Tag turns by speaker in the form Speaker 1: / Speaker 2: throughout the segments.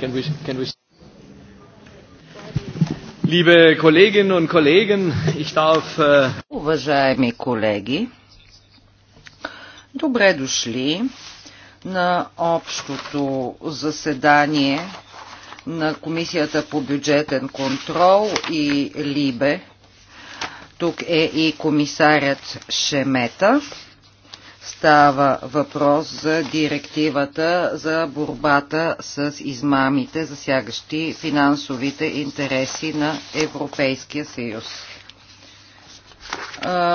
Speaker 1: Can we, can we... Liebe Kolleginnen und
Speaker 2: Kollegen, ich darf... Äh, Уважаеми колеги, добре дошли на общото заседание на Комисията по бюджетен контрол и Либе. Тук е и комисарят Шемета. Става въпрос за директивата за борбата с измамите, засягащи финансовите интереси на Европейския съюз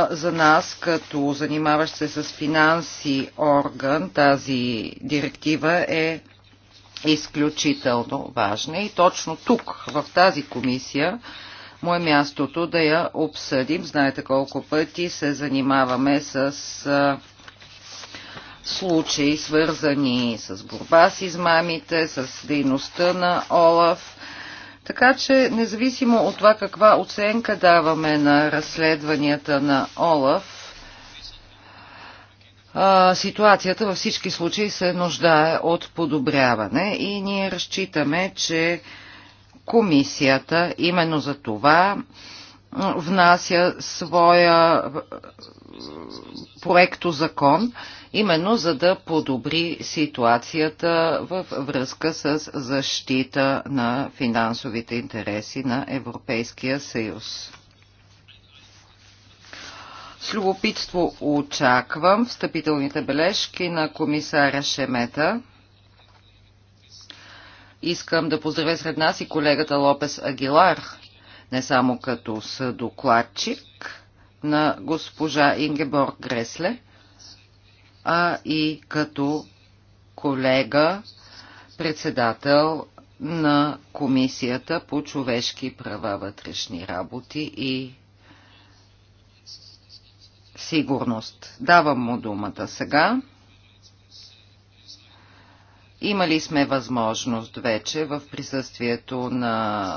Speaker 2: за нас, като занимаващ се с финанси орган, тази директива е изключително важна и точно тук, в тази комисия, му е мястото да я обсъдим. Знаете колко пъти се занимаваме с случаи, свързани с борба с измамите, с дейността на ОЛАФ. Така че, независимо от това каква оценка даваме на разследванията на ОЛАФ, ситуацията във всички случаи се нуждае от подобряване и ние разчитаме, че комисията именно за това внася своя е, проекто закон, именно за да подобри ситуацията в връзка с защита на финансовите интереси на Европейския съюз. С любопитство очаквам встъпителните бележки на комисара Шемета. Искам да поздравя сред нас и колегата Лопес Агилар, не само като съдокладчик на госпожа Ингеборг Гресле, а и като колега, председател на Комисията по човешки права, вътрешни работи и сигурност. Давам му думата сега. Имали сме възможност вече в присъствието на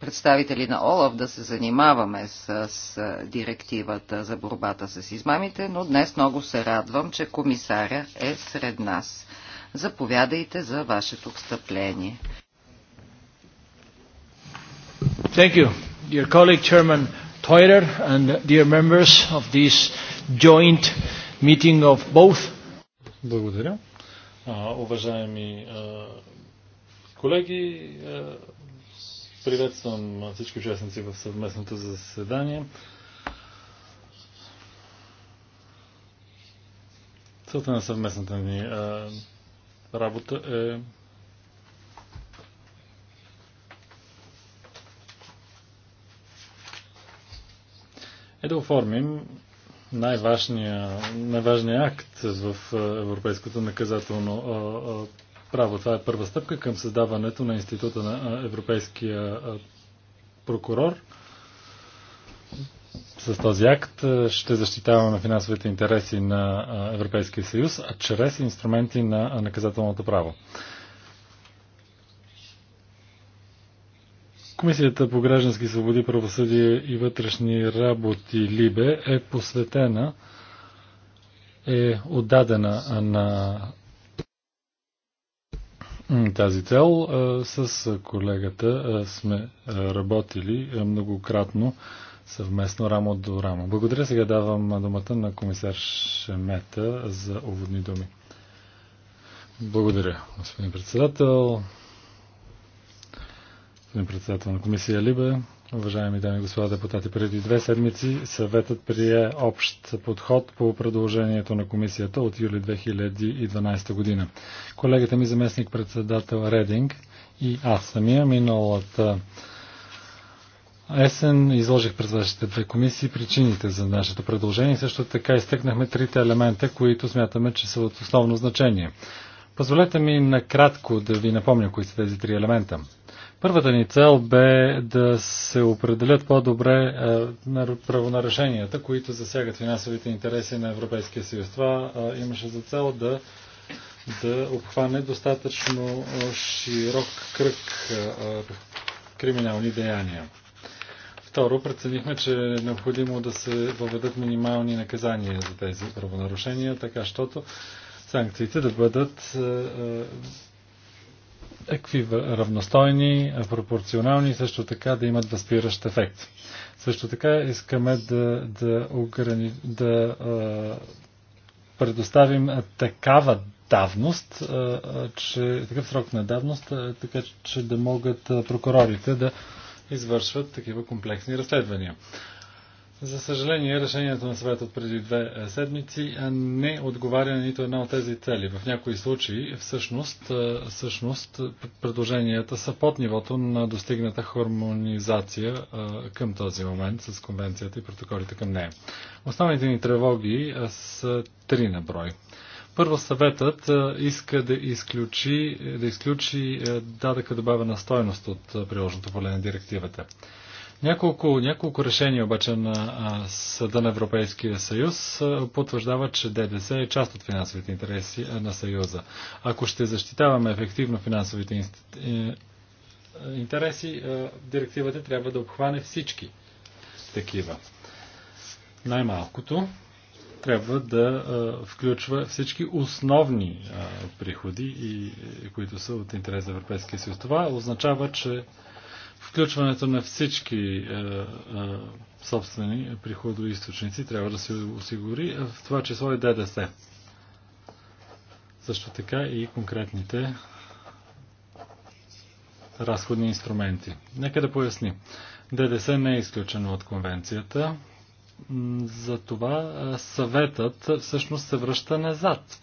Speaker 2: представители на ОЛАВ да се занимаваме с, с директивата за борбата с измамите, но днес много се радвам, че комисаря е сред нас. Заповядайте за вашето встъпление.
Speaker 1: Thank you, dear colleague Chairman and dear members of this joint meeting of both. Благодаря.
Speaker 3: Uh, уважаеми uh, колеги, uh, Приветствам всички участници в съвместното заседание. Целта на съвместната ни а, работа е е да оформим най-важния най акт в европейското наказателно право. Това е първа стъпка към създаването на Института на Европейския прокурор. С този акт ще защитаваме финансовите интереси на Европейския съюз, а чрез инструменти на наказателното право. Комисията по граждански свободи, правосъдие и вътрешни работи Либе е посветена, е отдадена на тази цел с колегата сме работили многократно съвместно рамо до рамо. Благодаря. Сега давам думата на комисар Шемета за уводни думи. Благодаря, господин председател. Господин председател на комисия Либе, Уважаеми дами и господа депутати, преди две седмици съветът прие общ подход по предложението на комисията от юли 2012 година. Колегата ми заместник председател Рединг и аз самия миналата есен изложих пред вашите две комисии причините за нашето предложение. Също така изтъкнахме трите елемента, които смятаме, че са от основно значение. Позволете ми накратко да ви напомня кои са тези три елемента. Първата ни цел бе да се определят по-добре е, правонарушенията, които засягат финансовите интереси на Европейския съюз. Това е, имаше за цел да, да обхване достатъчно е, широк кръг криминални деяния. Второ, преценихме, че е необходимо да се въведат минимални наказания за тези правонарушения, така щото санкциите да бъдат екви равностойни, пропорционални, също така да имат възпиращ ефект. Също така искаме да, да, ограни... да а, предоставим такава давност, а, че, такъв срок на давност, а, така че да могат прокурорите да извършват такива комплексни разследвания. За съжаление, решението на съвет от преди две е, седмици не отговаря на нито една от тези цели. В някои случаи, всъщност, всъщност предложенията са под нивото на достигната хармонизация към този момент с конвенцията и протоколите към нея. Основните ни тревоги са три на брой. Първо съветът иска да изключи, да изключи дадъка добавена стойност от приложното поле на директивата. Няколко, няколко решения обаче на Съда на Европейския съюз потвърждават, че ДДС е част от финансовите интереси на съюза. Ако ще защитаваме ефективно финансовите е, интереси, директивата трябва да обхване всички такива. Най-малкото трябва да включва всички основни приходи, които са от интерес за Европейския съюз. Това означава, че включването на всички е, е, собствени източници трябва да се осигури, е, в това число и ДДС. Също така и конкретните разходни инструменти. Нека да поясни. ДДС не е изключено от конвенцията. Затова е, съветът всъщност се връща назад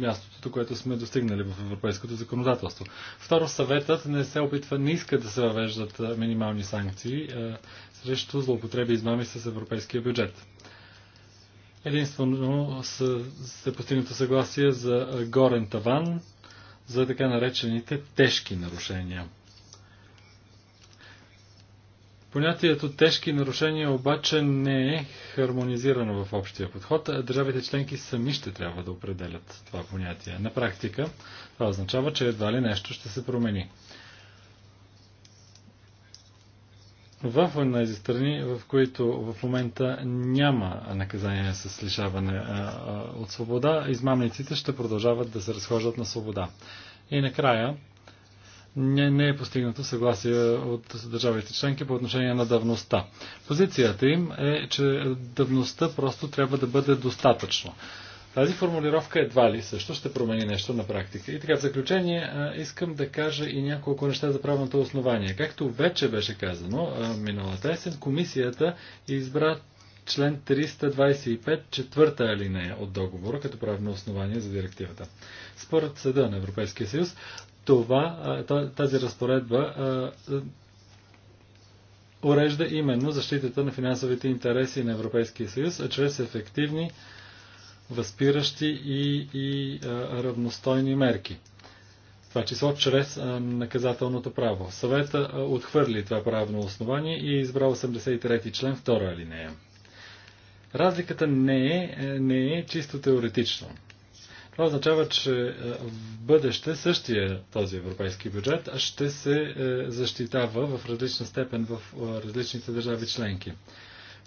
Speaker 3: мястото, до което сме достигнали в европейското законодателство. Второ, съветът не се опитва, не иска да се въвеждат минимални санкции а, срещу злоупотреби и измами с европейския бюджет. Единствено се постигнато съгласие за горен таван за така наречените тежки нарушения – Понятието тежки нарушения обаче не е хармонизирано в общия подход, а държавите членки сами ще трябва да определят това понятие. На практика това означава, че едва ли нещо ще се промени. в тези страни, в които в момента няма наказание с лишаване от свобода, измамниците ще продължават да се разхождат на свобода. И накрая, не, не е постигнато съгласие от държавите членки по отношение на давността. Позицията им е, че давността просто трябва да бъде достатъчно. Тази формулировка едва ли също ще промени нещо на практика. И така, в заключение искам да кажа и няколко неща за правното основание. Както вече беше казано миналата есен, комисията избра член 325, четвърта алинея от договора като правно основание за директивата. Според Съда на Европейския съюз, това, тази разпоредба урежда именно защитата на финансовите интереси на Европейския съюз, а чрез ефективни, възпиращи и, и равностойни мерки. Това число чрез наказателното право. Съвета отхвърли това правно основание и е избра 83 член 2 алинея. Разликата не е, не е чисто теоретично. Това означава, че е, в бъдеще същия този европейски бюджет ще се е, защитава в различна степен в е, различните държави членки.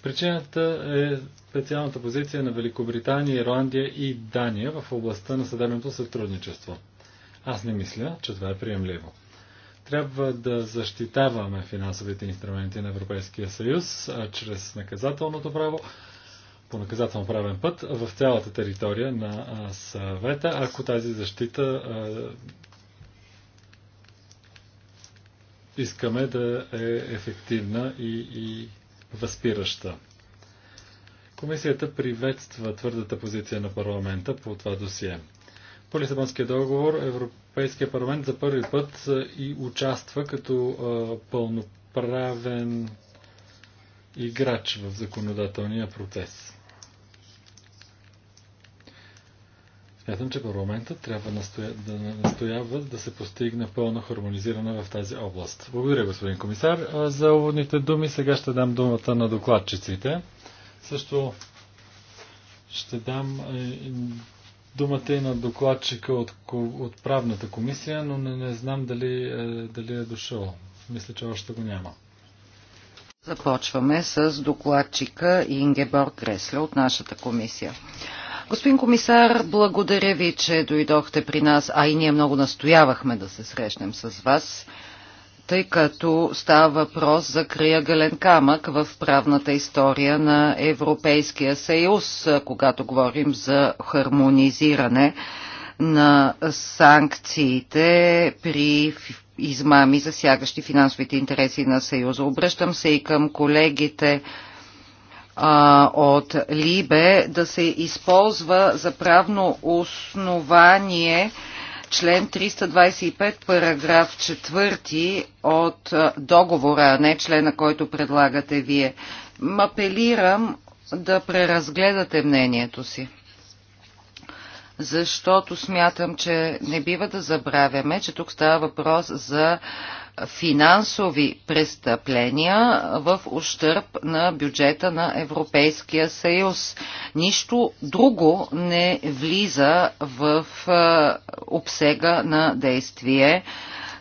Speaker 3: Причината е специалната позиция на Великобритания, Ирландия и Дания в областта на съдебното сътрудничество. Аз не мисля, че това е приемливо. Трябва да защитаваме финансовите инструменти на Европейския съюз а чрез наказателното право, по наказателно правен път в цялата територия на съвета, ако тази защита искаме да е ефективна и, и възпираща. Комисията приветства твърдата позиция на парламента по това досие. По Лисабонския договор Европейския парламент за първи път и участва като пълноправен играч в законодателния процес. Смятам, че парламентът трябва настоя... да настоява да се постигне пълна хармонизиране в тази област. Благодаря, господин комисар. За уводните думи сега ще дам думата на докладчиците. Също ще дам думата и на докладчика от, от правната комисия, но не, не знам дали, дали е дошъл. Мисля, че още го няма.
Speaker 2: Започваме с докладчика Ингеборг Гресле от нашата комисия. Господин комисар, благодаря ви, че дойдохте при нас, а и ние много настоявахме да се срещнем с вас, тъй като става въпрос за гален камък в правната история на Европейския съюз, когато говорим за хармонизиране на санкциите при измами, засягащи финансовите интереси на Съюза. Обръщам се и към колегите а, от Либе да се използва за правно основание член 325, параграф 4 от договора, а не члена, който предлагате вие. Апелирам да преразгледате мнението си защото смятам, че не бива да забравяме, че тук става въпрос за финансови престъпления в ущърп на бюджета на Европейския съюз. Нищо друго не влиза в обсега на действие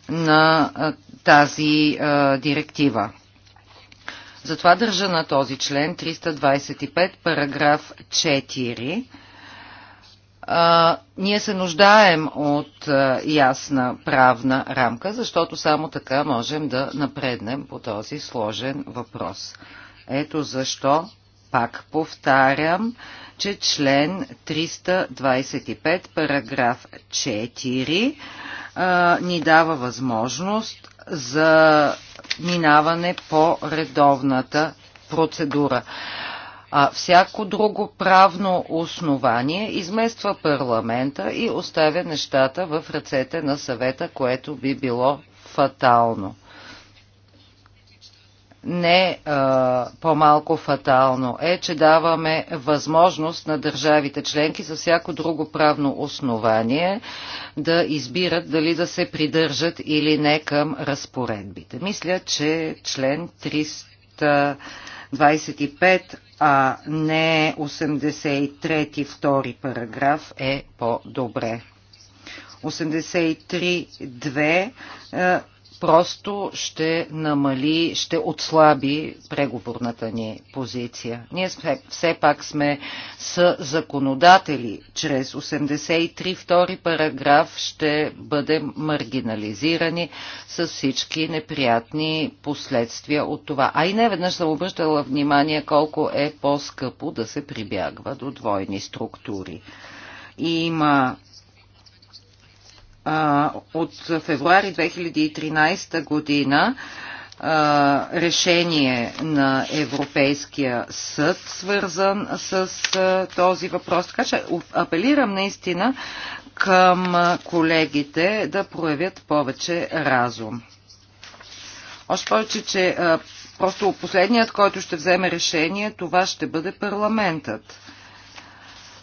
Speaker 2: на тази директива. Затова държа на този член 325, параграф 4 а, ние се нуждаем от а, ясна правна рамка, защото само така можем да напреднем по този сложен въпрос. Ето защо пак повтарям, че член 325, параграф 4 а, ни дава възможност за минаване по редовната процедура а всяко друго правно основание измества парламента и оставя нещата в ръцете на съвета, което би било фатално. Не по-малко фатално е, че даваме възможност на държавите членки за всяко друго правно основание да избират дали да се придържат или не към разпоредбите. Мисля, че член 325 а не 83 втори параграф е по-добре. 83 2 просто ще намали, ще отслаби преговорната ни позиция. Ние сме, все пак сме с законодатели. Чрез 83 втори параграф ще бъдем маргинализирани с всички неприятни последствия от това. А и не веднъж съм обръщала внимание колко е по-скъпо да се прибягва до двойни структури. И има от февруари 2013 година решение на Европейския съд, свързан с този въпрос. Така че апелирам наистина към колегите да проявят повече разум. Още повече, че просто последният, който ще вземе решение, това ще бъде парламентът.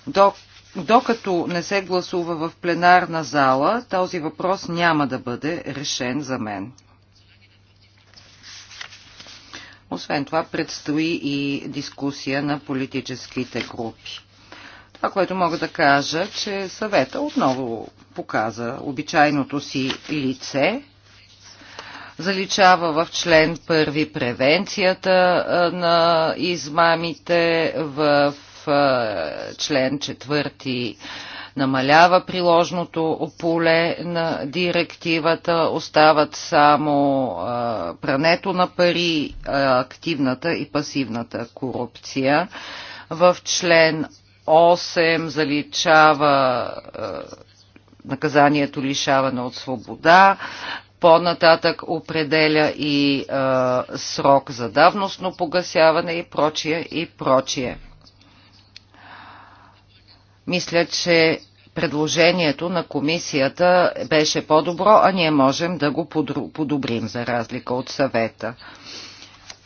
Speaker 2: Док докато не се гласува в пленарна зала, този въпрос няма да бъде решен за мен. Освен това, предстои и дискусия на политическите групи. Това, което мога да кажа, че съвета отново показа обичайното си лице, заличава в член първи превенцията на измамите в член четвърти намалява приложното поле на директивата, остават само прането на пари, активната и пасивната корупция. В член 8 заличава наказанието лишаване от свобода, по-нататък определя и е, срок за давностно погасяване и прочие и прочие. Мисля, че предложението на комисията беше по-добро, а ние можем да го подобрим, за разлика от съвета.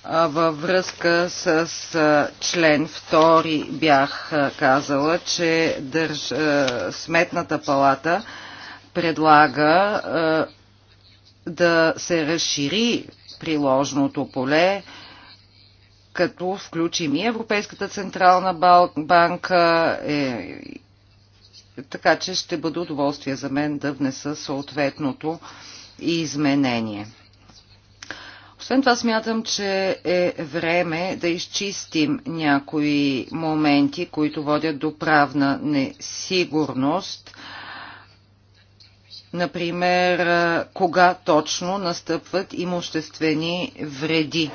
Speaker 2: Във връзка с член 2 бях казала, че държ... Сметната палата предлага да се разшири приложното поле като включим и Европейската централна банка, е, така че ще бъде удоволствие за мен да внеса съответното изменение. Освен това смятам, че е време да изчистим някои моменти, които водят до правна несигурност. Например, кога точно настъпват имуществени вреди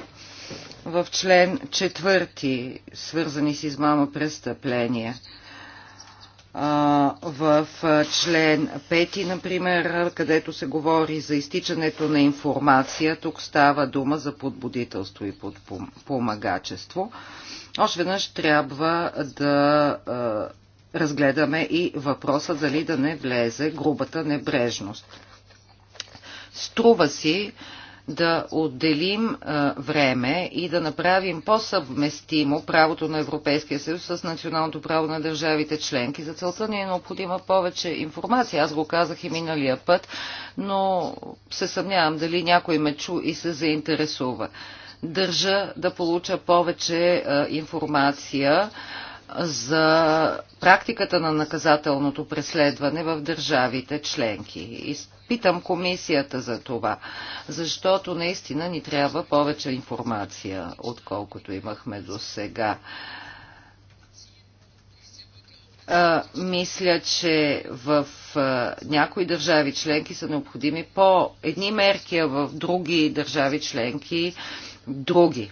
Speaker 2: в член 4, свързани с измама престъпления. В член 5, например, където се говори за изтичането на информация, тук става дума за подбудителство и подпомагачество. Още веднъж трябва да разгледаме и въпроса дали да не влезе грубата небрежност. Струва си да отделим време и да направим по-съвместимо правото на Европейския съюз с националното право на държавите членки. За целта ни е необходима повече информация. Аз го казах и миналия път, но се съмнявам дали някой ме чу и се заинтересува. Държа да получа повече информация за практиката на наказателното преследване в държавите членки питам комисията за това, защото наистина ни трябва повече информация, отколкото имахме до сега. Мисля, че в някои държави членки са необходими по едни мерки, а в други държави членки други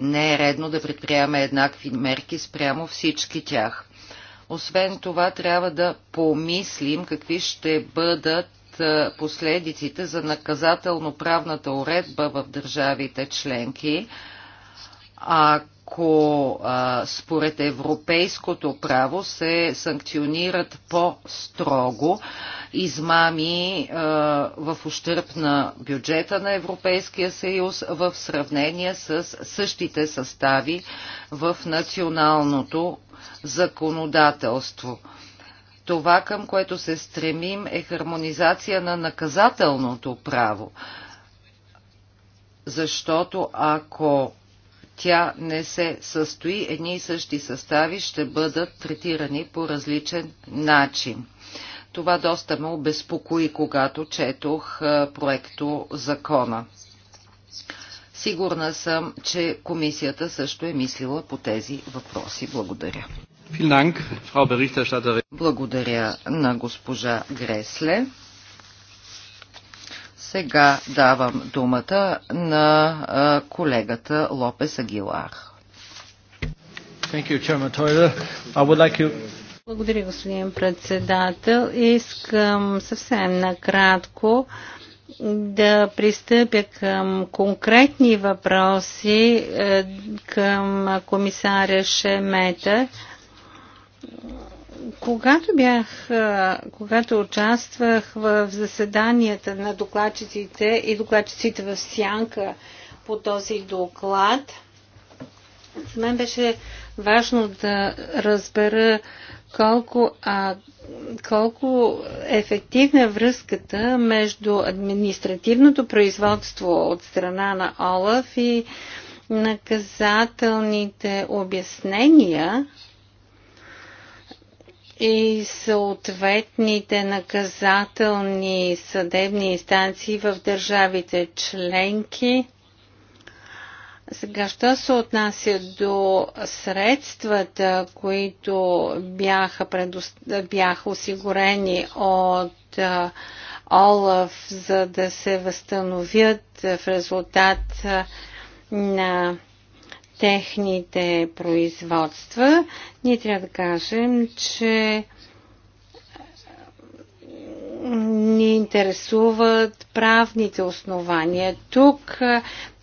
Speaker 2: не е редно да предприемаме еднакви мерки спрямо всички тях. Освен това, трябва да помислим какви ще бъдат последиците за наказателно-правната уредба в държавите членки, ако според европейското право се санкционират по-строго измами в ущърп на бюджета на Европейския съюз в сравнение с същите състави в националното законодателство. Това, към което се стремим, е хармонизация на наказателното право. Защото ако тя не се състои, едни и същи състави ще бъдат третирани по различен начин. Това доста ме обезпокои, когато четох проекто закона. Сигурна съм, че комисията също е мислила по тези въпроси. Благодаря. Благодаря на госпожа Гресле. Сега давам думата на колегата Лопес
Speaker 1: Агилар.
Speaker 4: Благодаря, господин председател. Искам съвсем накратко да пристъпя към конкретни въпроси е, към комисаря Шемета. Когато бях, е, когато участвах в заседанията на докладчиците и докладчиците в Сянка по този доклад, за мен беше важно да разбера колко а, колко ефективна е връзката между административното производство от страна на Олаф и наказателните обяснения и съответните наказателни съдебни инстанции в държавите членки сега, що се отнася до средствата, които бяха, предо... бяха осигурени от Олаф, за да се възстановят в резултат на техните производства, ние трябва да кажем, че ни интересуват правните основания. Тук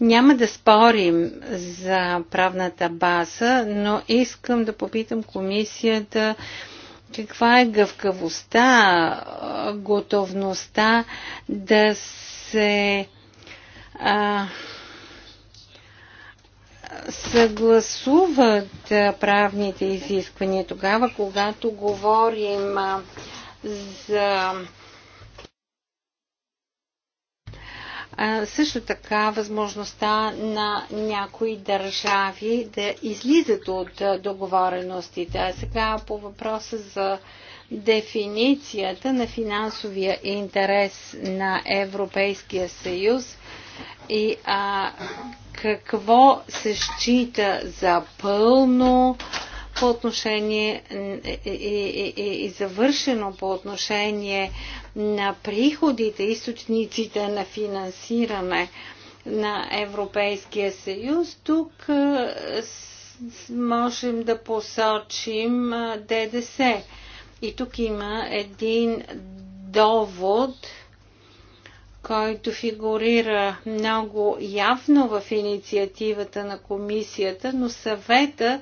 Speaker 4: няма да спорим за правната база, но искам да попитам комисията каква е гъвкавостта, готовността да се а, съгласуват правните изисквания тогава, когато говорим за също така възможността на някои държави да излизат от договореностите. А сега по въпроса за дефиницията на финансовия интерес на Европейския съюз и а, какво се счита за пълно по отношение и, и, и, и завършено по отношение на приходите, източниците на финансиране на Европейския съюз. Тук е, можем да посочим е, ДДС. И тук има един довод, който фигурира много явно в инициативата на комисията, но съвета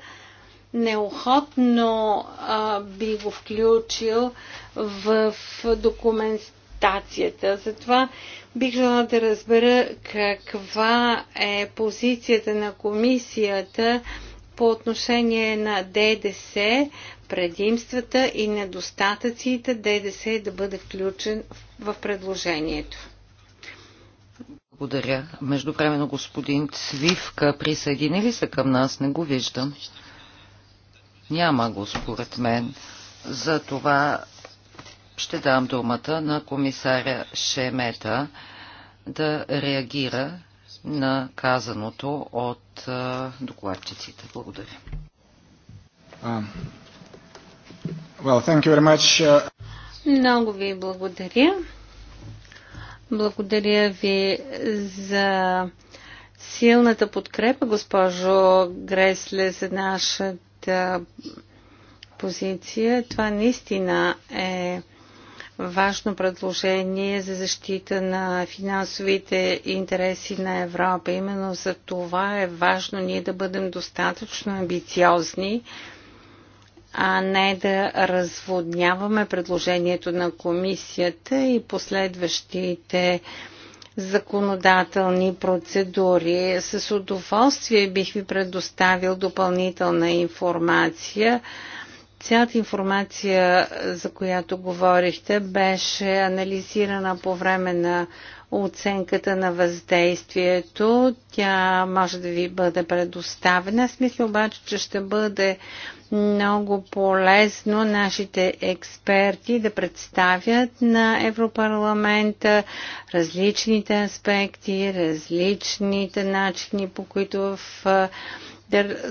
Speaker 4: неохотно а, би го включил в, в документацията. Затова бих желала да разбера каква е позицията на комисията по отношение на ДДС, предимствата и недостатъците ДДС да бъде включен в предложението.
Speaker 2: Благодаря. Междувременно господин Цвивка присъедини ли се към нас? Не го виждам. Няма го според мен. За това ще дам думата на комисаря Шемета да реагира на казаното от докладчиците. Благодаря.
Speaker 1: Well, thank you very much. Uh,
Speaker 4: Много ви благодаря. Благодаря ви за силната подкрепа, госпожо Гресле, за нашата вашата позиция. Това наистина е важно предложение за защита на финансовите интереси на Европа. Именно за това е важно ние да бъдем достатъчно амбициозни, а не да разводняваме предложението на комисията и последващите законодателни процедури. С удоволствие бих ви предоставил допълнителна информация. Цялата информация, за която говорихте, беше анализирана по време на оценката на въздействието. Тя може да ви бъде предоставена. Аз мисля обаче, че ще бъде много полезно нашите експерти да представят на Европарламента различните аспекти, различните начини, по които в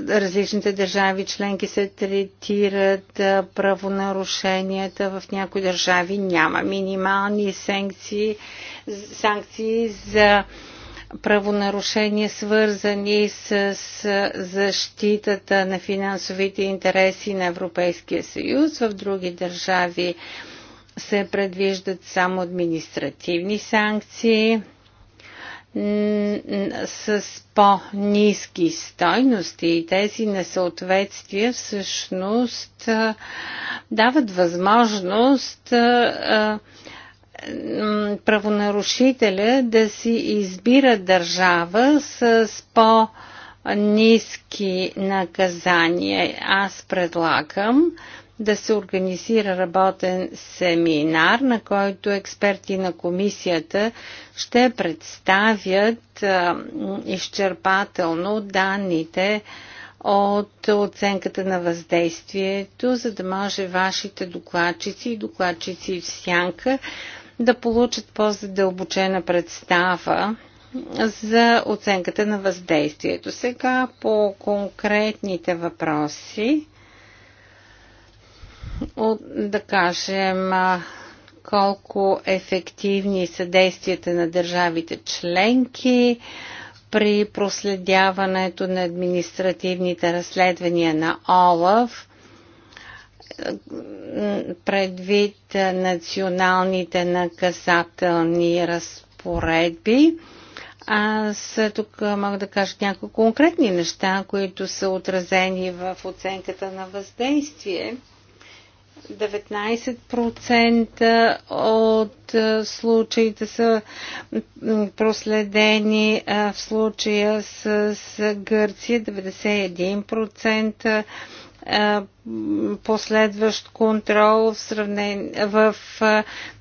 Speaker 4: различните държави членки се третират правонарушенията. В някои държави няма минимални санкции, санкции за правонарушения, свързани с защитата на финансовите интереси на Европейския съюз. В други държави се предвиждат само административни санкции с по-низки стойности и тези несъответствия всъщност дават възможност правонарушителя да си избира държава с по- ниски наказания. Аз предлагам да се организира работен семинар, на който експерти на комисията ще представят изчерпателно данните от оценката на въздействието, за да може вашите докладчици и докладчици в сянка да получат по-задълбочена представа за оценката на въздействието. Сега по конкретните въпроси от, да кажем, колко ефективни са действията на държавите членки при проследяването на административните разследвания на ОЛАВ предвид националните наказателни разпоредби. Аз тук мога да кажа някои конкретни неща, които са отразени в оценката на въздействие 19% от случаите са проследени в случая с Гърция, 91% последващ контрол в, сравнен... в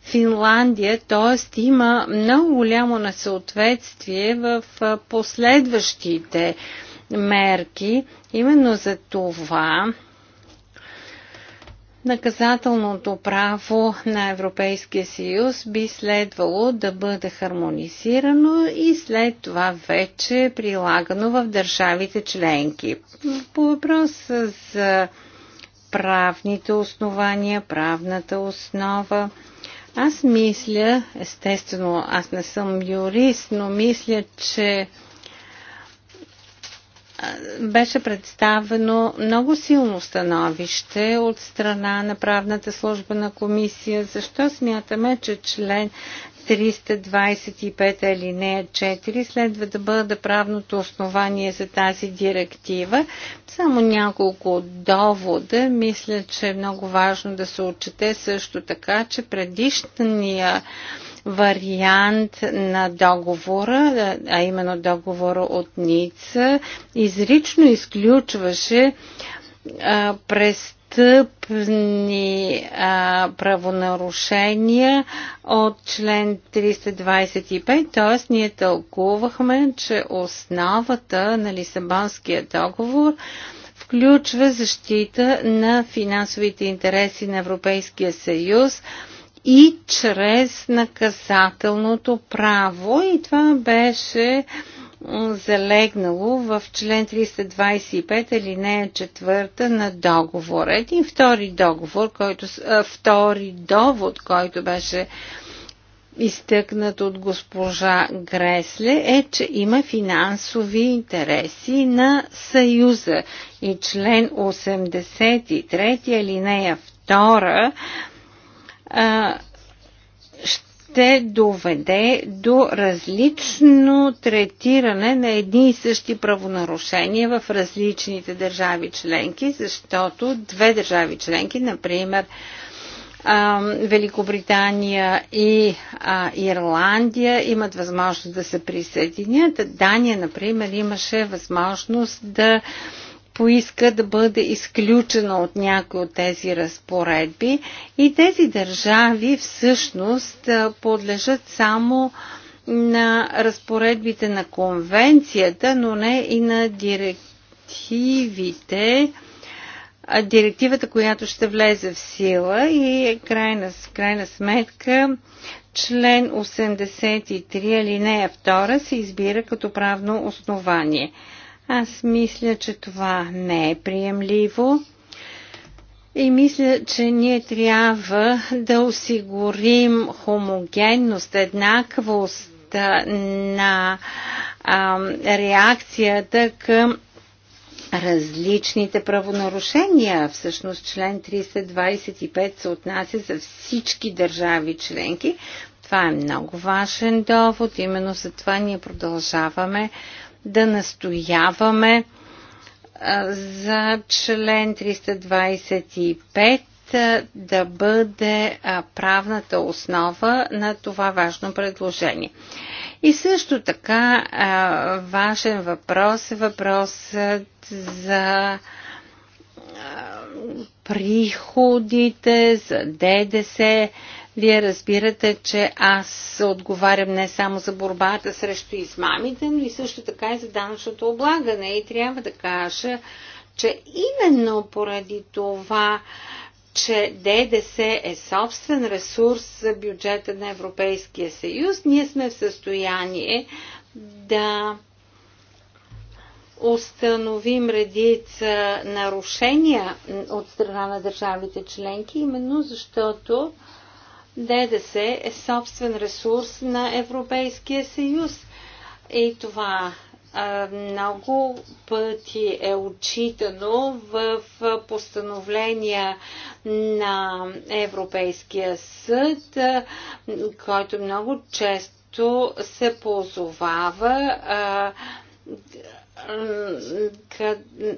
Speaker 4: Финландия, т.е. има много голямо несъответствие в последващите мерки. Именно за това Наказателното право на Европейския съюз би следвало да бъде хармонизирано и след това вече прилагано в държавите членки. По въпроса за правните основания, правната основа, аз мисля, естествено, аз не съм юрист, но мисля, че беше представено много силно становище от страна на правната служба на комисия. Защо смятаме, че член 325 алинея 4 следва да бъде правното основание за тази директива. Само няколко довода. Мисля, че е много важно да се отчете също така, че предишния вариант на договора, а именно договора от Ница, изрично изключваше а, престъпни а, правонарушения от член 325, т.е. ние тълкувахме, че основата на Лисабонския договор включва защита на финансовите интереси на Европейския съюз, и чрез наказателното право. И това беше залегнало в член 325 не четвърта на договора. Един втори договор, който, втори довод, който беше изтъкнат от госпожа Гресле е, че има финансови интереси на Съюза и член 83 алинея 2 ще доведе до различно третиране на едни и същи правонарушения в различните държави членки, защото две държави членки, например, Великобритания и Ирландия имат възможност да се присъединят. Дания, например, имаше възможност да поиска да бъде изключена от някои от тези разпоредби и тези държави всъщност подлежат само на разпоредбите на конвенцията, но не и на директивите, директивата, която ще влезе в сила и е крайна, крайна сметка член 83 алинея 2 се избира като правно основание. Аз мисля, че това не е приемливо. И мисля, че ние трябва да осигурим хомогенност, еднаквост на а, реакцията към различните правонарушения. Всъщност член 325 се отнася за всички държави членки. Това е много важен довод. Именно за това ние продължаваме да настояваме за член 325 да бъде правната основа на това важно предложение. И също така важен въпрос е въпросът за приходите, за ДДС. Вие разбирате, че аз отговарям не само за борбата срещу измамите, но и също така и за данъчното облагане. И трябва да кажа, че именно поради това, че ДДС е собствен ресурс за бюджета на Европейския съюз, ние сме в състояние да установим редица нарушения от страна на държавите членки, именно защото ДДС е собствен ресурс на Европейския съюз. И това много пъти е отчитано в постановления на Европейския съд, който много често се позовава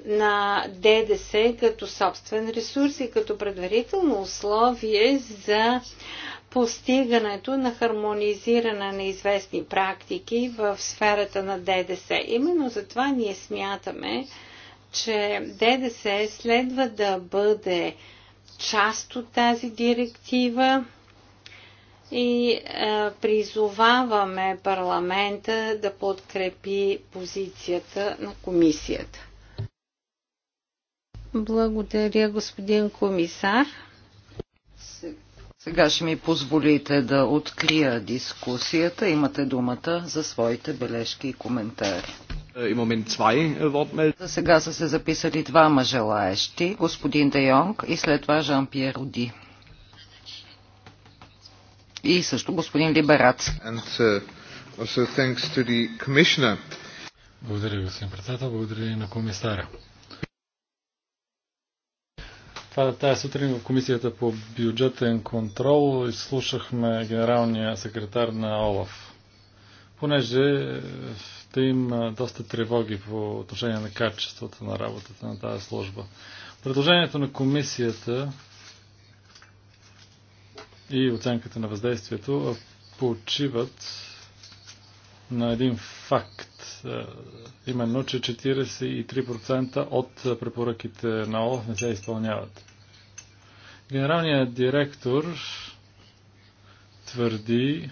Speaker 4: на ДДС като собствен ресурс и като предварително условие за постигането на хармонизиране на известни практики в сферата на ДДС. Именно затова ние смятаме, че ДДС следва да бъде част от тази директива и а, е, призоваваме парламента да подкрепи позицията на комисията. Благодаря, господин комисар.
Speaker 2: Сега ще ми позволите да открия дискусията. Имате думата за своите бележки и коментари. Е, е, за сега са се записали двама желаещи, господин Де Йонг и след това Жан-Пьер Оди и също господин Либерац.
Speaker 3: Uh, благодаря, господин председател. Благодаря и на комисаря. Това, тази сутрин в комисията по бюджетен контрол изслушахме генералния секретар на ОЛАФ. Понеже да е, има доста тревоги по отношение на качеството на работата на тази служба. Предложението на комисията и оценката на въздействието почиват на един факт, именно, че 43% от препоръките на ОЛАФ не се изпълняват. Генералният директор твърди,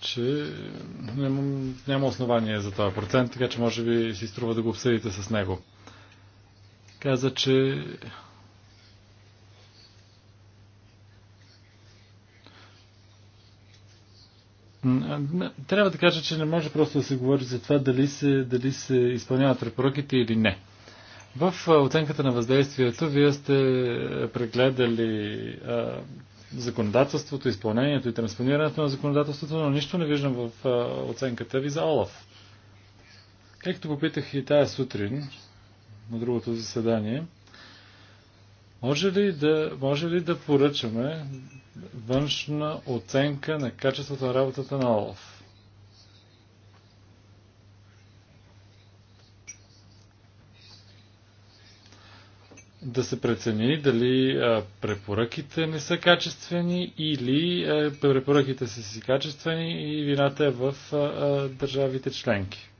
Speaker 3: че няма, основание за този процент, така че може би си струва да го обсъдите с него. Каза, че Трябва да кажа, че не може просто да се говори за това дали се, дали се изпълняват препоръките или не. В оценката на въздействието вие сте прегледали а, законодателството, изпълнението и транспонирането на законодателството, но нищо не виждам в а, оценката ви за Олаф. Както попитах и тая сутрин на другото заседание, може ли да, може ли да поръчаме външна оценка на качеството на работата на ОЛАФ? да се прецени дали препоръките не са качествени или препоръките са си качествени и вината е в държавите членки.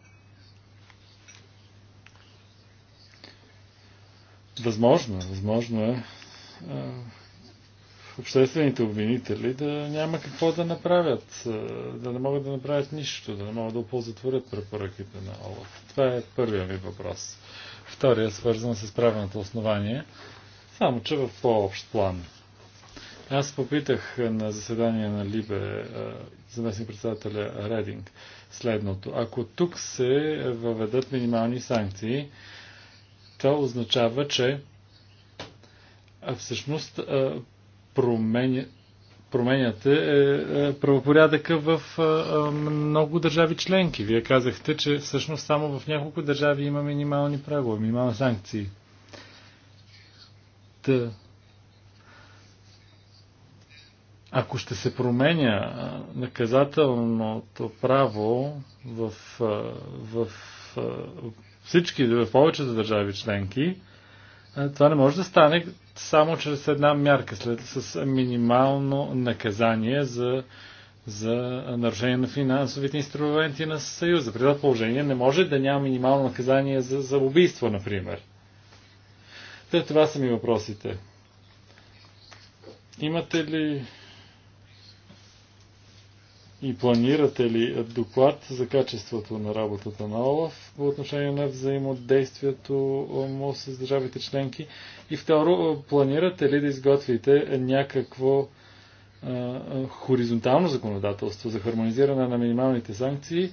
Speaker 3: Възможно е, възможно е обществените обвинители да няма какво да направят, да не могат да направят нищо, да не могат да оползотворят препоръките на ОЛАФ. Това е първият ми въпрос. Втория е свързан с правилното основание, само че в по-общ план. Аз попитах на заседание на Либе заместник председателя Рединг следното. Ако тук се въведат минимални санкции, това означава, че всъщност променя, променяте е, е, правопорядъка в много държави членки. Вие казахте, че всъщност само в няколко държави има минимални правила, минимални санкции. Та, ако ще се променя наказателното право в, в, в всички, в повечето държави членки, това не може да стане само чрез една мярка, след с минимално наказание за, за нарушение на финансовите инструменти на Съюза. При това положение не може да няма минимално наказание за, за убийство, например. Те, това са ми въпросите. Имате ли и планирате ли доклад за качеството на работата на ОЛАФ по отношение на взаимодействието му с държавите членки? И второ, планирате ли да изготвите някакво хоризонтално законодателство за хармонизиране на минималните санкции,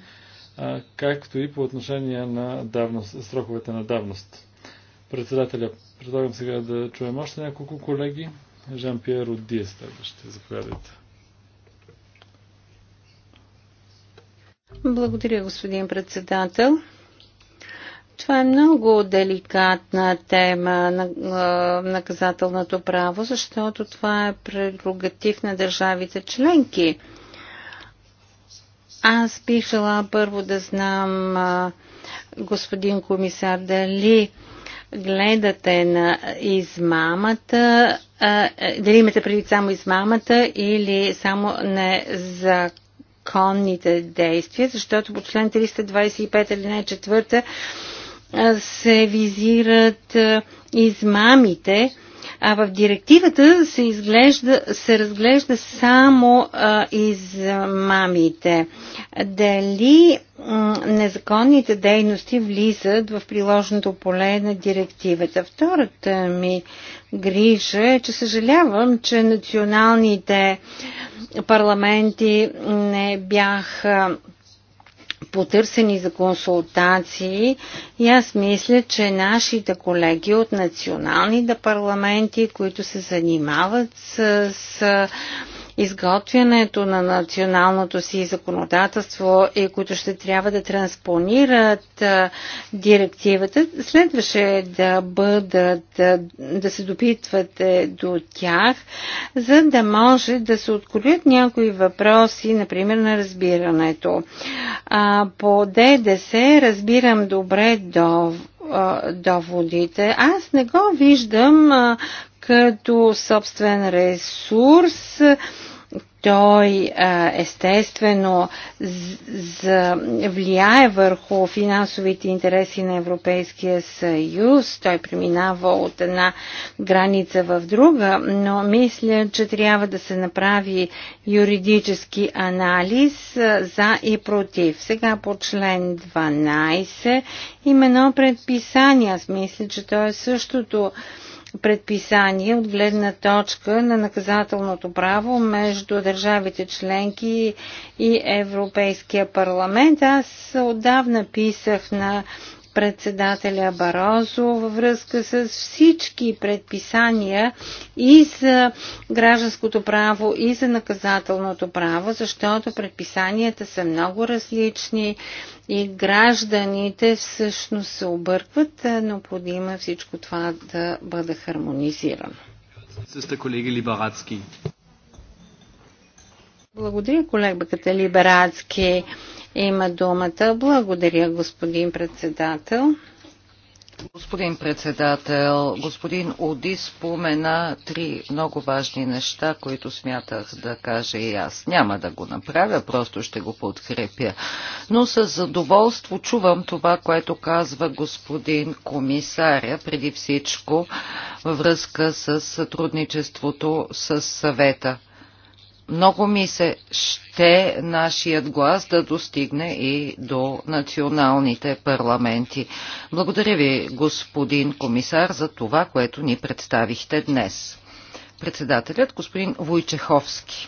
Speaker 3: както и по отношение на давност, сроковете на давност? Председателя, предлагам сега да чуем още няколко колеги. Жан-Пьер от Дие ще Заповядайте.
Speaker 4: Благодаря, господин председател. Това е много деликатна тема на наказателното право, защото това е прерогатив на държавите членки. Аз бих желала първо да знам, господин комисар, дали гледате на измамата, е, дали имате преди само измамата или само за незаконните действия, защото по член 325 или не четвърта се визират измамите, а в директивата се, изглежда, се разглежда само а, измамите. Дали незаконните дейности влизат в приложеното поле на директивата? Втората ми грижа е, че съжалявам, че националните парламенти не бяха потърсени за консултации и аз мисля, че нашите колеги от националните парламенти, които се занимават с, с изготвянето на националното си законодателство и които ще трябва да транспонират директивата, следваше да бъдат, да се допитвате до тях, за да може да се откроят някои въпроси, например на разбирането. По ДДС разбирам добре до доводите. Аз не го виждам като собствен ресурс. Той естествено влияе върху финансовите интереси на Европейския съюз. Той преминава от една граница в друга, но мисля, че трябва да се направи юридически анализ за и против. Сега по член 12 има едно предписание. Аз мисля, че то е същото предписание от гледна точка на наказателното право между държавите членки и Европейския парламент. Аз отдавна писах на председателя Барозо във връзка с всички предписания и за гражданското право, и за наказателното право, защото предписанията са много различни и гражданите всъщност се объркват. подима е всичко това да бъде хармонизирано. Благодаря колегата Либерацки има думата. Благодаря, господин председател.
Speaker 2: Господин председател, господин Оди спомена три много важни неща, които смятах да кажа и аз. Няма да го направя, просто ще го подкрепя. Но с задоволство чувам това, което казва господин комисаря, преди всичко във връзка с сътрудничеството с съвета. Много ми се ще нашият глас да достигне и до националните парламенти. Благодаря ви, господин комисар, за това, което ни представихте днес. Председателят, господин Войчеховски.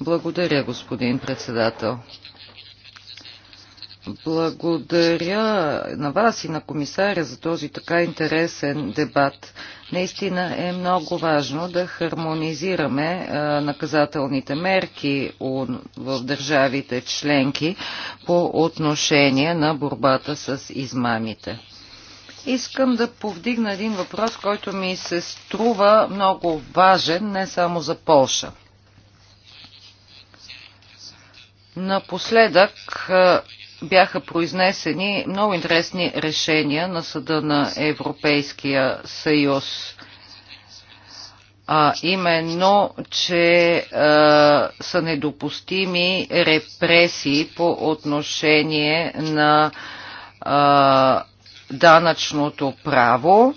Speaker 2: Благодаря, господин председател. Благодаря на вас и на комисаря за този така интересен дебат. Наистина е много важно да хармонизираме наказателните мерки в държавите членки по отношение на борбата с измамите. Искам да повдигна един въпрос, който ми се струва много важен не само за Полша. Напоследък бяха произнесени много интересни решения на Съда на Европейския съюз. А, именно, че а, са недопустими репресии по отношение на а, данъчното право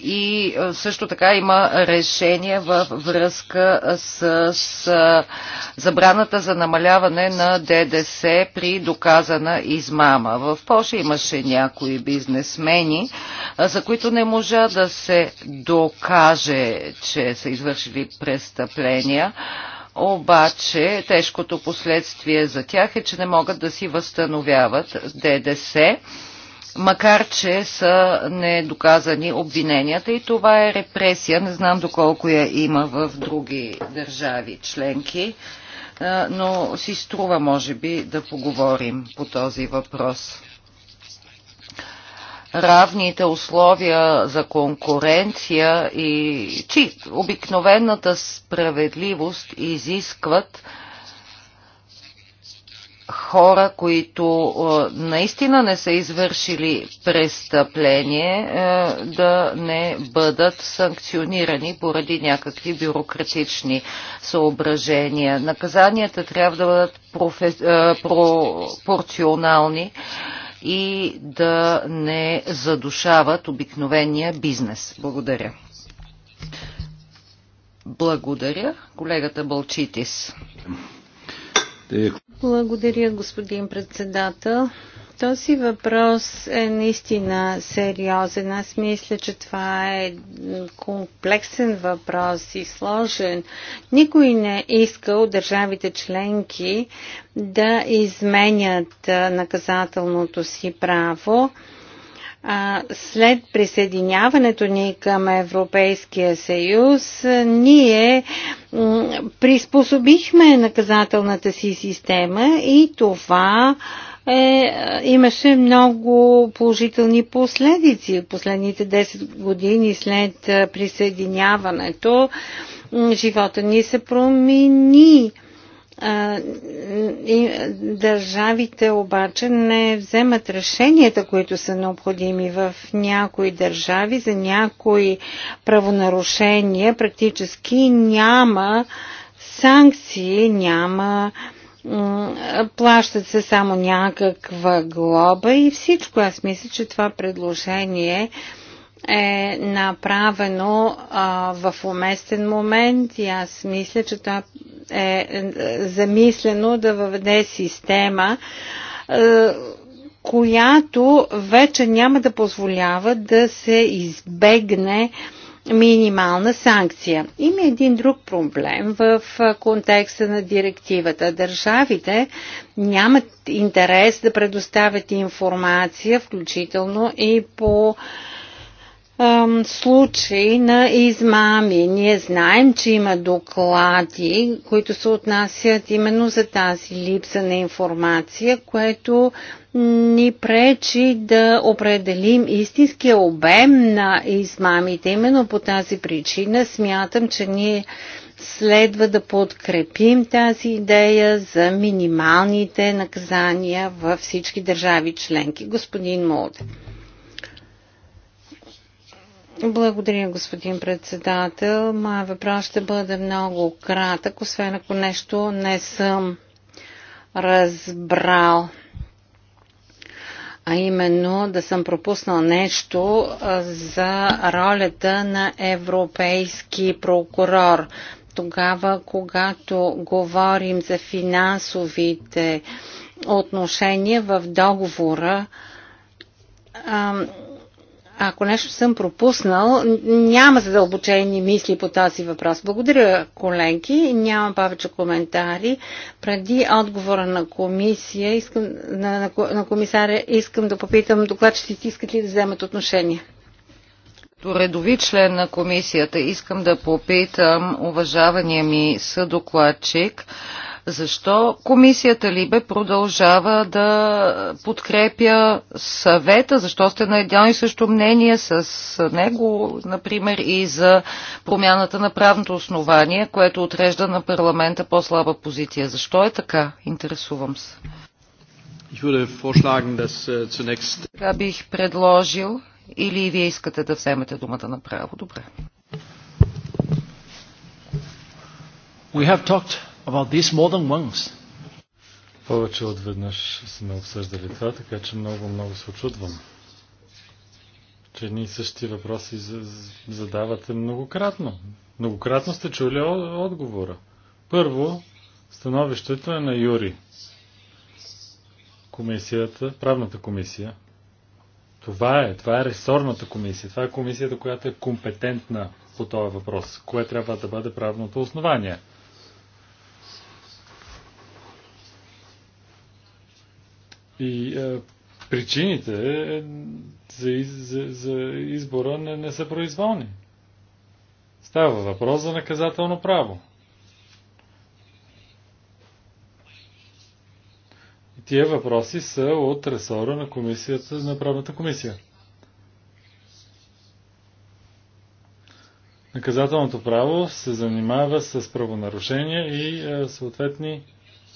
Speaker 2: и също така има решение във връзка с, с забраната за намаляване на ДДС при доказана измама. В Польша имаше някои бизнесмени, за които не можа да се докаже, че са извършили престъпления обаче тежкото последствие за тях е, че не могат да си възстановяват ДДС макар че са недоказани обвиненията и това е репресия. Не знам доколко я има в други държави членки, но си струва, може би, да поговорим по този въпрос равните условия за конкуренция и че обикновената справедливост изискват хора, които наистина не са извършили престъпление, да не бъдат санкционирани поради някакви бюрократични съображения. Наказанията трябва да бъдат пропорционални и да не задушават обикновения бизнес. Благодаря. Благодаря, колегата Балчитис.
Speaker 4: Благодаря, господин председател. Този въпрос е наистина сериозен. Аз мисля, че това е комплексен въпрос и сложен. Никой не иска от държавите членки да изменят наказателното си право след присъединяването ни към Европейския съюз, ние приспособихме наказателната си система и това е, имаше много положителни последици. Последните 10 години след присъединяването живота ни се промени. Държавите обаче не вземат решенията, които са необходими в някои държави за някои правонарушения. Практически няма санкции, няма плащат се само някаква глоба и всичко. Аз мисля, че това предложение е е направено а, в уместен момент и аз мисля, че това е, е замислено да въведе система, а, е, която вече няма да позволява да се избегне минимална санкция. Има един друг проблем в контекста на директивата. Държавите нямат интерес да предоставят информация, включително и по случаи на измами. Ние знаем, че има доклади, които се отнасят именно за тази липса на информация, което ни пречи да определим истинския обем на измамите. Именно по тази причина смятам, че ние следва да подкрепим тази идея за минималните наказания във всички държави членки. Господин Молде. Благодаря, господин председател. Моя въпрос ще бъде много кратък, освен ако нещо не съм разбрал. А именно да съм пропуснал нещо за ролята на европейски прокурор. Тогава, когато говорим за финансовите отношения в договора, ако нещо съм пропуснал, няма задълбочени мисли по този въпрос. Благодаря, коленки. Няма повече коментари. Преди отговора на комисия, искам, на, на, на комисаря, искам да попитам докладчиците искат
Speaker 2: ли да вземат отношение. Като редови член на комисията искам да попитам уважавания ми съдокладчик защо комисията Либе продължава да подкрепя съвета? Защо сте на едно и също мнение с него, например, и за промяната на правното основание, което отрежда на парламента по-слаба позиция? Защо е така? Интересувам се. Така э, бих предложил или вие искате да вземете думата направо. Добре.
Speaker 1: We have talked about this more than once.
Speaker 3: Повече от веднъж сме обсъждали това, така че много, много се очудвам. Че ние същи въпроси задавате многократно. Многократно сте чули отговора. Първо, становището е на Юри. Комисията, правната комисия. Това е, това е ресорната комисия. Това е комисията, която е компетентна по този въпрос. Кое трябва да бъде правното основание? И а, е, причините е, за, за, за избора не, не са произволни. Става въпрос за наказателно право. И тия въпроси са от ресора на комисията, на правната комисия. Наказателното право се занимава с правонарушения и е, съответни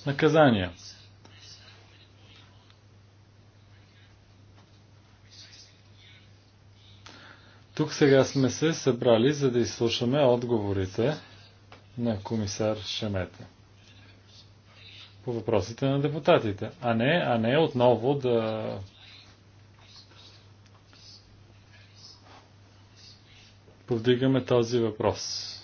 Speaker 3: наказания. Тук сега сме се събрали, за да изслушаме отговорите на комисар Шемета по въпросите на депутатите, а не, а не отново да повдигаме този въпрос,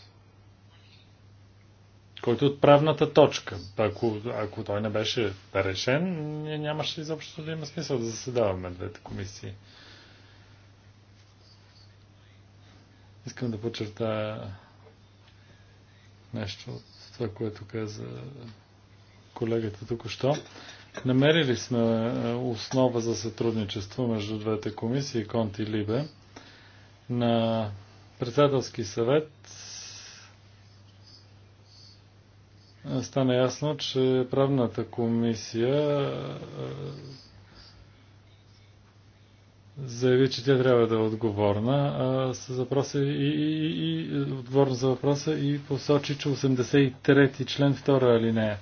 Speaker 3: който е правната точка. Ако, ако той не беше решен, нямаше изобщо да има смисъл да заседаваме двете комисии. Искам да подчертая нещо от това, което каза колегата току-що. Намерили сме е, основа за сътрудничество между двете комисии, Конт и Либе, на председателски съвет стана ясно, че правната комисия е, заяви, че тя трябва да е отговорна а, с въпроса и, и, и, отговорна за въпроса и посочи, че 83 ти член 2 алинея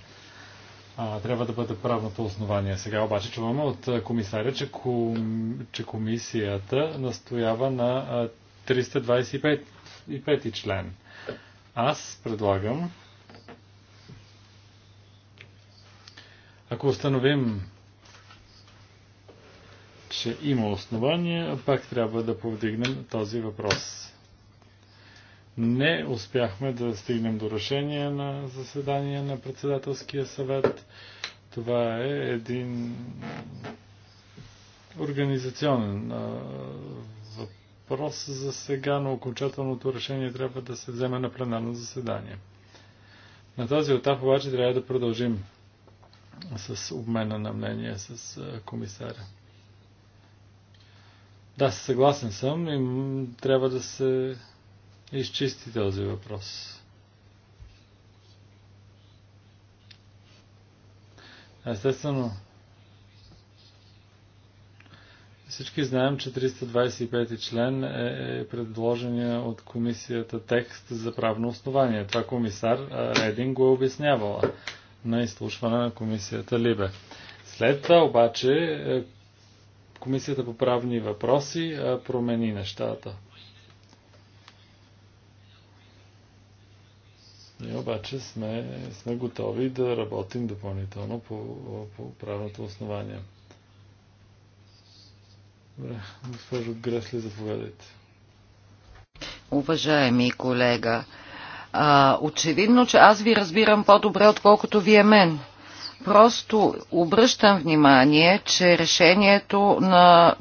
Speaker 3: а, трябва да бъде правното основание. Сега обаче чуваме от комисаря, че, ком, че комисията настоява на 325 ти член. Аз предлагам, ако установим че има основания, пак трябва да повдигнем този въпрос. Не успяхме да стигнем до решение на заседание на председателския съвет. Това е един организационен въпрос за сега, но окончателното решение трябва да се вземе на пленарно заседание. На този етап обаче трябва да продължим с обмена на мнение с комисаря. Да, съгласен съм и трябва да се изчисти този въпрос. Естествено, всички знаем, че 325 член е, е предложения от комисията текст за правно основание. Това комисар Редин го е обяснявала на изслушване на комисията Либе. След това обаче е, Комисията по правни въпроси промени нещата. И обаче сме, сме готови да работим допълнително по, по правното основание. Добре, госпожо Гресли, заповядайте. Уважаеми колега,
Speaker 2: а, очевидно, че аз ви разбирам по-добре, отколкото вие мен. Просто обръщам внимание, че решението на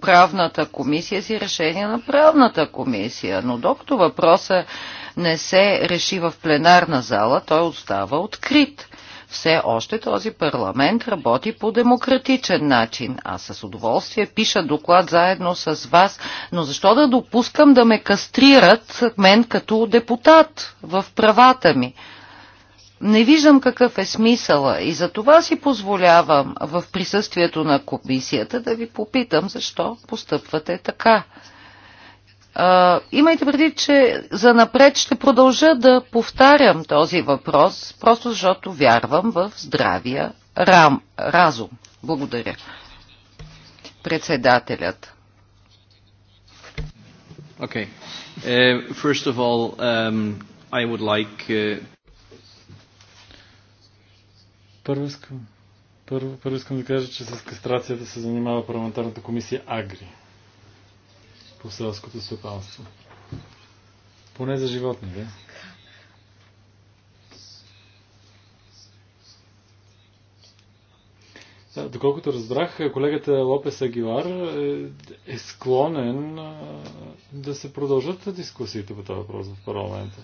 Speaker 2: правната комисия си е решение на правната комисия, но докато въпроса не се реши в пленарна зала, той остава открит. Все още този парламент работи по демократичен начин. Аз с удоволствие пиша доклад заедно с вас, но защо да допускам да ме кастрират мен като депутат в правата ми? Не виждам какъв е смисъла и за това си позволявам в присъствието на комисията да ви попитам защо постъпвате така. А, имайте преди, че за напред ще продължа да повтарям този въпрос, просто защото вярвам в здравия рам, разум. Благодаря. Председателят.
Speaker 1: Okay. Uh, first of all, um, I would like uh, първо искам,
Speaker 3: първо, първо искам да кажа, че с кастрацията се занимава парламентарната комисия Агри по селското стопанство. Поне за животни, да? Да, доколкото разбрах, колегата Лопес Агилар
Speaker 1: е,
Speaker 3: е склонен да се продължат дискусиите по този въпрос в парламента.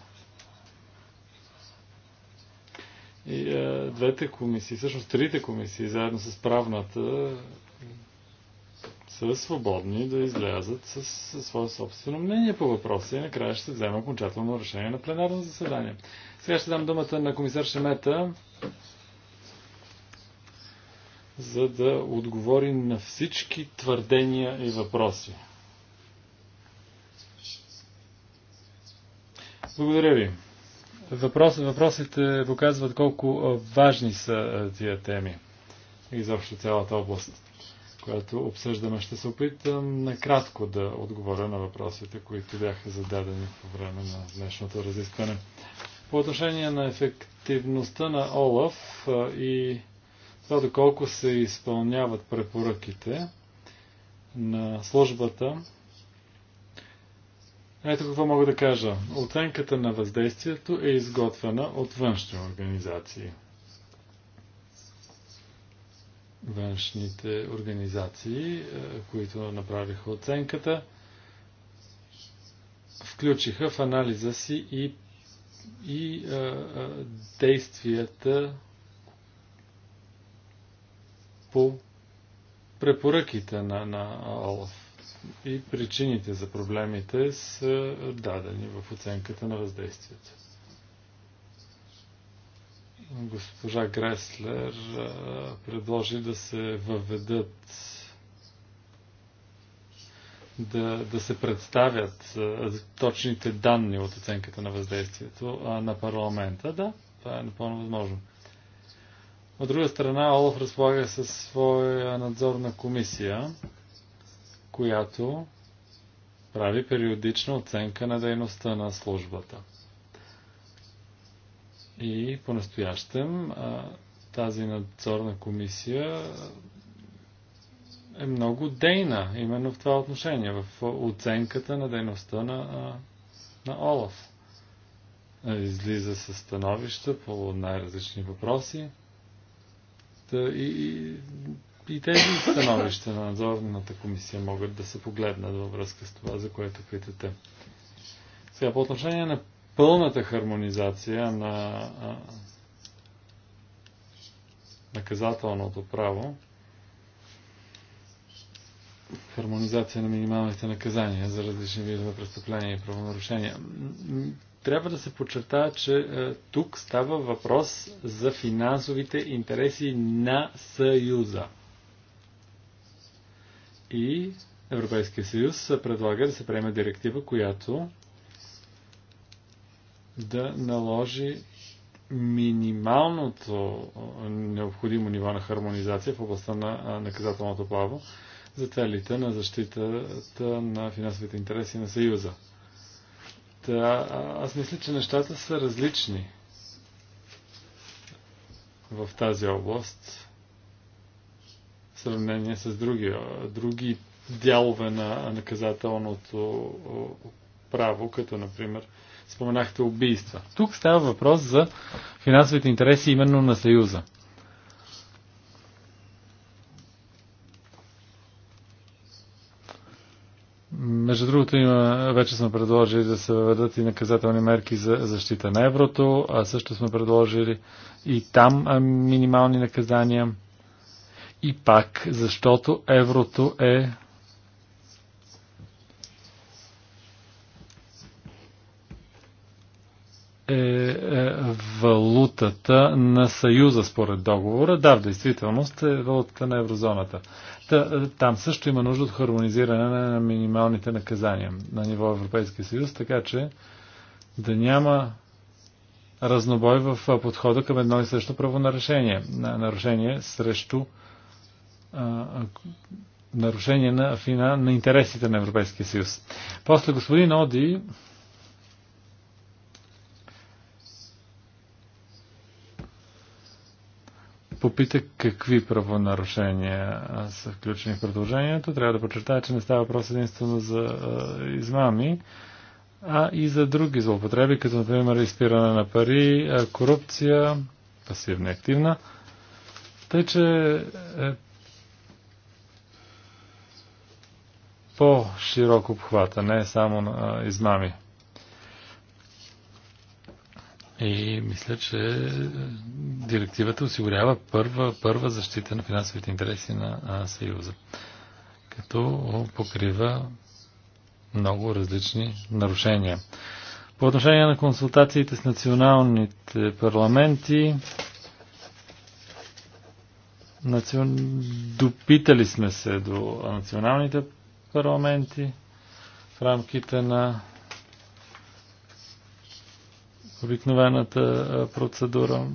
Speaker 3: И а, е, двете комисии, всъщност трите комисии, заедно с правната, са свободни да излязат с, с свое собствено мнение по въпроса и накрая ще взема вземе окончателно решение на пленарно заседание. Сега ще дам думата на комисар Шемета, за да отговори на всички твърдения и въпроси. Благодаря ви. Въпрос, въпросите показват колко важни са тия теми. Изобщо цялата област, която обсъждаме. Ще се опитам накратко да отговоря на въпросите, които бяха зададени по време на днешното разискване. По отношение на ефективността на ОЛАФ и това доколко се изпълняват препоръките на службата, ето какво мога да кажа. Оценката на въздействието е изготвена от външни организации. Външните организации, е, които направиха оценката, включиха в анализа си и, и а, е, а, е, действията по препоръките на, на ОЛАФ и причините за проблемите са дадени в оценката на въздействието. Госпожа Греслер предложи да се въведат да, да се представят точните данни от оценката на въздействието на парламента. Да, това е напълно възможно. От друга страна, Олаф разполага със своя надзорна комисия, която прави периодична оценка на дейността на службата. И по-настоящем тази надзорна комисия е много дейна, именно в това отношение, в оценката на дейността на, на Олаф. Излиза със становища по най-различни въпроси. И, и и тези становища на надзорната комисия могат да се погледнат във връзка с това, за което питате. Сега, по отношение на пълната хармонизация на наказателното право, хармонизация на минималните наказания за различни видове престъпления и правонарушения. Трябва да се подчертава, че тук става въпрос за финансовите интереси на Съюза. И Европейския съюз предлага да се приеме директива, която да наложи минималното необходимо ниво на хармонизация в областта на наказателното право за целите на защитата на финансовите интереси на Съюза. Та, аз мисля, че нещата са различни в тази област в сравнение с други, други дялове на наказателното право, като например споменахте убийства. Тук става въпрос за финансовите интереси именно на Съюза. Между другото, има, вече сме предложили да се въведат и наказателни мерки за защита на еврото, а също сме предложили и там минимални наказания. И пак, защото еврото е, е е валутата на Съюза според договора. Да, в действителност е валутата на еврозоната. Та, е, там също има нужда от хармонизиране на минималните наказания на ниво Европейския съюз, така че да няма разнобой в е, подхода към едно и също правонарушение. Нарушение срещу нарушение на, на, на интересите на Европейския съюз. После господин Оди попита какви правонарушения са включени в предложението. Трябва да подчертая, че не става въпрос единствено за измами, а и за други злоупотреби, като например изпиране на пари, корупция, пасивна и активна. Тъй, че е, по-широк обхват, а не само на измами. И мисля, че директивата осигурява първа, първа защита на финансовите интереси на Съюза, като покрива много различни нарушения. По отношение на консултациите с националните парламенти, национ... допитали сме се до националните парламенти в рамките на обикновената процедура.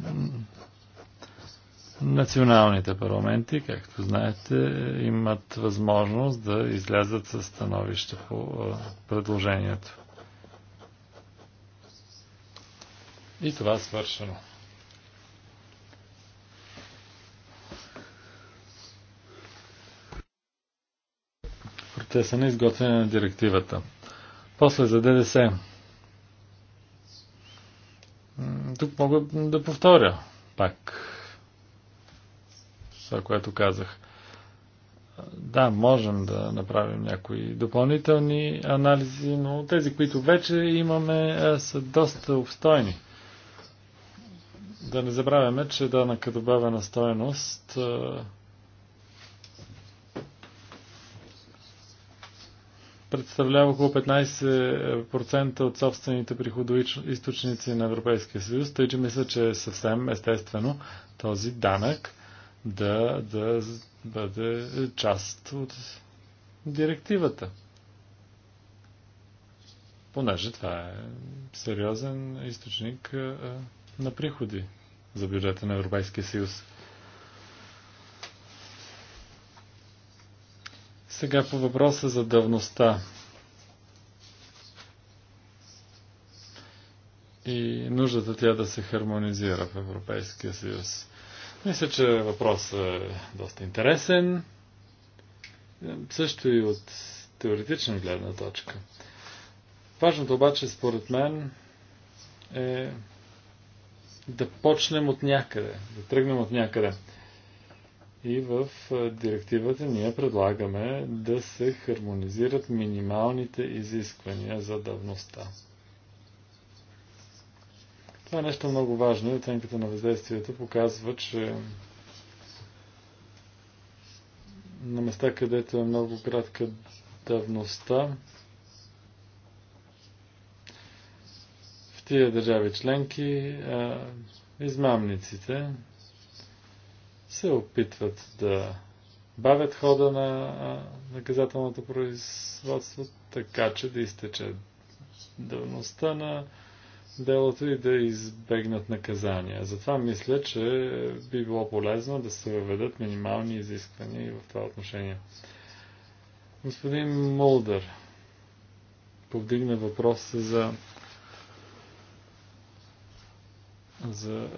Speaker 3: Националните парламенти, както знаете, имат възможност да излязат със становище по предложението. И това е свършено. те са на изготвяне на директивата. После за ДДС. Тук мога да повторя пак това, което казах. Да, можем да направим някои допълнителни анализи, но тези, които вече имаме, е, са доста обстойни. Да не забравяме, че данъка добавена стоеност е, представлява около 15% от собствените източници на Европейския съюз, тъй че мисля, че е съвсем естествено този данък да, да бъде част от директивата. Понеже това е сериозен източник на приходи за бюджета на Европейския съюз. Сега по въпроса за давността. И нуждата тя да се хармонизира в Европейския съюз. Мисля, че въпросът е доста интересен. Също и от теоретична гледна точка. Важното обаче, според мен, е да почнем от някъде, да тръгнем от някъде. И в директивата ние предлагаме да се хармонизират минималните изисквания за давността. Това е нещо много важно и оценката на въздействието показва, че на места, където е много кратка давността, в тия държави членки, измамниците, се опитват да бавят хода на наказателното производство, така че да изтече давността на делото и да избегнат наказания. Затова мисля, че би било полезно да се въведат минимални изисквания в това отношение. Господин Молдър повдигна въпроса за, за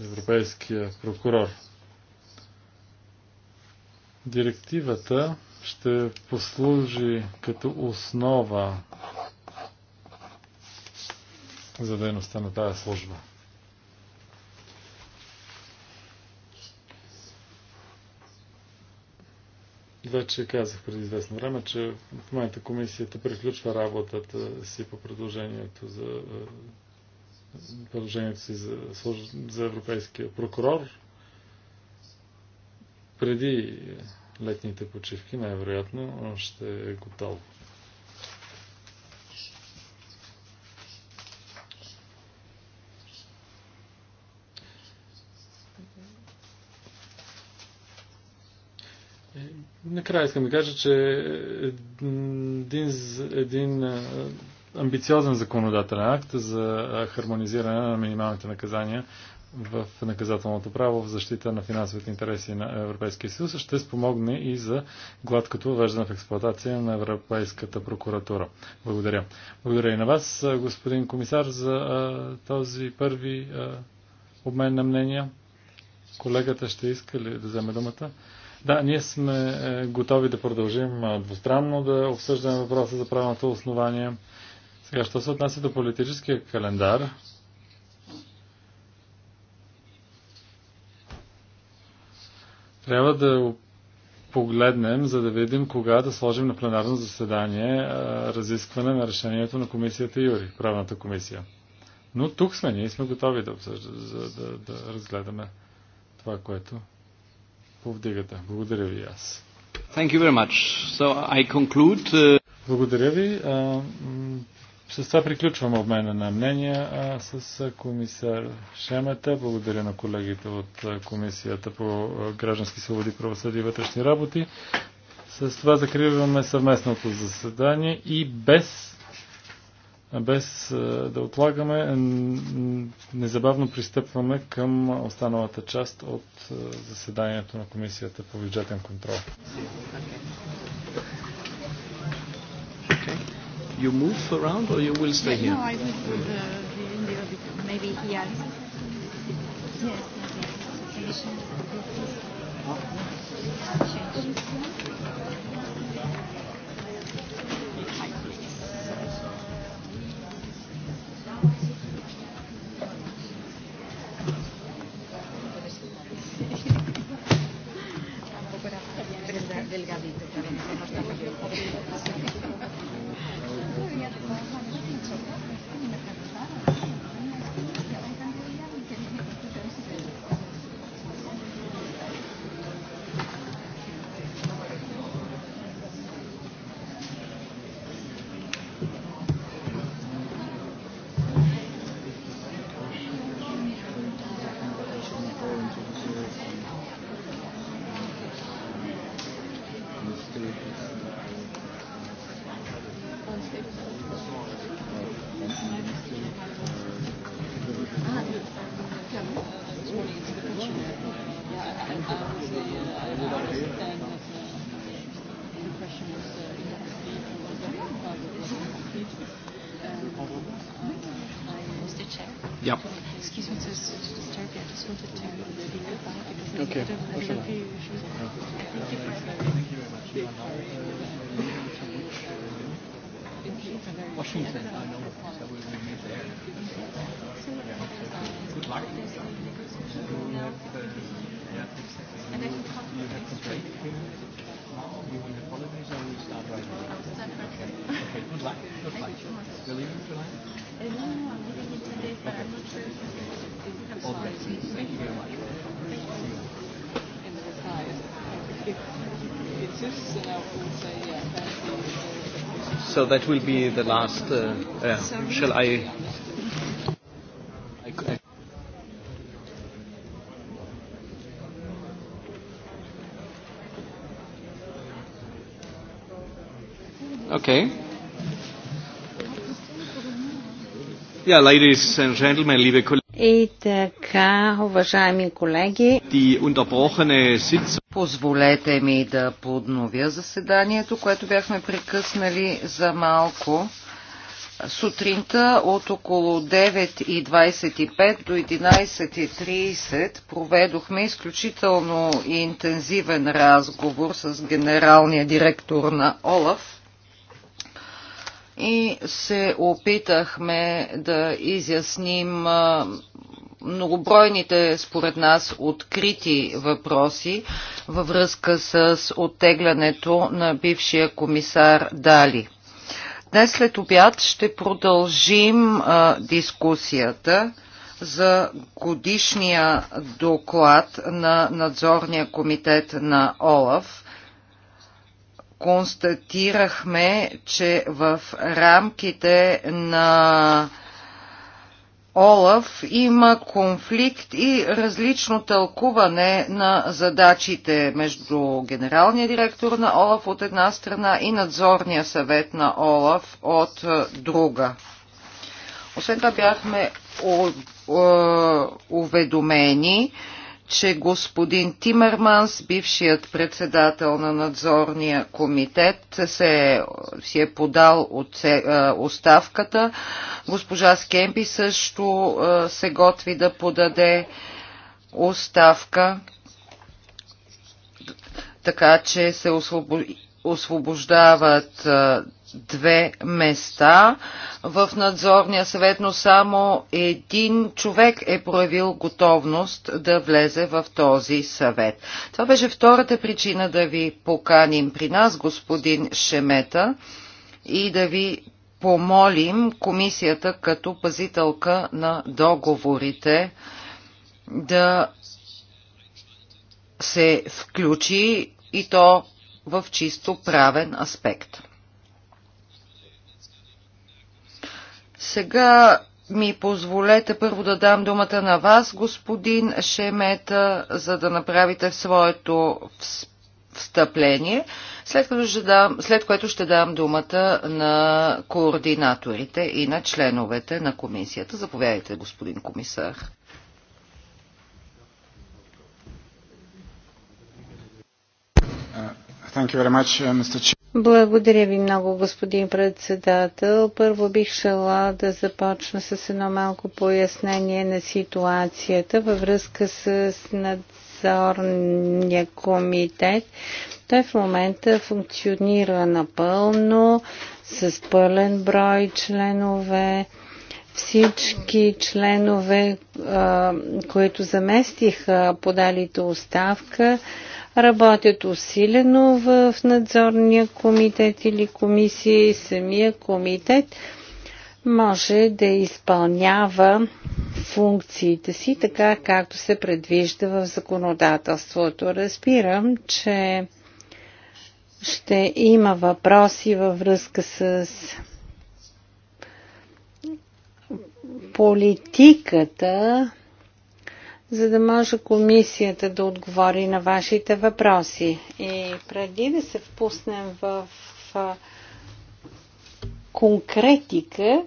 Speaker 3: европейския прокурор. Директивата ще послужи като основа за дейността на тази служба. Вече казах преди известно време, че в момента комисията приключва работата си по предложението за е, предложението си за, за европейския прокурор преди е, летните почивки най-вероятно ще е готово. Е, накрая искам да кажа, че един, един е, амбициозен законодателен акт за хармонизиране на минималните наказания в наказателното право в защита на финансовите интереси на Европейския съюз ще спомогне и за гладкото въвеждане в експлуатация на Европейската прокуратура. Благодаря. Благодаря и на вас, господин комисар, за а, този първи а, обмен на мнения. Колегата ще иска ли да вземе думата? Да, ние сме е, готови да продължим двустранно да обсъждаме въпроса за правилното основание. Сега, що се отнася до политическия календар, трябва да погледнем, за да видим кога да сложим на пленарно заседание разискване на решението на комисията Юри, правната комисия. Но тук сме, ние сме готови да, обсъжда, за, да, да разгледаме това, което повдигате. Благодаря ви аз.
Speaker 1: Thank you very much. So I
Speaker 3: conclude, uh... Благодаря ви. С това приключвам обмена на мнения а, с комисар Шемета. Благодаря на колегите от Комисията по граждански свободи, правосъди и вътрешни работи. С това закриваме съвместното заседание и без, без да отлагаме, незабавно пристъпваме към останалата част от заседанието на Комисията по бюджетен контрол
Speaker 1: you move around or you will stay yeah, here? No, I will the maybe he has. Yes, yes, yes. Okay. that will be the last. Uh, uh, shall I? I Okay. Yeah, ladies and gentlemen, liebe Kollegen.
Speaker 2: И така, уважаеми колеги,
Speaker 1: die unterbrochene Sitzung
Speaker 2: Позволете ми да подновя заседанието, което бяхме прекъснали за малко. Сутринта от около 9.25 до 11.30 проведохме изключително интензивен разговор с генералния директор на ОЛАФ и се опитахме да изясним многобройните, според нас, открити въпроси във връзка с оттеглянето на бившия комисар Дали. Днес след обяд ще продължим а, дискусията за годишния доклад на надзорния комитет на ОЛАФ. Констатирахме, че в рамките на Олаф има конфликт и различно тълкуване на задачите между генералния директор на Олаф от една страна и надзорния съвет на Олаф от е, друга. Освен това бяхме е, уведомени, че господин Тимерманс, бившият председател на надзорния комитет, се е, си е подал от, е, оставката. Госпожа Скемпи също е, се готви да подаде оставка, така че се освобождават две места в надзорния съвет, но само един човек е проявил готовност да влезе в този съвет. Това беше втората причина да ви поканим при нас, господин Шемета, и да ви помолим комисията като пазителка на договорите да се включи и то в чисто правен аспект. Сега ми позволете първо да дам думата на вас, господин Шемета, за да направите своето встъпление, след което ще дам, след което ще дам думата на координаторите и на членовете на комисията. Заповядайте, господин комисар. Thank you very much, uh, Mr.
Speaker 4: Благодаря ви много, господин председател. Първо бих шала да започна с едно малко пояснение на ситуацията във връзка с надзорния комитет. Той в момента функционира напълно, с пълен брой членове. Всички членове, които заместиха подалите оставка, работят усилено в надзорния комитет или комисия и самия комитет може да изпълнява функциите си така, както се предвижда в законодателството. Разбирам, че ще има въпроси във връзка с политиката за да може комисията да отговори на вашите въпроси. И преди да се впуснем в конкретика,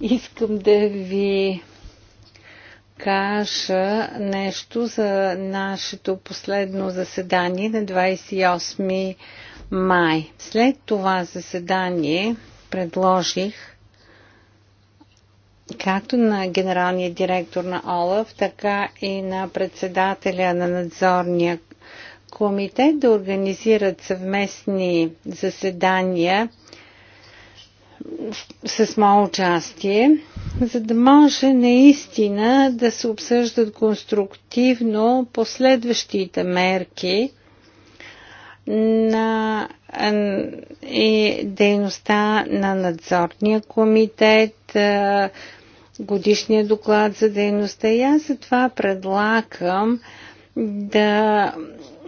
Speaker 4: искам да ви кажа нещо за нашето последно заседание на 28 май. След това заседание предложих както на генералния директор на ОЛАФ, така и на председателя на надзорния комитет да организират съвместни заседания с мое участие, за да може наистина да се обсъждат конструктивно последващите мерки на и дейността на надзорния комитет, годишния доклад за дейността. И аз затова предлагам да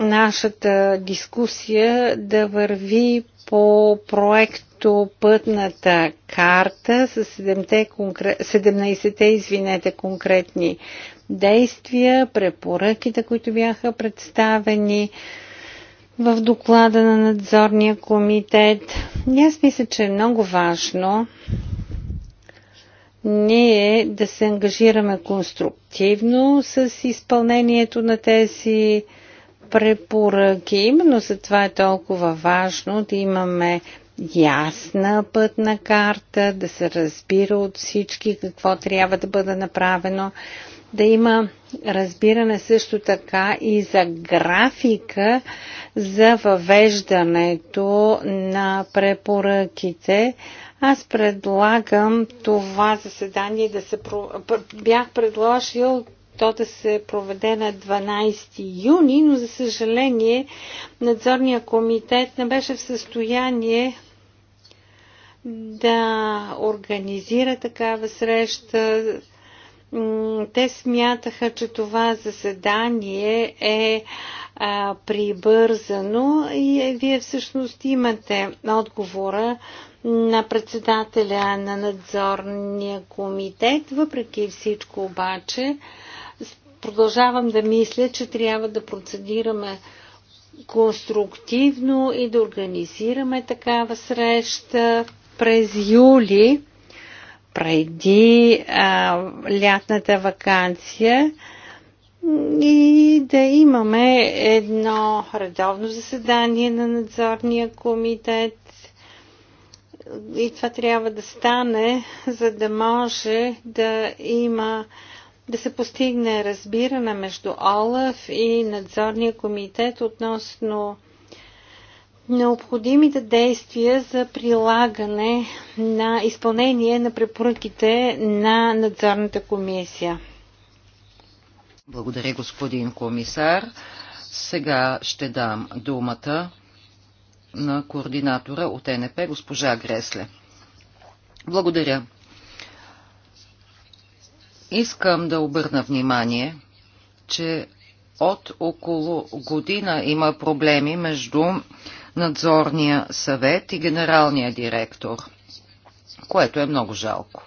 Speaker 4: нашата дискусия да върви по проекто пътната карта с 17-те извинете, конкретни действия, препоръките, които бяха представени в доклада на надзорния комитет. И аз мисля, че е много важно ние да се ангажираме конструктивно с изпълнението на тези препоръки. Именно за това е толкова важно да имаме ясна пътна карта, да се разбира от всички какво трябва да бъде направено, да има разбиране също така и за графика за въвеждането на препоръките, аз предлагам това заседание да се... Бях предложил то да се проведе на 12 юни, но за съжаление надзорния комитет не беше в състояние да организира такава среща. Те смятаха, че това заседание е а, прибързано и е, вие всъщност имате отговора на председателя на надзорния комитет. Въпреки всичко обаче, продължавам да мисля, че трябва да процедираме конструктивно и да организираме такава среща през юли, преди а, лятната вакансия и да имаме едно редовно заседание на надзорния комитет и това трябва да стане, за да може да има да се постигне разбиране между ОЛАФ и надзорния комитет относно необходимите действия за прилагане на изпълнение на препоръките на надзорната
Speaker 2: комисия. Благодаря, господин комисар. Сега ще дам думата на координатора от НП, госпожа Гресле. Благодаря. Искам да обърна внимание, че от около година има проблеми между надзорния съвет и генералния директор, което е много жалко,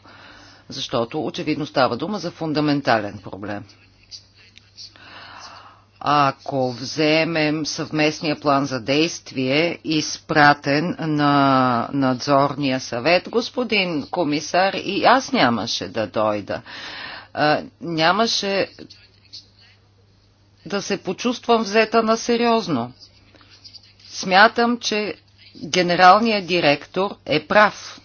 Speaker 2: защото очевидно става дума за фундаментален проблем. Ако вземем съвместния план за действие, изпратен на надзорния съвет, господин комисар, и аз нямаше да дойда. Нямаше да се почувствам взета на сериозно. Смятам, че генералният директор е прав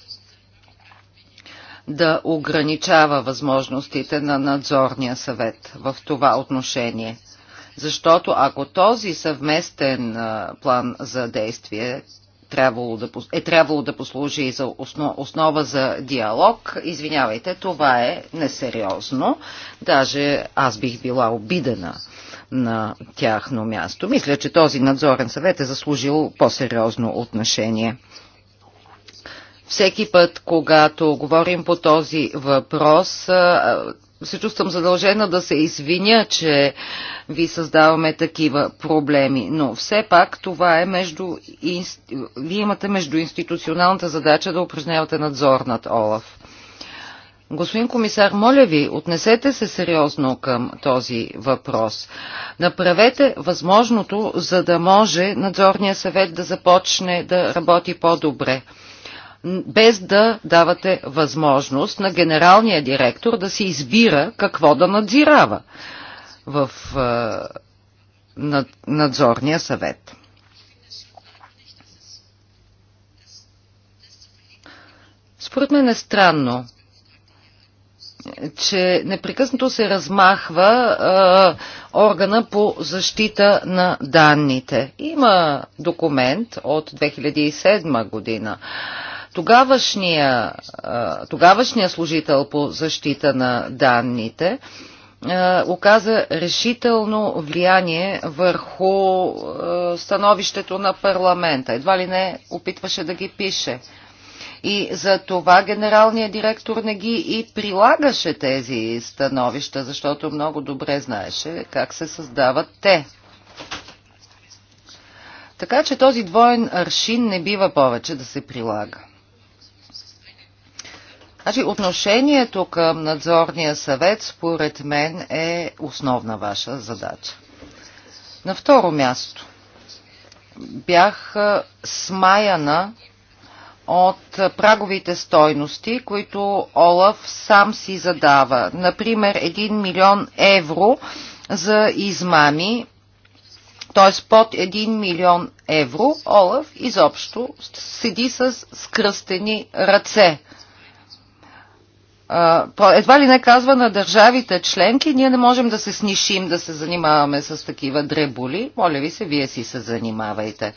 Speaker 2: да ограничава възможностите на надзорния съвет в това отношение. Защото ако този съвместен план за действие трябвало да, е трябвало да послужи и за основ, основа за диалог, извинявайте, това е несериозно. Даже аз бих била обидена на тяхно място. Мисля, че този надзорен съвет е заслужил по-сериозно отношение. Всеки път, когато говорим по този въпрос, се чувствам задължена да се извиня, че ви създаваме такива проблеми, но все пак това е между... Вие имате междуинституционалната задача да упражнявате надзор над ОЛАФ. Господин комисар, моля ви, отнесете се сериозно към този въпрос. Направете възможното, за да може надзорния съвет да започне да работи по-добре без да давате възможност на генералния директор да си избира какво да надзирава в надзорния съвет. Според мен е странно, че непрекъснато се размахва е, органа по защита на данните. Има документ от 2007 година. Тогавашния, тогавашния служител по защита на данните оказа решително влияние върху становището на парламента. Едва ли не опитваше да ги пише. И за това генералният директор не ги и прилагаше тези становища, защото много добре знаеше как се създават те. Така че този двоен аршин не бива повече да се прилага. Значи отношението към надзорния съвет, според мен, е основна ваша задача. На второ място бях смаяна от праговите стойности, които Олаф сам си задава. Например, 1 милион евро за измами, т.е. под 1 милион евро Олаф изобщо седи с скръстени ръце – едва ли не казва на държавите членки, ние не можем да се снишим, да се занимаваме с такива дреболи. Моля ви се, вие си се занимавайте.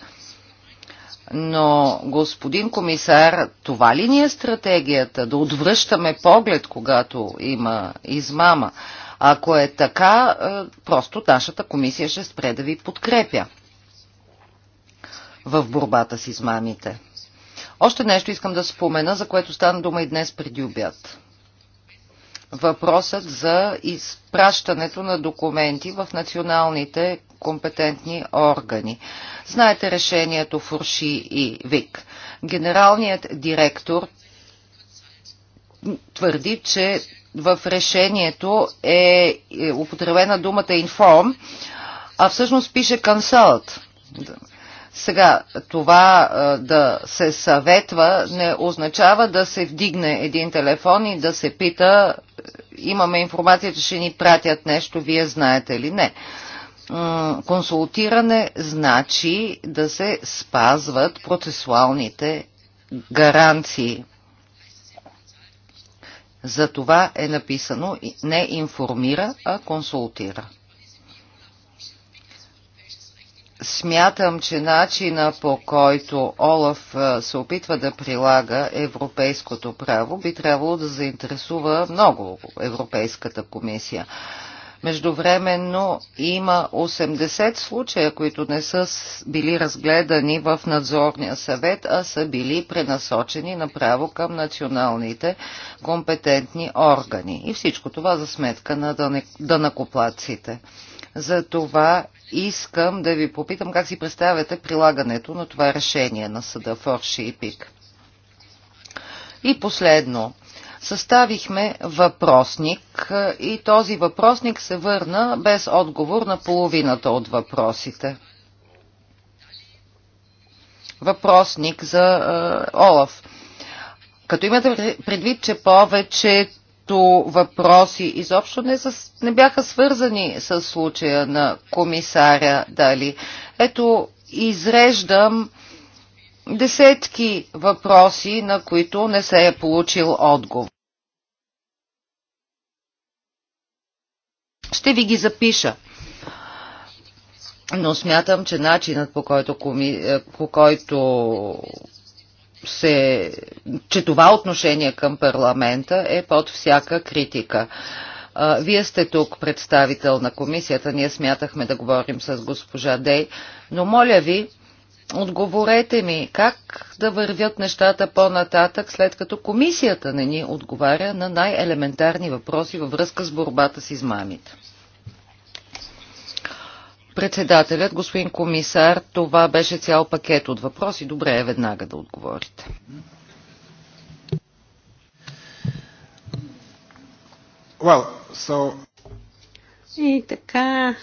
Speaker 2: Но, господин комисар, това ли ни е стратегията? Да отвръщаме поглед, когато има измама? Ако е така, е, просто нашата комисия ще спре да ви подкрепя в борбата с измамите. Още нещо искам да спомена, за което стана дума и днес преди обяд въпросът за изпращането на документи в националните компетентни органи. Знаете решението Фурши и Вик. Генералният директор твърди, че в решението е, е употребена думата inform, а всъщност пише consult. Сега, това да се съветва не означава да се вдигне един телефон и да се пита, имаме информация, че ще ни пратят нещо, вие знаете ли? Не. Консултиране значи да се спазват процесуалните гаранции. За това е написано не информира, а консултира. Смятам, че начина по който Олаф се опитва да прилага европейското право би трябвало да заинтересува много Европейската комисия. Междувременно има 80 случая, които не са били разгледани в надзорния съвет, а са били пренасочени направо към националните компетентни органи. И всичко това за сметка на дънакоплаците. За това Искам да ви попитам как си представяте прилагането на това решение на съда Форши и Пик. И последно, съставихме въпросник и този въпросник се върна без отговор на половината от въпросите. Въпросник за е, Олаф. Като имате предвид, че повече като въпроси изобщо не, с, не бяха свързани с случая на комисаря Дали. Ето, изреждам десетки въпроси, на които не се е получил отговор. Ще ви ги запиша. Но смятам, че начинът по който, коми... по който се, че това отношение към парламента е под всяка критика. Вие сте тук представител на комисията, ние смятахме да говорим с госпожа Дей, но моля ви, отговорете ми, как да вървят нещата по-нататък, след като комисията не ни отговаря на най-елементарни въпроси във връзка с борбата с измамите. Председателят, господин комисар, това беше цял пакет от въпроси. Добре е веднага да отговорите.
Speaker 1: Well, so...
Speaker 4: И така,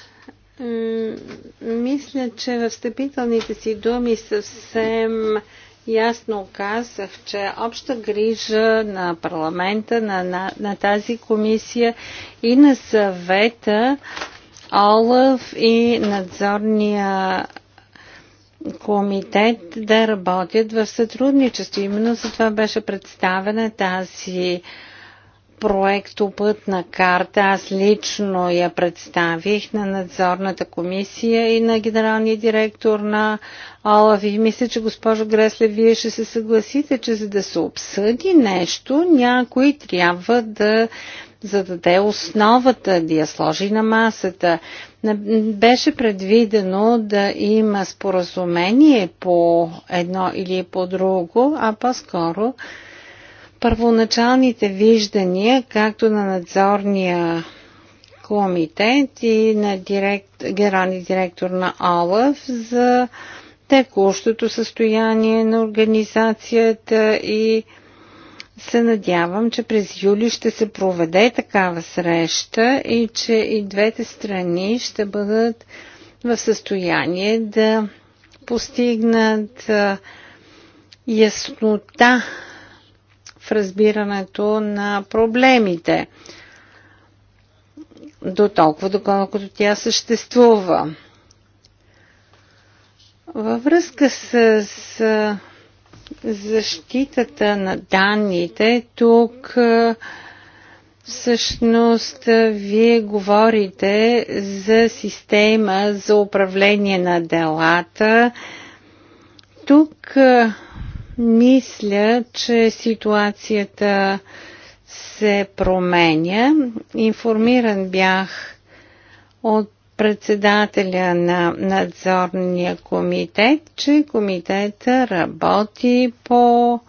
Speaker 4: мисля, че в встъпителните си думи съвсем ясно казах, че обща грижа на парламента, на, на, на тази комисия и на съвета Олаф и надзорния комитет да работят в сътрудничество. Именно за това беше представена тази пътна карта. Аз лично я представих на надзорната комисия и на генералния директор на ОЛАВ. И мисля, че госпожо Гресле, вие ще се съгласите, че за да се обсъди нещо, някой трябва да за да даде основата, да я сложи на масата. Беше предвидено да има споразумение по едно или по друго, а по-скоро първоначалните виждания, както на надзорния комитет и на директ, генералния директор на ОЛАФ за текущото състояние на организацията и се надявам, че през юли ще се проведе такава среща и че и двете страни ще бъдат в състояние да постигнат яснота в разбирането на проблемите до толкова, доколкото тя съществува. Във връзка с, с защитата на данните тук всъщност вие говорите за система за управление на делата. Тук мисля, че ситуацията се променя. Информиран бях от председателя на надзорния комитет, че комитета работи по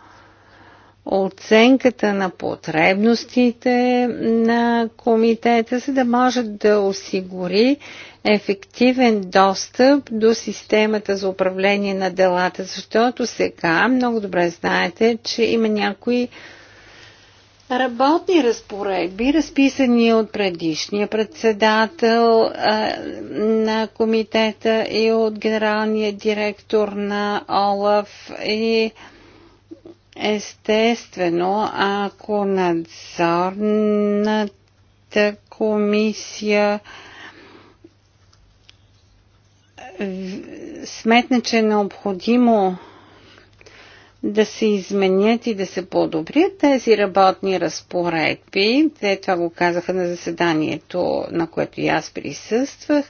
Speaker 4: оценката на потребностите на комитета, за да може да осигури ефективен достъп до системата за управление на делата, защото сега много добре знаете, че има някои работни разпоредби, разписани от предишния председател а, на комитета и от генералния директор на ОЛАФ и естествено, ако надзорната комисия сметна, че е необходимо да се изменят и да се подобрят тези работни разпоредби. Те това го казаха на заседанието, на което и аз присъствах.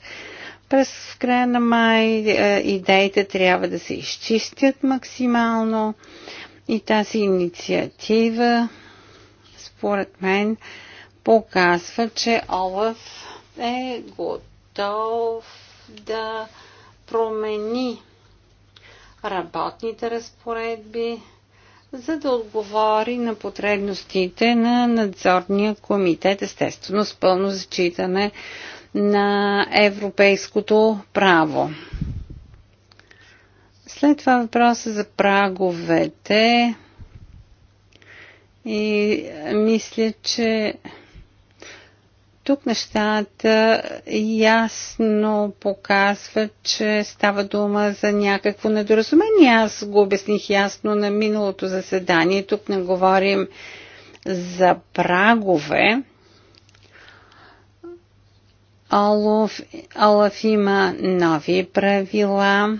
Speaker 4: През края на май е, идеите трябва да се изчистят максимално и тази инициатива, според мен, показва, че Олаф е готов да промени работните разпоредби, за да отговори на потребностите на надзорния комитет, естествено с пълно зачитане на европейското право. След това въпроса за праговете и мисля, че тук нещата ясно показват, че става дума за някакво недоразумение. Аз го обясних ясно на миналото заседание. Тук не говорим за прагове. Олов, Олаф има нови правила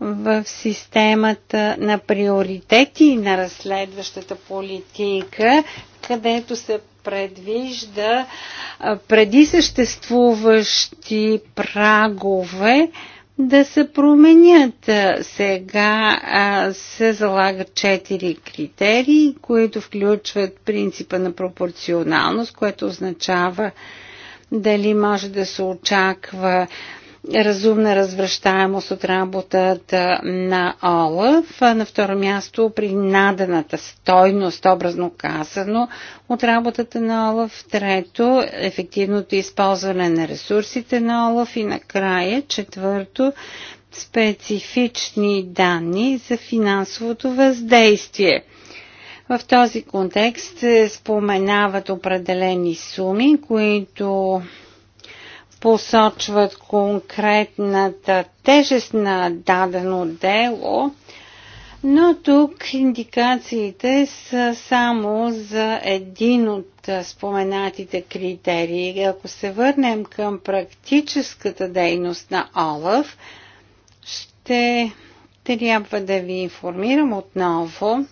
Speaker 4: в системата на приоритети на разследващата политика, където се предвижда преди съществуващи прагове да се променят. Сега се залагат четири критерии, които включват принципа на пропорционалност, което означава дали може да се очаква разумна развръщаемост от работата на ОЛАФ. На второ място, наданата стойност, образно казано, от работата на ОЛАФ. Трето, ефективното използване на ресурсите на ОЛАФ. И накрая, четвърто, специфични данни за финансовото въздействие. В този контекст споменават определени суми, които посочват конкретната тежест на дадено дело, но тук индикациите са само за един от споменатите критерии. Ако се върнем към практическата дейност на ОЛАФ, ще трябва да ви информирам отново,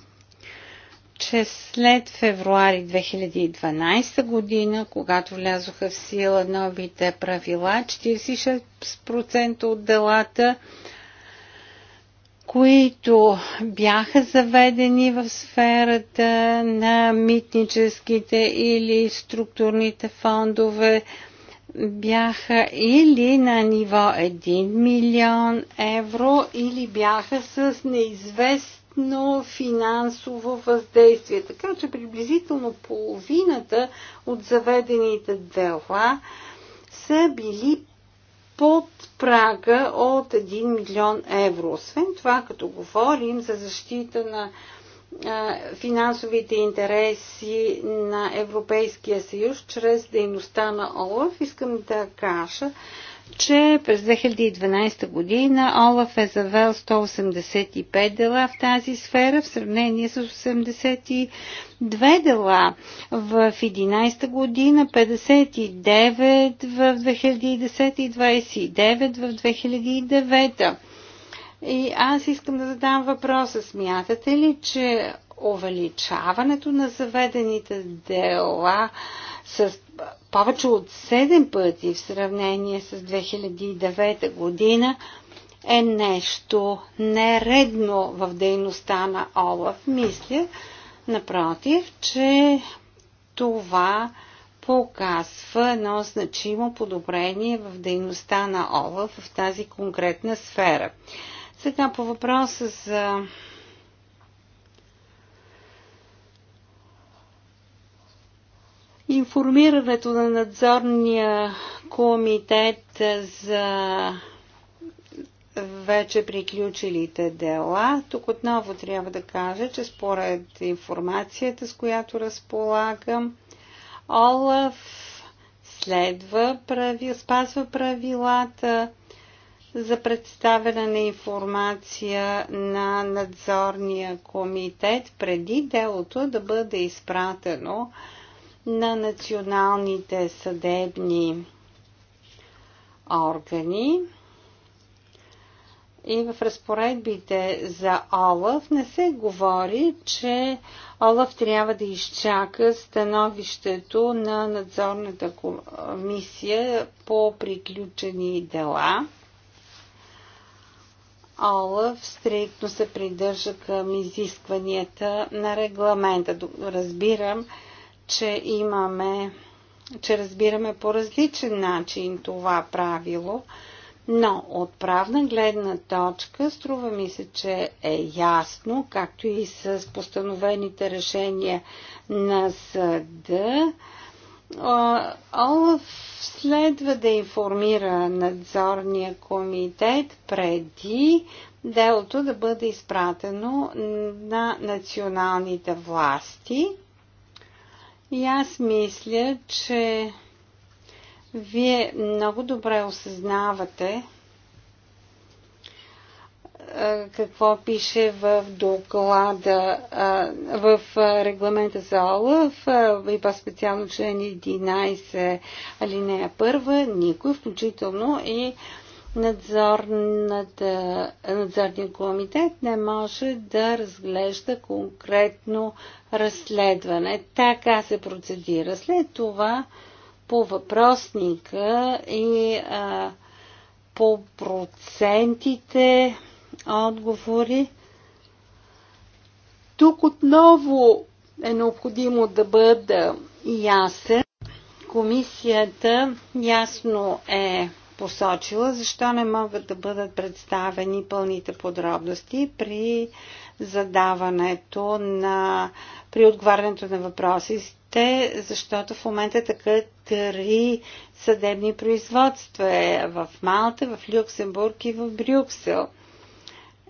Speaker 4: че след февруари 2012 година, когато влязоха в сила новите правила, 46% от делата, които бяха заведени в сферата на митническите или структурните фондове, бяха или на ниво 1 милион евро, или бяха с неизвестни директно финансово въздействие. Така че приблизително половината от заведените дела са били под прага от 1 милион евро. Освен това, като говорим за защита на финансовите интереси на Европейския съюз чрез дейността на ОЛАФ, искам да кажа, че през 2012 година Олаф е завел 185 дела в тази сфера в сравнение с 82 дела в 2011 година, 59 в 2010 и 29 в 2009. И аз искам да задам въпроса. Смятате ли, че увеличаването на заведените дела с повече от 7 пъти в сравнение с 2009 година е нещо нередно в дейността на Олаф. Мисля, напротив, че това показва едно значимо подобрение в дейността на Олаф в тази конкретна сфера. Сега по въпроса за Информирането на надзорния комитет за вече приключилите дела. Тук отново трябва да кажа, че според информацията, с която разполагам, Олаф следва, прави, спазва правилата за представяне на информация на надзорния комитет преди делото да бъде изпратено на националните съдебни органи и в разпоредбите за Олаф не се говори, че Олаф трябва да изчака становището на надзорната комисия по приключени дела. Олаф стриктно се придържа към изискванията на регламента. Разбирам, че имаме, че разбираме по различен начин това правило, но от правна гледна точка струва ми се, че е ясно, както и с постановените решения на съда, Олаф следва да информира надзорния комитет преди делото да бъде изпратено на националните власти и аз мисля, че вие много добре осъзнавате какво пише в доклада, в регламента за ОЛАВ и по-специално член 11 алинея 1, никой, включително и надзорната, надзорния комитет не може да разглежда конкретно разследване. Така се процедира. След това по въпросника и а, по процентите отговори. Тук отново е необходимо да бъда ясен. Комисията ясно е посочила, защо не могат да бъдат представени пълните подробности при задаването на, при отговарянето на въпросите, защото в момента така три съдебни производства е в Малта, в Люксембург и в Брюксел.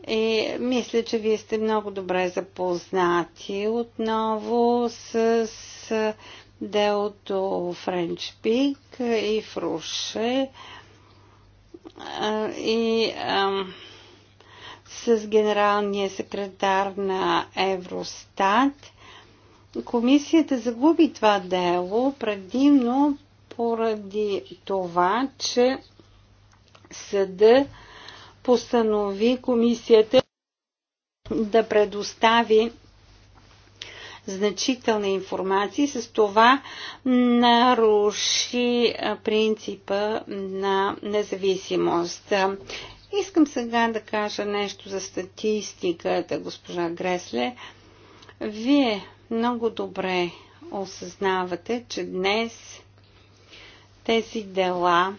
Speaker 4: И мисля, че вие сте много добре запознати отново с, с делото Френчпик и Фруше и с генералния секретар на Евростат. Комисията загуби това дело предимно поради това, че съда постанови комисията да предостави значителна информация и с това наруши принципа на независимост. Искам сега да кажа нещо за статистиката, госпожа Гресле. Вие много добре осъзнавате, че днес тези дела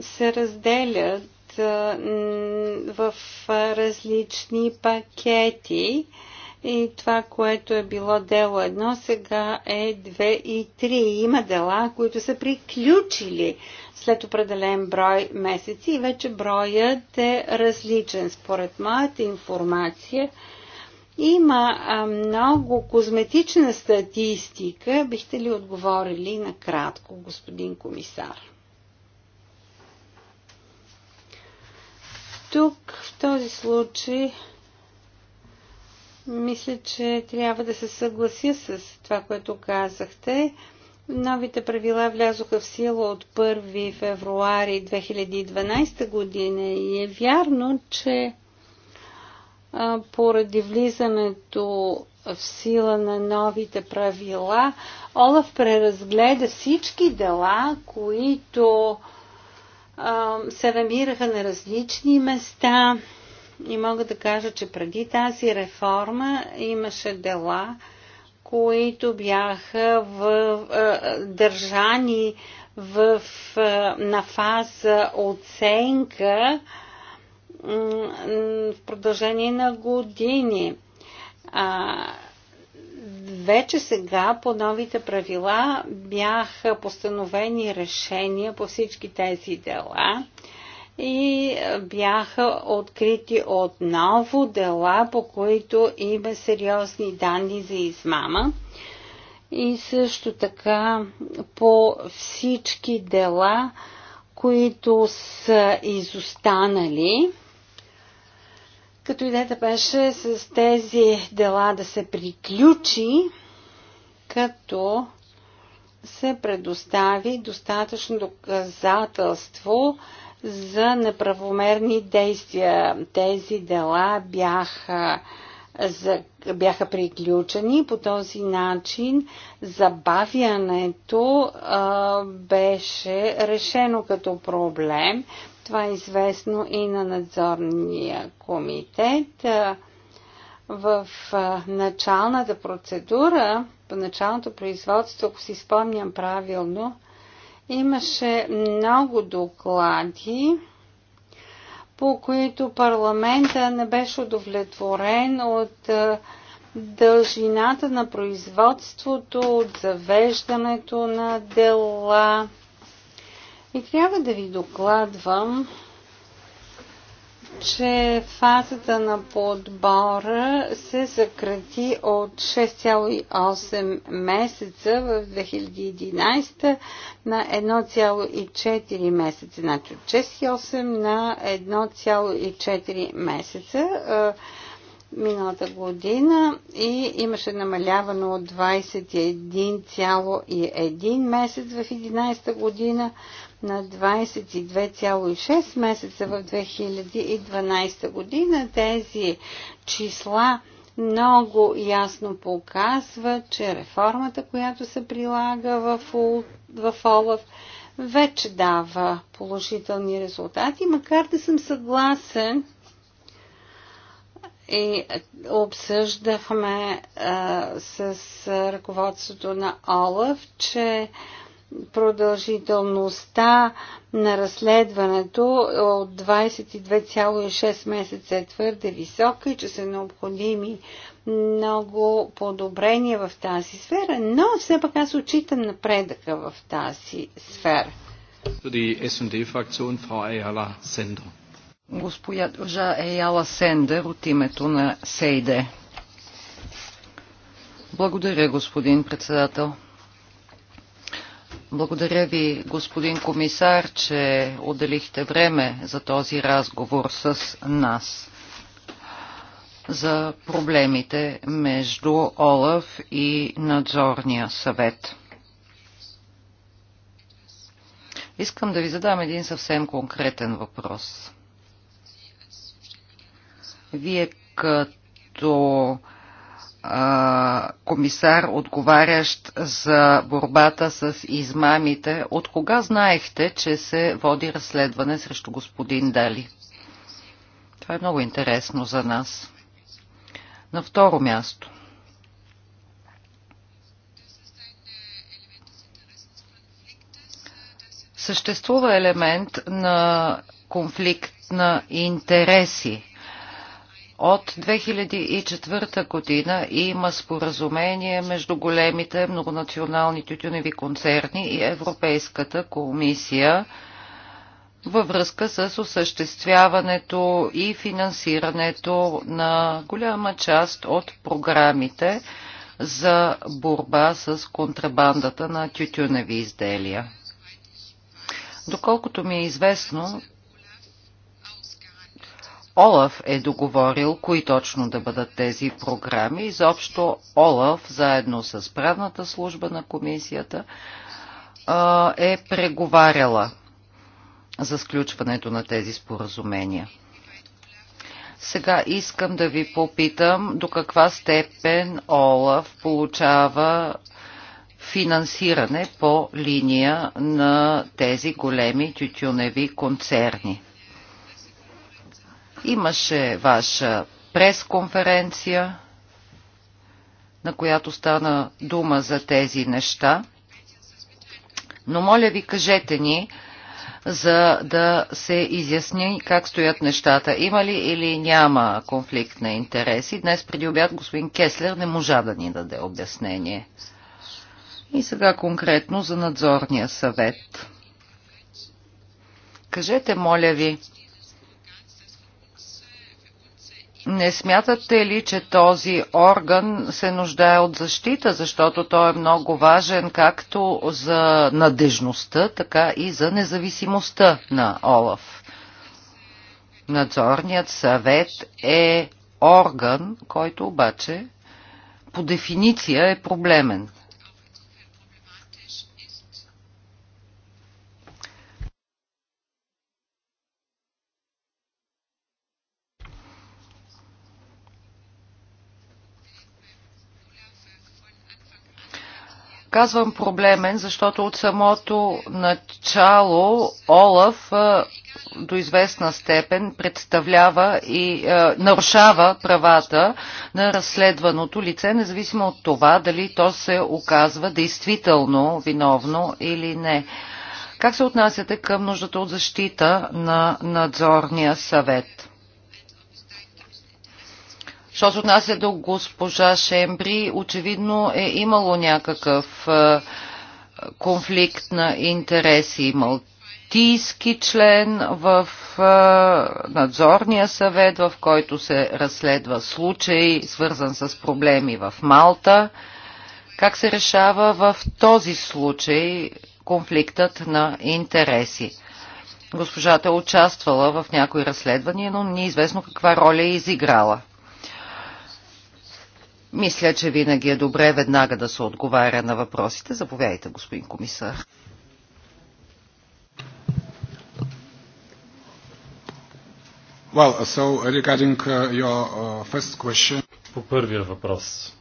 Speaker 4: се разделят в различни пакети и това, което е било дело едно, сега е две и три Има дела, които са приключили след определен брой месеци и вече броят е различен. Според моята информация, има много козметична статистика. Бихте ли отговорили накратко, господин комисар? Тук в този случай мисля, че трябва да се съглася с това, което казахте. Новите правила влязоха в сила от 1 февруари 2012 година и е вярно, че поради влизането в сила на новите правила, Олаф преразгледа всички дела, които се намираха на различни места и мога да кажа, че преди тази реформа имаше дела, които бяха в, държани в, на фаза оценка в продължение на години. А, вече сега по новите правила бяха постановени решения по всички тези дела. А, и бяха открити отново дела, по които има сериозни данни за измама. И също така по всички дела, които са изостанали, като идеята беше с тези дела да се приключи, като се предостави достатъчно доказателство за неправомерни действия. Тези дела бяха за, бяха приключени. По този начин забавянето а, беше решено като проблем. Това е известно и на надзорния комитет. В началната процедура, по началното производство, ако си спомням правилно, Имаше много доклади, по които парламента не беше удовлетворен от дължината на производството, от завеждането на дела. И трябва да ви докладвам, че фазата на подбора се съкрати от 6,8 месеца в 2011 на 1,4 месеца. Значи от 6,8 на 1,4 месеца миналата година и имаше намаляване от 21,1 месец в 2011 година на 22,6 месеца в 2012 година. Тези числа много ясно показва, че реформата, която се прилага в, в ОЛАВ, вече дава положителни резултати, макар да съм съгласен и обсъждахме а, с ръководството на ОЛАВ, че а, продължителността на разследването от 22,6 месеца е твърде висока и че са необходими много подобрения в тази сфера, но все пак аз отчитам напредъка в
Speaker 2: тази сфера. Госпожа Еяла Сендер от името на Сейде. Благодаря, господин председател. Благодаря ви, господин комисар, че отделихте време за този разговор с нас за проблемите между ОЛАФ и надзорния съвет. Искам да ви задам един съвсем конкретен въпрос. Вие като комисар, отговарящ за борбата с измамите, от кога знаехте, че се води разследване срещу господин Дали? Това е много интересно за нас. На второ място. Съществува елемент на конфликт на интереси от 2004 година има споразумение между големите многонационални тютюневи концерни и Европейската комисия във връзка с осъществяването и финансирането на голяма част от програмите за борба с контрабандата на тютюневи изделия. Доколкото ми е известно, Олаф е договорил кои точно да бъдат тези програми. Изобщо Олаф, заедно с правната служба на комисията, е преговаряла за сключването на тези споразумения. Сега искам да ви попитам до каква степен Олаф получава финансиране по линия на тези големи тютюневи концерни. Имаше ваша пресконференция, на която стана дума за тези неща. Но моля ви, кажете ни, за да се изясни как стоят нещата. Има ли или няма конфликт на интереси? Днес преди обяд господин Кеслер не можа да ни даде обяснение. И сега конкретно за надзорния съвет. Кажете, моля ви, не смятате ли, че този орган се нуждае от защита, защото той е много важен както за надежността, така и за независимостта на ОЛАФ? Надзорният съвет е орган, който обаче по дефиниция е проблемен. Казвам проблемен, защото от самото начало Олаф до известна степен представлява и е, нарушава правата на разследваното лице, независимо от това дали то се оказва действително виновно или не. Как се отнасяте към нуждата от защита на надзорния съвет? Що се отнася до госпожа Шембри, очевидно е имало някакъв е, конфликт на интереси. Малтийски член в е, надзорния съвет, в който се разследва случай, свързан с проблеми в Малта. Как се решава в този случай конфликтът на интереси? Госпожата е участвала в някои разследвания, но не е известно каква роля е изиграла. Мисля, че винаги е добре веднага да се отговаря на въпросите. Заповядайте, господин комисар.
Speaker 3: Well, so regarding uh, your uh, first question... По първия въпрос.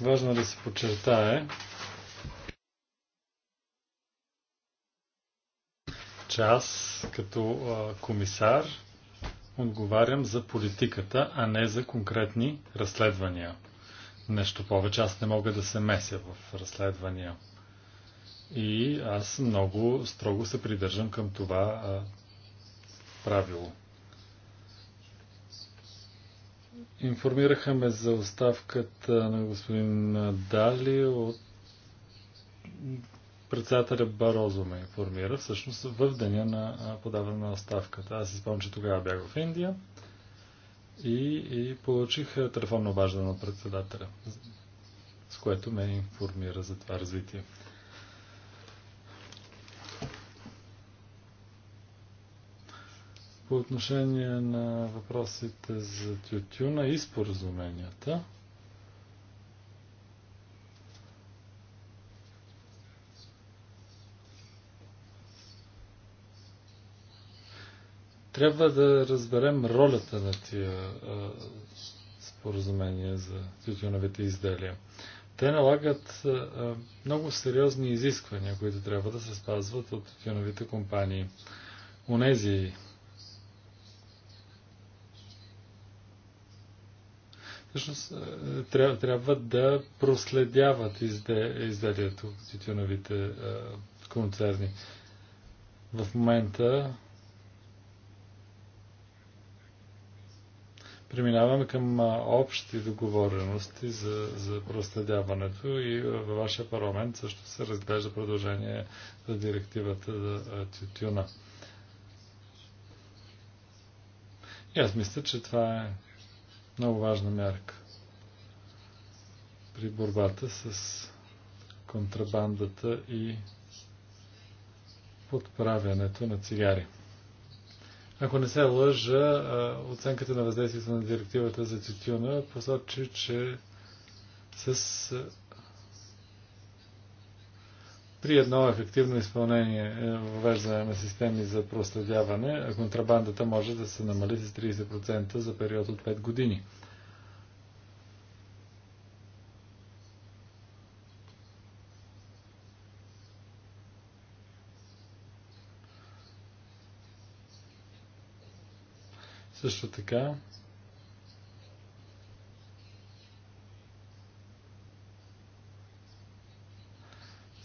Speaker 3: Важно да се подчертае, че аз като комисар отговарям за политиката, а не за конкретни разследвания. Нещо повече, аз не мога да се меся в разследвания. И аз много строго се придържам към това а, правило. Информираха ме за оставката на господин Дали от председателя Барозо ме информира, всъщност в деня на подаване на оставката. Аз си спомням, че тогава бях в Индия и, и получих телефонно обаждане на председателя, с което ме информира за това развитие. По отношение на въпросите за тютюна и споразуменията, Трябва да разберем ролята на тия споразумения за тютюновите изделия. Те налагат много сериозни изисквания, които трябва да се спазват от тютюновите компании. Унези всъщност трябва, трябва да проследяват изде, изделието, тютюновите концерни. В момента Преминаваме към общи договорености за, за проследяването и във вашия парламент също се разглежда продължение за директивата за тютюна. И аз мисля, че това е много важна мярка при борбата с контрабандата и подправянето на цигари. Ако не се лъжа, оценката на въздействието на директивата за тютюна посочи, че с при едно ефективно изпълнение, е, въвеждане на системи за проследяване, контрабандата може да се намали с 30% за период от 5 години. Също така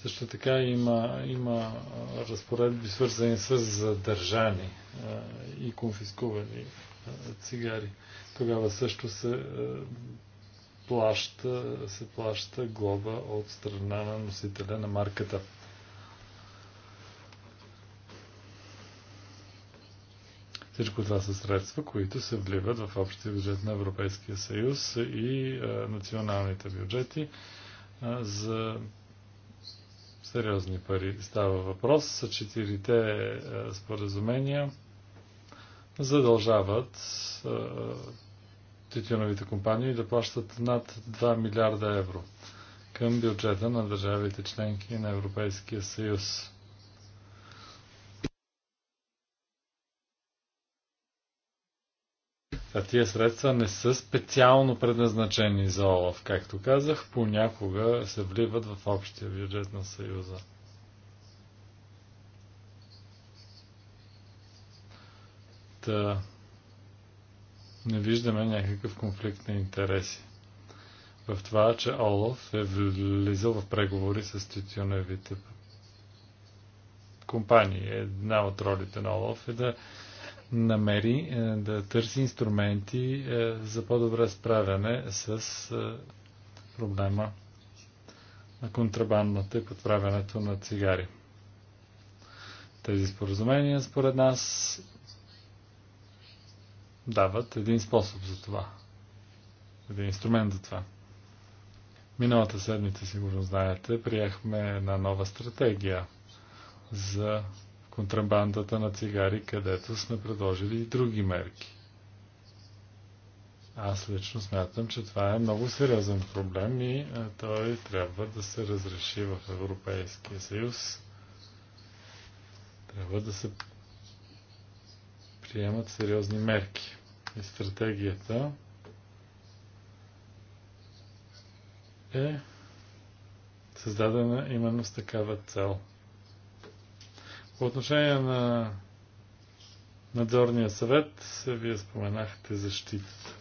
Speaker 3: Също така има, има разпоредби, свързани с задържани и конфискувани цигари. Тогава също се плаща, се плаща глоба от страна на носителя на марката. Всичко това са средства, които се вливат в общия бюджет на Европейския съюз и а, националните бюджети а, за сериозни пари. Става въпрос с четирите а, споразумения задължават тютюновите компании да плащат над 2 милиарда евро към бюджета на държавите членки на Европейския съюз. А тия средства не са специално предназначени за ОЛАФ. Както казах, понякога се вливат в общия бюджет на Съюза. Та не виждаме някакъв конфликт на интереси в това, че Олаф е влизал в преговори с тютюневите компании. Една от ролите на Олаф е да намери е, да търси инструменти е, за по-добре справяне с е, проблема на контрабандата и подправянето на цигари. Тези споразумения, според нас, дават един способ за това. Един инструмент за това. Миналата седмица, сигурно знаете, приехме една нова стратегия за контрабандата на цигари, където сме предложили и други мерки. Аз лично смятам, че това е много сериозен проблем и той трябва да се разреши в Европейския съюз. Трябва да се приемат сериозни мерки. И стратегията е създадена именно с такава цел – по отношение на надзорния съвет, вие споменахте защитата.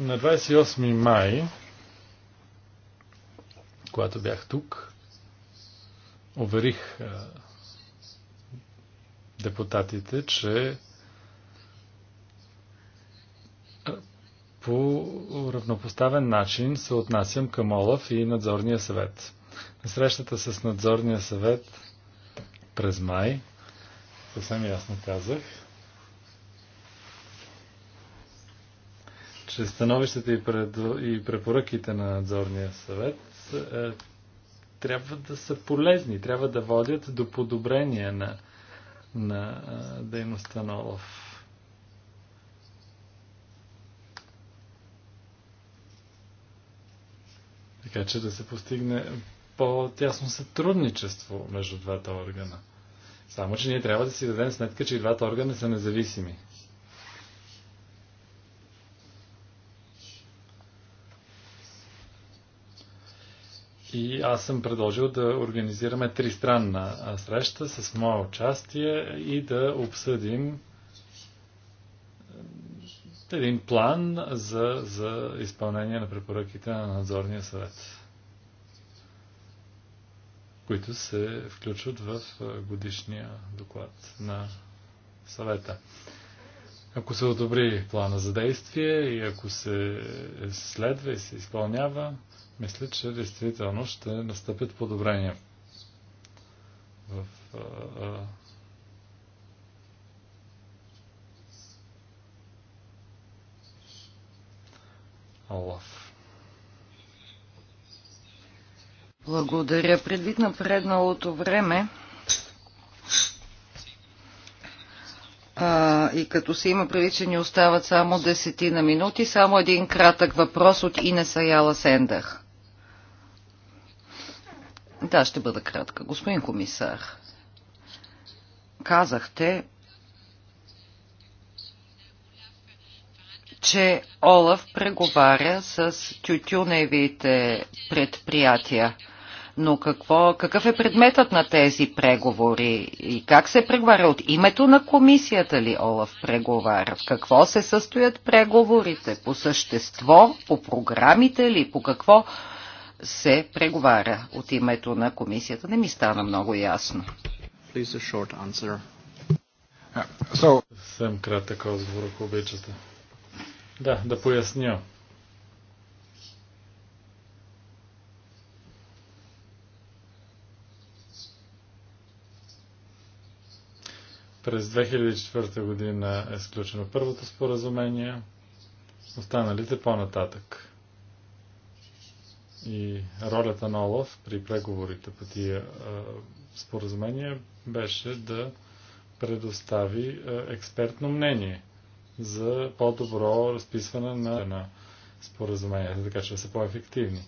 Speaker 3: На 28 май, когато бях тук, уверих депутатите, че по равнопоставен начин се отнасям към Олаф и надзорния съвет. На срещата с надзорния съвет през май, съвсем ясно казах, че становищата и, пред, и препоръките на надзорния съвет е, трябва да са полезни, трябва да водят до подобрение на, на е, дейността на Олаф. така че да се постигне по-тясно сътрудничество между двата органа. Само, че ние трябва да си дадем сметка, че и двата органа са независими. И аз съм предложил да организираме тристранна среща с мое участие и да обсъдим един план за, за изпълнение на препоръките на надзорния съвет, които се включват в годишния доклад на съвета. Ако се одобри плана за действие и ако се следва и се изпълнява, мисля, че действително ще настъпят подобрения в
Speaker 2: Олаф. Благодаря. Предвид на предналото време а, и като се има предвид, че ни остават само десетина минути, само един кратък въпрос от Инеса Яла Сендах. Да, ще бъда кратка. Господин комисар, казахте, че Олаф преговаря с тютюневите предприятия. Но какво, какъв е предметът на тези преговори и как се преговаря? От името на комисията ли Олаф преговаря? В какво се състоят преговорите? По същество, по програмите ли, по какво се преговаря от името на комисията?
Speaker 3: Не ми стана много ясно. Please a short answer. So... Съвсем кратък отговор, ако обичате. Да, да поясня. През 2004 година е сключено първото споразумение, останалите по-нататък. И ролята на Олаф при преговорите по тия споразумения беше да предостави експертно мнение – за по-добро разписване на, на споразуменията, така че да са по-ефективни.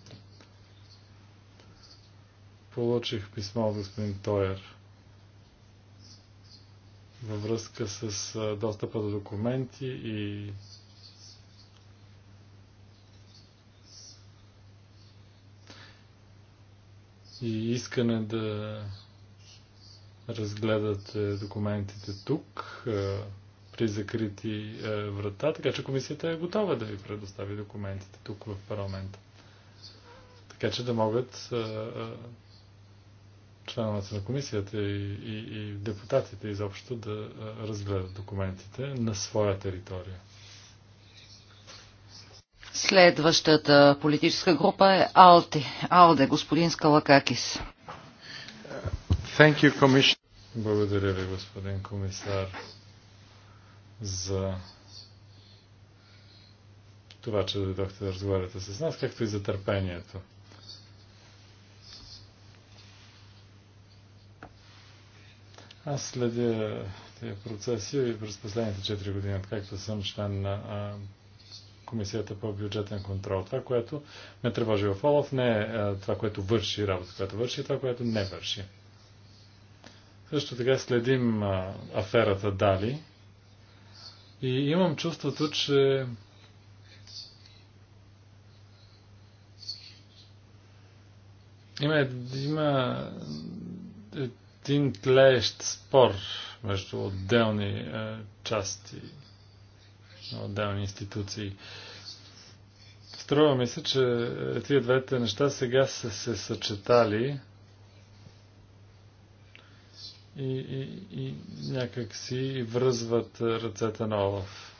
Speaker 3: Получих писмо от господин Тойер във връзка с достъпа до документи и и искане да разгледате документите тук при закрити е, врата, така че комисията е готова да ви предостави документите тук в парламента. Така че да могат е, е, членовете на комисията и, и, и депутатите изобщо да разгледат документите на своя територия.
Speaker 2: Следващата политическа група е Алти. Алде, господин Скалакакис.
Speaker 3: Thank you, Благодаря ви, господин комисар за това, че дойдохте да разговаряте с нас, както и за търпението. Аз следя тези процеси и през последните 4 години, откакто съм член на а, Комисията по бюджетен контрол. Това, което ме тревожи в Олаф, не е а, това, което върши работа, което върши, а това, което не върши. Също така следим а, аферата Дали, и имам чувството, че има, има един тлеещ спор между отделни е, части на отделни институции. Струва ми се, че е, тия двете неща сега са се съчетали и, и, и някак си връзват ръцете на Олаф.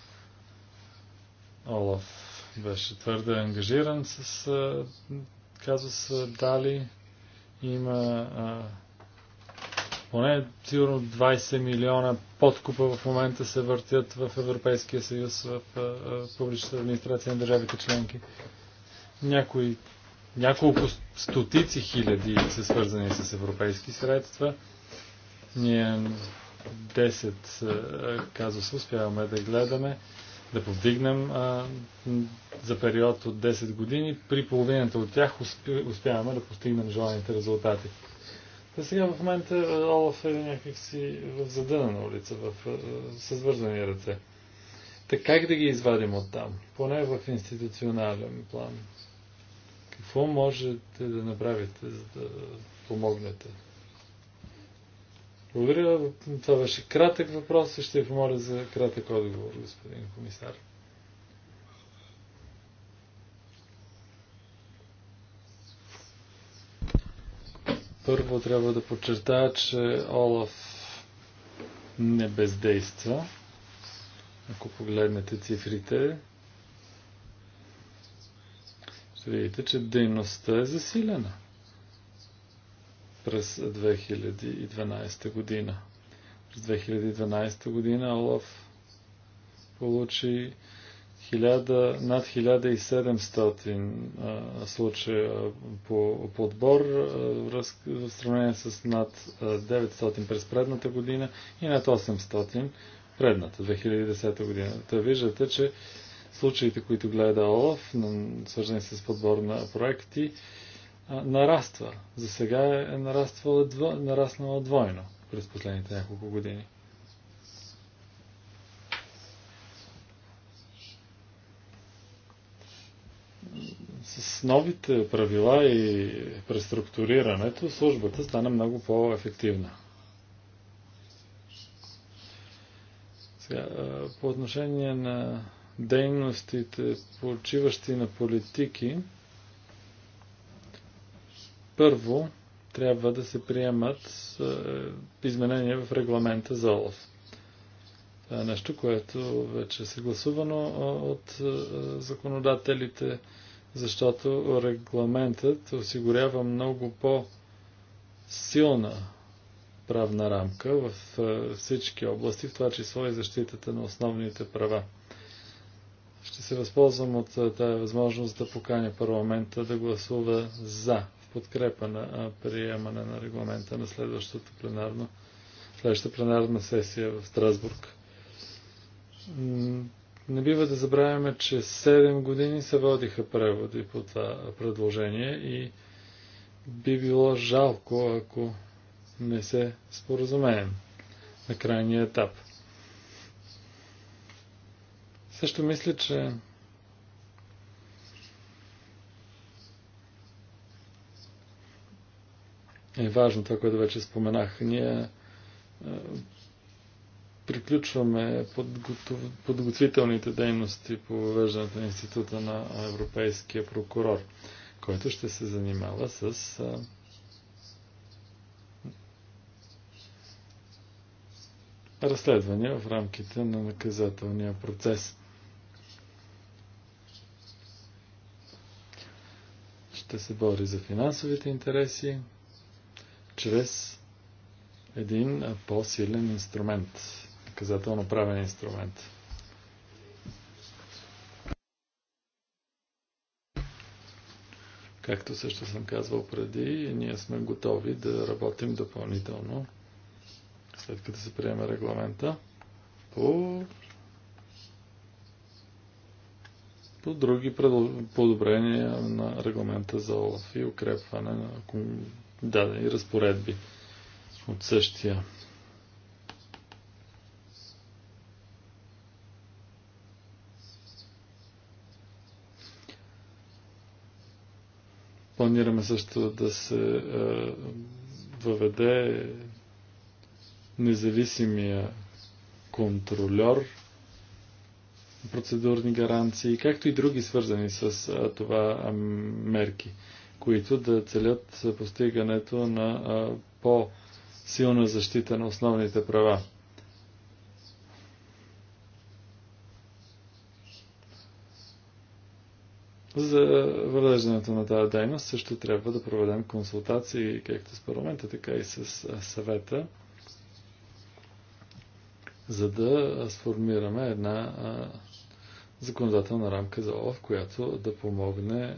Speaker 3: Олаф беше твърде ангажиран с казус Дали. Има а, поне сигурно 20 милиона подкупа в момента се въртят в Европейския съюз, в публичната администрация на държавите членки. Някои, няколко стотици хиляди са свързани с европейски средства. Ние 10 казуса успяваме да гледаме, да повдигнем а, за период от 10 години. При половината от тях успяваме да постигнем желаните резултати. Та сега в момента Олаф е някакси в задънена улица, в, съзвързани вързани ръце. Така как да ги извадим от там? Поне в институционален план. Какво можете да направите, за да помогнете? Благодаря. Това беше кратък въпрос. Ще ви помоля за кратък отговор, господин комисар. Първо трябва да подчертая, че Олаф не бездейства. Ако погледнете цифрите, ще видите, че дейността е засилена през 2012 година. През 2012 година Олаф получи 1000, над 1700 а, случая по подбор в сравнение с над 900 през предната година и над 800 предната 2010 година. Та виждате, че случаите, които гледа Олаф, свързани с подбор на проекти, а, нараства. За сега е, е нараствала, нараснала двойно през последните няколко години. С новите правила и преструктурирането службата стана много по-ефективна. Сега, по отношение на дейностите, почиващи на политики, първо, трябва да се приемат е, изменения в регламента за ОЛАФ. Това е нещо, което вече е съгласувано от е, законодателите, защото регламентът осигурява много по-силна правна рамка в е, всички области, в това число и защитата на основните права. Ще се възползвам от тази възможност да поканя парламента да гласува за подкрепа на приемане на регламента на следващото пленарно, следващата пленарна сесия в Страсбург. Не бива да забравяме, че 7 години се водиха преводи по това предложение и би било жалко, ако не се споразумеем на крайния етап. Също мисля, че е важно това, което вече споменах. Ние е, приключваме подготвителните дейности по въвеждането на Института на Европейския прокурор, който ще се занимава с е, разследвания в рамките на наказателния процес. Ще се бори за финансовите интереси, чрез един по-силен инструмент, наказателно правен инструмент. Както също съм казвал преди, ние сме готови да работим допълнително, след като се приеме регламента, по, по други подобрения на регламента за ОЛАФ и укрепване на дадени разпоредби от същия. Планираме също да се е, въведе независимия контролер, процедурни гаранции, както и други свързани с а, е, това а, мерки които да целят постигането на по-силна защита на основните права. За въвеждането на тази дейност също трябва да проведем консултации както с парламента, така и с съвета, за да сформираме една законодателна рамка за ОВ, която да помогне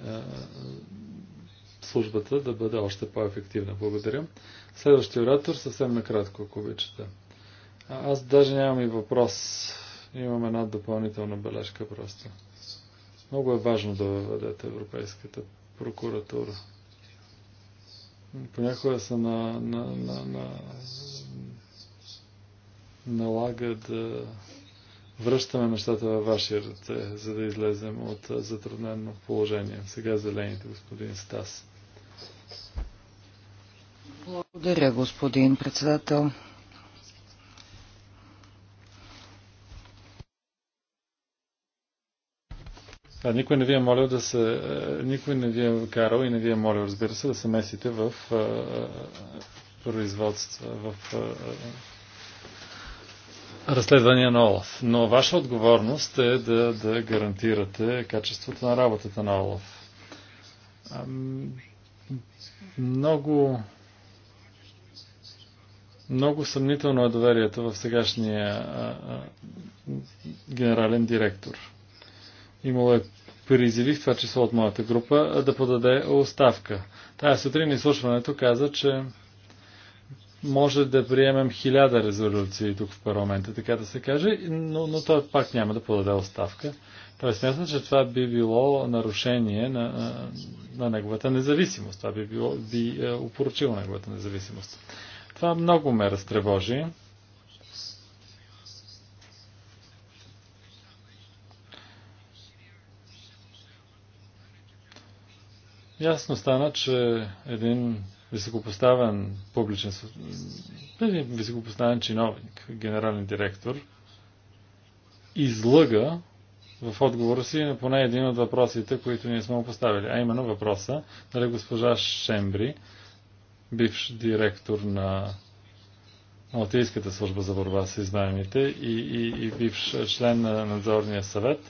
Speaker 3: службата да бъде още по-ефективна. Благодаря. Следващия оратор, съвсем накратко, ако обичате. аз даже нямам и въпрос. Имам една допълнителна бележка просто. Много е важно да въведете Европейската прокуратура. Понякога се на, на, на, на, налага да връщаме нещата във вашия ръце, за да излезем от затруднено положение. Сега зелените, господин Стас.
Speaker 1: Благодаря,
Speaker 2: господин председател.
Speaker 3: никой не ви е молил да се. Е, никой не ви е карал и не ви е молил, разбира се, да се месите в е, е, производства, в разследвания на ОЛАФ. Но ваша отговорност е да, да гарантирате качеството на работата на ОЛАФ. Много много съмнително е доверието в сегашния а, а, генерален директор. Имало е призиви, в това число от моята група, да подаде оставка. Тая сутрин изслушването каза, че може да приемем хиляда резолюции тук в парламента, така да се каже, но, но той пак няма да подаде оставка. Той смята, че това би било нарушение на, на неговата независимост. Това би, било, би е, упоручило неговата независимост. Това много ме разтревожи. Ясно стана, че един високопоставен публичен, един високопоставен чиновник, генерален директор, излъга в отговора си на поне един от въпросите, които ние сме му поставили, а именно въпроса на нали, госпожа Шембри бивш директор на Малтийската служба за борба с изнаемите и, и, и бивш член на надзорния съвет.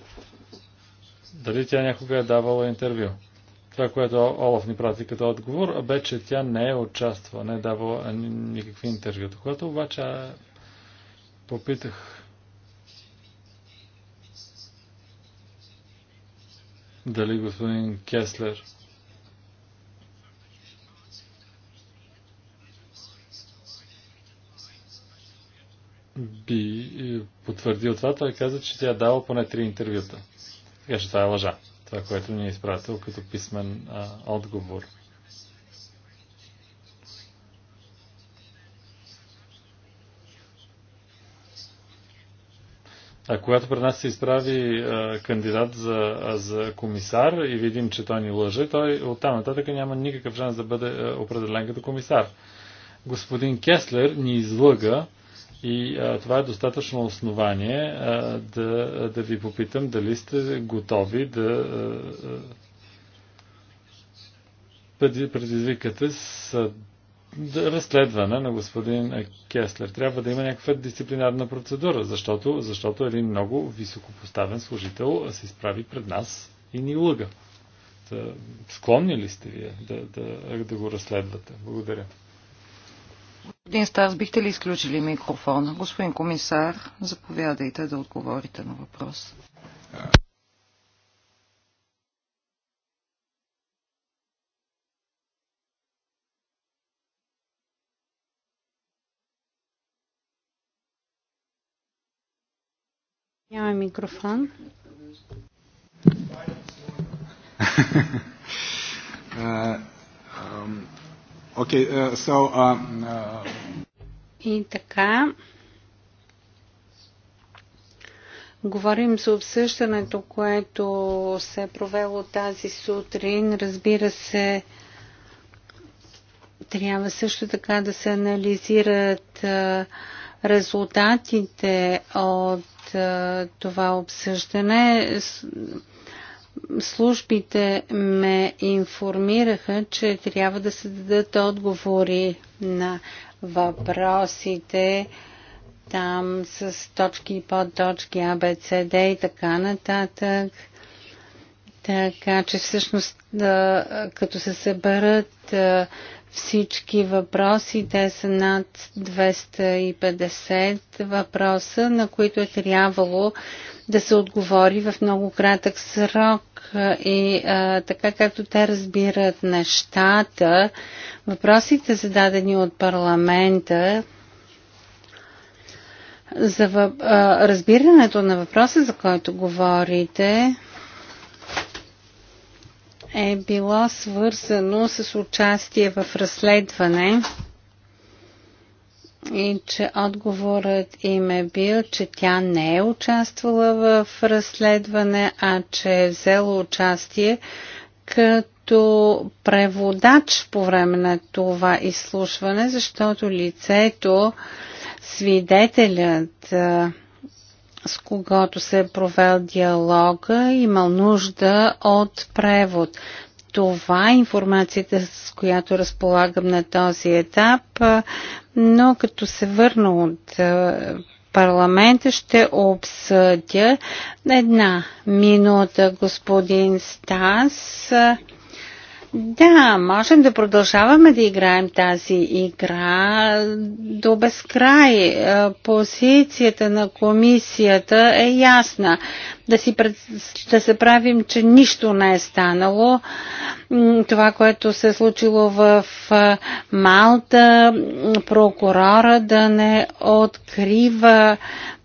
Speaker 3: Дали тя някога е давала интервю? Това, което Олаф ни прати като отговор, бе, че тя не е участвала, не е давала никакви интервюта. Когато обаче попитах дали господин Кеслер би е, потвърдил това. Той каза, че тя е дала поне три интервюта. Така че това е лъжа. Това, което ни е изпратил като писмен а, отговор. А когато пред нас се изправи а, кандидат за, а, за комисар и видим, че той ни лъже, той оттам нататък няма никакъв шанс да бъде а, определен като комисар. Господин Кеслер ни излъга, и а, това е достатъчно основание а, да, да ви попитам дали сте готови да а, предизвикате с да, разследване на господин Кеслер. Трябва да има някаква дисциплинарна процедура, защото, защото един много високопоставен служител се изправи пред нас и ни лъга. склонни ли сте вие да, да, да го разследвате? Благодаря.
Speaker 2: Господин Старс, бихте ли изключили микрофона? Господин комисар, заповядайте да
Speaker 1: отговорите на въпрос.
Speaker 4: Няма микрофон.
Speaker 1: uh, um... Okay, uh, so, uh, uh...
Speaker 4: И така. Говорим за обсъждането, което се е провело тази сутрин. Разбира се, трябва също така да се анализират резултатите от това обсъждане службите ме информираха, че трябва да се дадат отговори на въпросите там с точки и подточки, А, Б, Д и така нататък. Така че всъщност, да, като се съберат всички въпроси, те са над 250 въпроса, на които е трябвало да се отговори в много кратък срок и а, така както те разбират нещата, въпросите зададени от парламента за въп... а, разбирането на въпроса, за който говорите, е било свързано с участие в разследване и че отговорът им е бил, че тя не е участвала в разследване, а че е взела участие като преводач по време на това изслушване, защото лицето, свидетелят, с когото се е провел диалога, е имал нужда от превод. Това е информацията, с която разполагам на този етап, но като се върна от парламента ще обсъдя една минута господин Стас. Да, можем да продължаваме да играем тази игра до безкрай. Е, позицията на комисията е ясна. Да, си пред... да се правим, че нищо не е станало. Това, което се е случило в е, Малта, прокурора да не открива,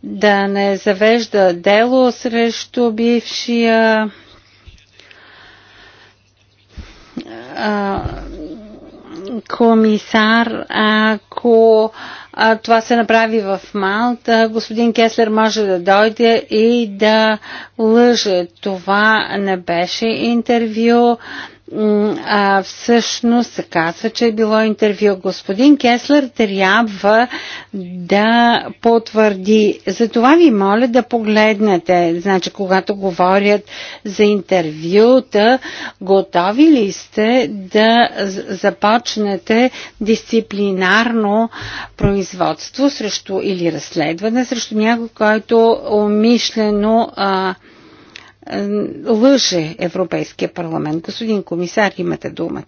Speaker 4: да не завежда дело срещу бившия комисар, ако а, това се направи в Малта, господин Кеслер може да дойде и да лъже. Това не беше интервю, а, всъщност се казва, че е било интервю. Господин Кеслер трябва да потвърди. Затова ви моля да погледнете. Значи, когато говорят за интервюта, готови ли сте да започнете дисциплинарно производство срещу или разследване срещу някой, който умишлено а, лъже Европейския парламент. Господин комисар, имате думата.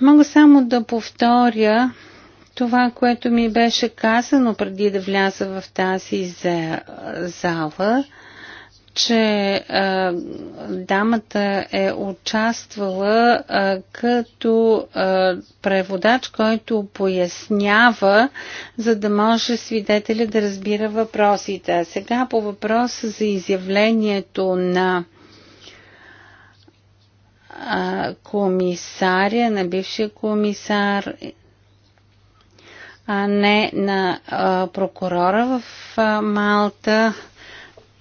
Speaker 4: Мога само да повторя това, което ми беше казано преди да вляза в тази зала че а, дамата е участвала а, като а, преводач, който пояснява, за да може свидетеля да разбира въпросите. А сега по въпроса за изявлението на а, комисаря, на бившия комисар а не на а, прокурора в а, Малта.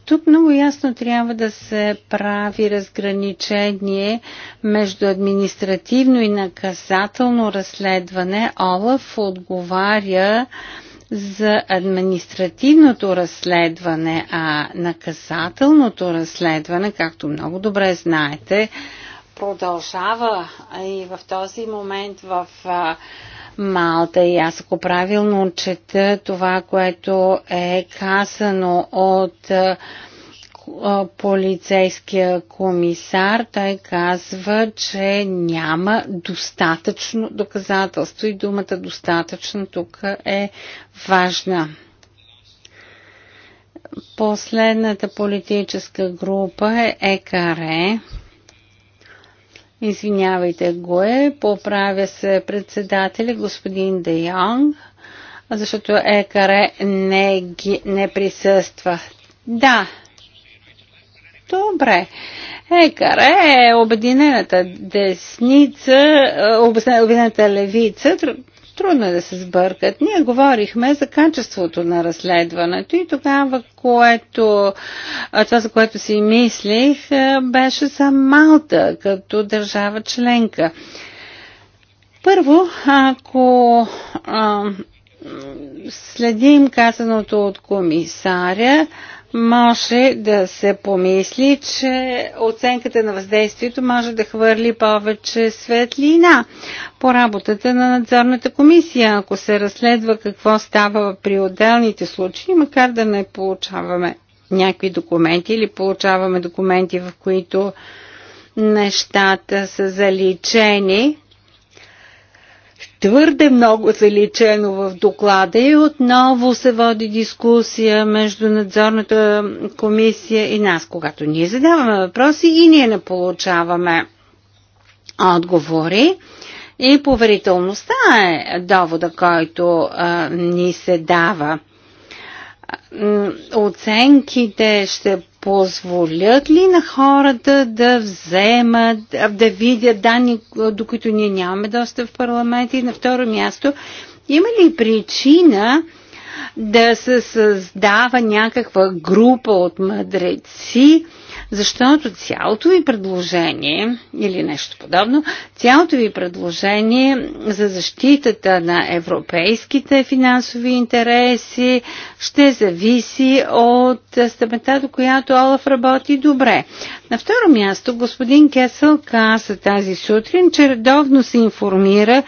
Speaker 4: Тук много ясно трябва да се прави разграничение между административно и наказателно разследване. Олаф отговаря за административното разследване, а наказателното разследване, както много добре знаете, продължава и в този момент в Малта и аз ако правилно чета това, което е казано от е, е, полицейския комисар, той казва, че няма достатъчно доказателство и думата достатъчно тук е важна. Последната политическа група е ЕКАРЕ. Извинявайте го е, поправя се председателя господин Де Йонг, защото Екаре не, ги, не присъства. Да. Добре. Екаре е обединената десница, е, обединената левица, Трудно е да се сбъркат. Ние говорихме за качеството на разследването и тогава, което, това за което си мислих, беше за Малта като държава членка. Първо, ако а, следим казаното от комисаря, може да се помисли, че оценката на въздействието може да хвърли повече светлина по работата на надзорната комисия, ако се разследва какво става при отделните случаи, макар да не получаваме някакви документи или получаваме документи, в които нещата са заличени, твърде много заличено в доклада и отново се води дискусия между надзорната комисия и нас, когато ние задаваме въпроси и ние не получаваме отговори. И поверителността е довода, който а, ни се дава. Оценките ще позволят ли на хората да вземат, да видят данни, до които ние нямаме доста в парламента и на второ място, има ли причина да се създава някаква група от мъдреци, защото цялото ви предложение или нещо подобно, цялото ви предложение за защитата на европейските финансови интереси ще зависи от степента, до която Олаф работи добре. На второ място господин Кесъл каза тази сутрин, че редовно се информира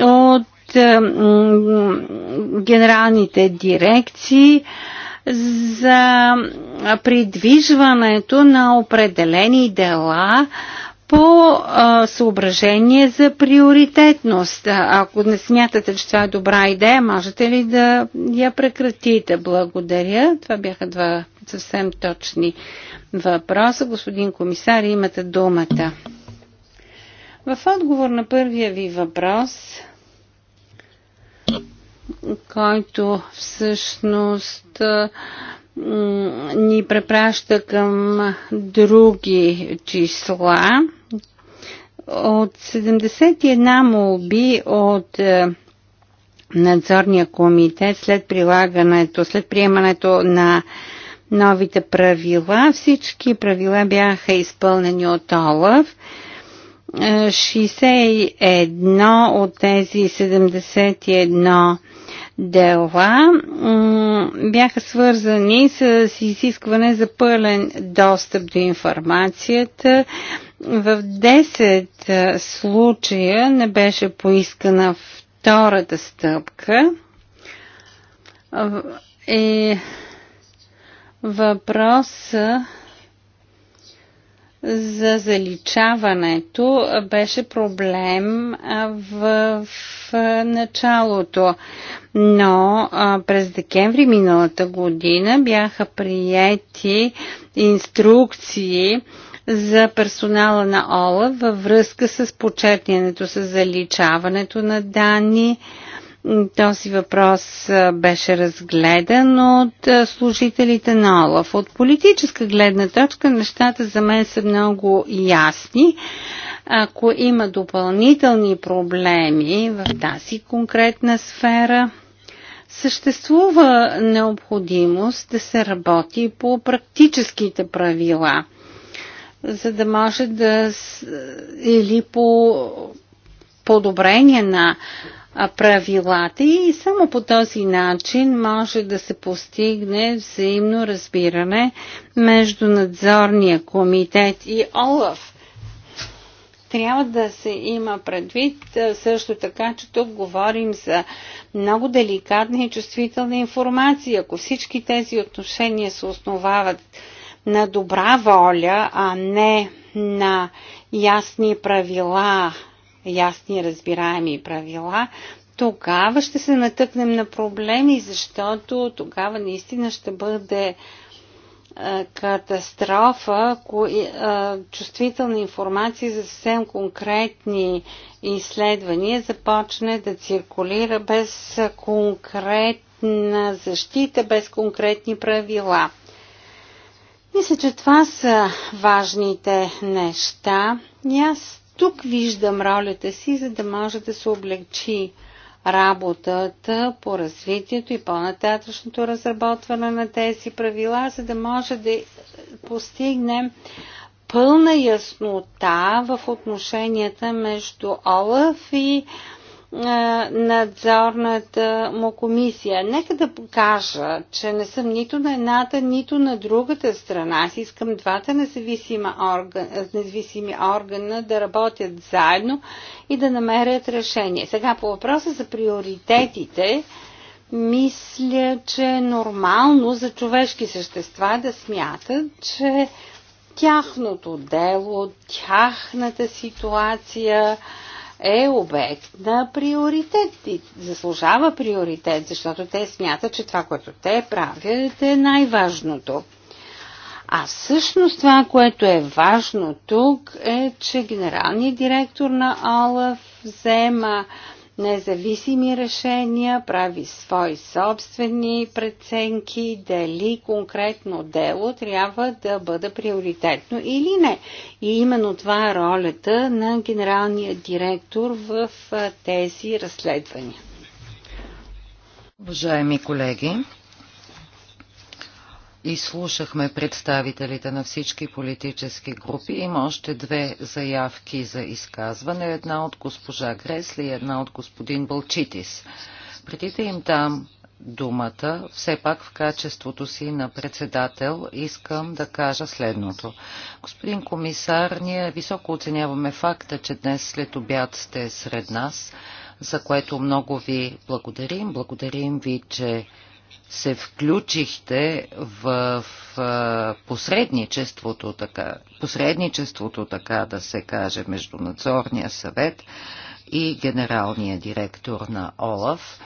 Speaker 4: от генералните дирекции за придвижването на определени дела по а, съображение за приоритетност. Ако не смятате, че това е добра идея, можете ли да я прекратите? Благодаря. Това бяха два съвсем точни въпроса. Господин комисар, имате думата. В отговор на първия ви въпрос, който всъщност ни препраща към други числа. От 71 молби от надзорния комитет след прилагането, след приемането на новите правила, всички правила бяха изпълнени от Олаф. 61 от тези 71 дела бяха свързани с изискване за пълен достъп до информацията. В 10 случая не беше поискана втората стъпка. И е, въпроса за заличаването беше проблем в, в началото. Но през декември миналата година бяха приети инструкции за персонала на ОЛА във връзка с почетнянето, с заличаването на данни този въпрос беше разгледан от служителите на Олаф. От политическа гледна точка нещата за мен са много ясни. Ако има допълнителни проблеми в тази конкретна сфера, съществува необходимост да се работи по практическите правила, за да може да или по подобрение на правилата и само по този начин може да се постигне взаимно разбиране между надзорния комитет и ОЛАФ. Трябва да се има предвид също така, че тук говорим за много деликатна и чувствителна информация. Ако всички тези отношения се основават на добра воля, а не на ясни правила ясни, разбираеми правила, тогава ще се натъкнем на проблеми, защото тогава наистина ще бъде е, катастрофа, е, чувствителна информация за съвсем конкретни изследвания започне да циркулира без конкретна защита, без конкретни правила. Мисля, че това са важните неща. И аз тук виждам ролята си, за да може да се облегчи работата по развитието и по-нататъчното разработване на тези правила, за да може да постигнем пълна яснота в отношенията между ОЛАФ и надзорната му комисия. Нека да покажа, че не съм нито на едната, нито на другата страна. Аз искам двата независими, орган, независими органа да работят заедно и да намерят решение. Сега по въпроса за приоритетите, мисля, че е нормално за човешки същества да смятат, че тяхното дело, тяхната ситуация, е обект на приоритет и заслужава приоритет, защото те смятат, че това, което те правят е най-важното. А всъщност това, което е важно тук е, че генералният директор на ОЛАФ взема независими решения, прави свои собствени преценки, дали конкретно дело трябва да бъде приоритетно или не. И именно това е ролята на генералния директор в тези разследвания.
Speaker 2: Уважаеми колеги, изслушахме представителите на всички политически групи. Има още две заявки за изказване. Една от госпожа Гресли и една от господин Бълчитис. Преди да им дам думата, все пак в качеството си на председател искам да кажа следното. Господин комисар, ние високо оценяваме факта, че днес след обяд сте сред нас, за което много ви благодарим. Благодарим ви, че се включихте в посредничеството така, посредничеството, така да се каже, между надзорния съвет и генералния директор на ОЛАФ.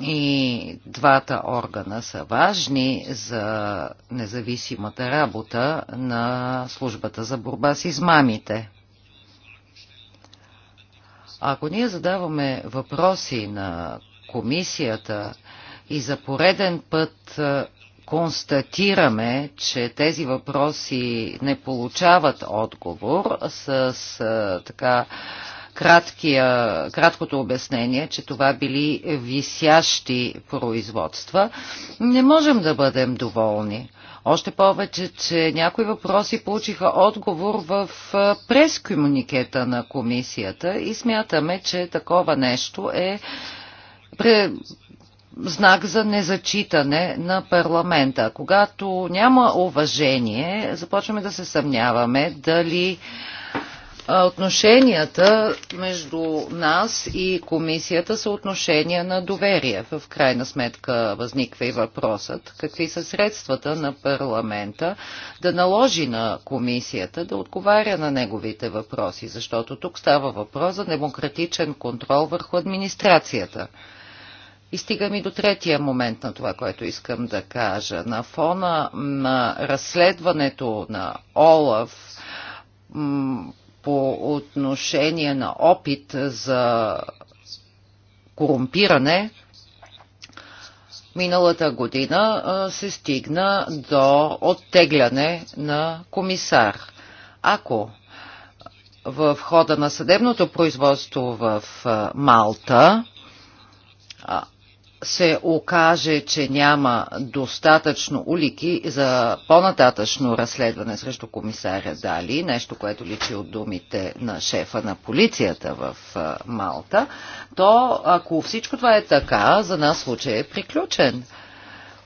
Speaker 2: И двата органа са важни за независимата работа на службата за борба с измамите. Ако ние задаваме въпроси на комисията и за пореден път е, констатираме, че тези въпроси не получават отговор с е, така краткия, краткото обяснение, че това били висящи производства, не можем да бъдем доволни. Още повече, че някои въпроси получиха отговор в е, прескомуникета на комисията и смятаме, че такова нещо е знак за незачитане на парламента. Когато няма уважение, започваме да се съмняваме дали отношенията между нас и комисията са отношения на доверие. В крайна сметка възниква и въпросът какви са средствата на парламента да наложи на комисията да отговаря на неговите въпроси, защото тук става въпрос за демократичен контрол върху администрацията. И стигам и до третия момент на това, което искам да кажа. На фона на разследването на Олаф по отношение на опит за корумпиране, миналата година се стигна до оттегляне на комисар. Ако в хода на съдебното производство в Малта се окаже, че няма достатъчно улики за по-нататъчно разследване срещу комисаря Дали, нещо, което личи от думите на шефа на полицията в Малта, то ако всичко това е така, за нас случай е приключен.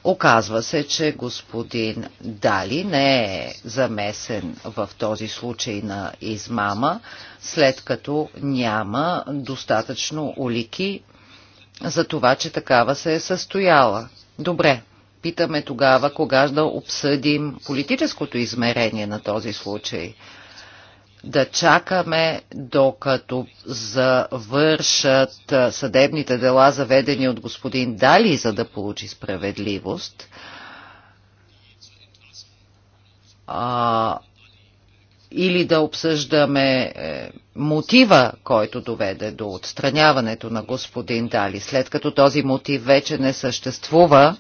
Speaker 2: Оказва се, че господин Дали не е замесен в този случай на измама, след като няма достатъчно улики за това, че такава се е състояла. Добре, питаме тогава, кога да обсъдим политическото измерение на този случай. Да чакаме, докато завършат съдебните дела, заведени от господин Дали, за да получи справедливост. А, или да обсъждаме е, мотива, който доведе до отстраняването на господин Дали. След като този мотив вече не съществува,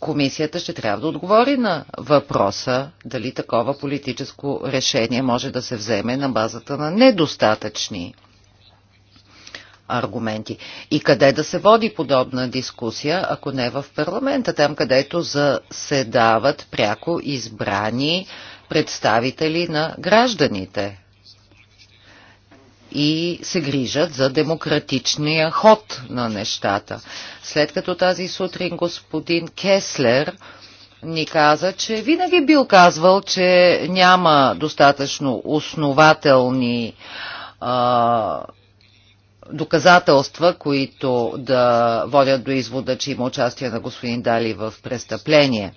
Speaker 2: комисията ще трябва да отговори на въпроса дали такова политическо решение може да се вземе на базата на недостатъчни аргументи. И къде да се води подобна дискусия, ако не в парламента, там където заседават пряко избрани представители на гражданите и се грижат за демократичния ход на нещата. След като тази сутрин господин Кеслер ни каза, че винаги бил казвал, че няма достатъчно основателни а, доказателства, които да водят до извода, че има участие на господин Дали в престъпление.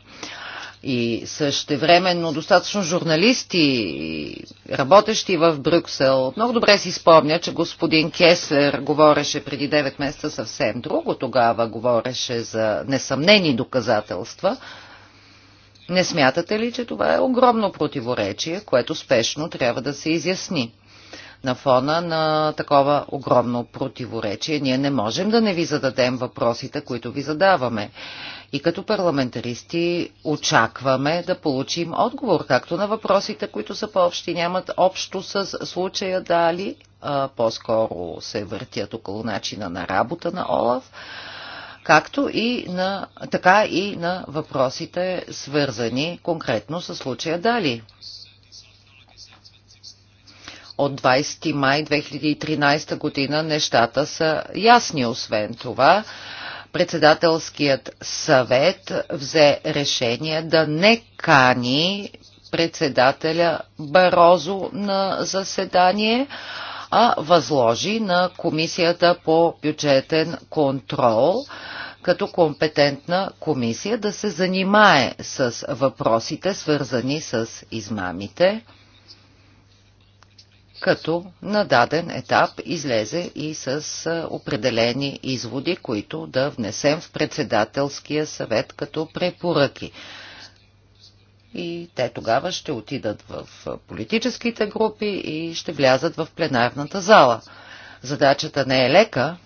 Speaker 2: И същевременно достатъчно журналисти, работещи в Брюксел, много добре си спомня, че господин Кеслер говореше преди 9 месеца съвсем друго. Тогава говореше за несъмнени доказателства. Не смятате ли, че това е огромно противоречие, което спешно трябва да се изясни? На фона на такова огромно противоречие ние не можем да не ви зададем въпросите, които ви задаваме. И като парламентаристи очакваме да получим отговор, както на въпросите, които са по-общи, нямат общо с случая дали, по-скоро се въртят около начина на работа на Олаф, както и на, така и на въпросите, свързани конкретно с случая дали от 20 май 2013 година нещата са ясни. Освен това, Председателският съвет взе решение да не кани председателя Барозо на заседание, а възложи на Комисията по бюджетен контрол като компетентна комисия да се занимае с въпросите, свързани с измамите като на даден етап излезе и с определени изводи, които да внесем в председателския съвет като препоръки. И те тогава ще отидат в политическите групи и ще влязат в пленарната зала. Задачата не е лека,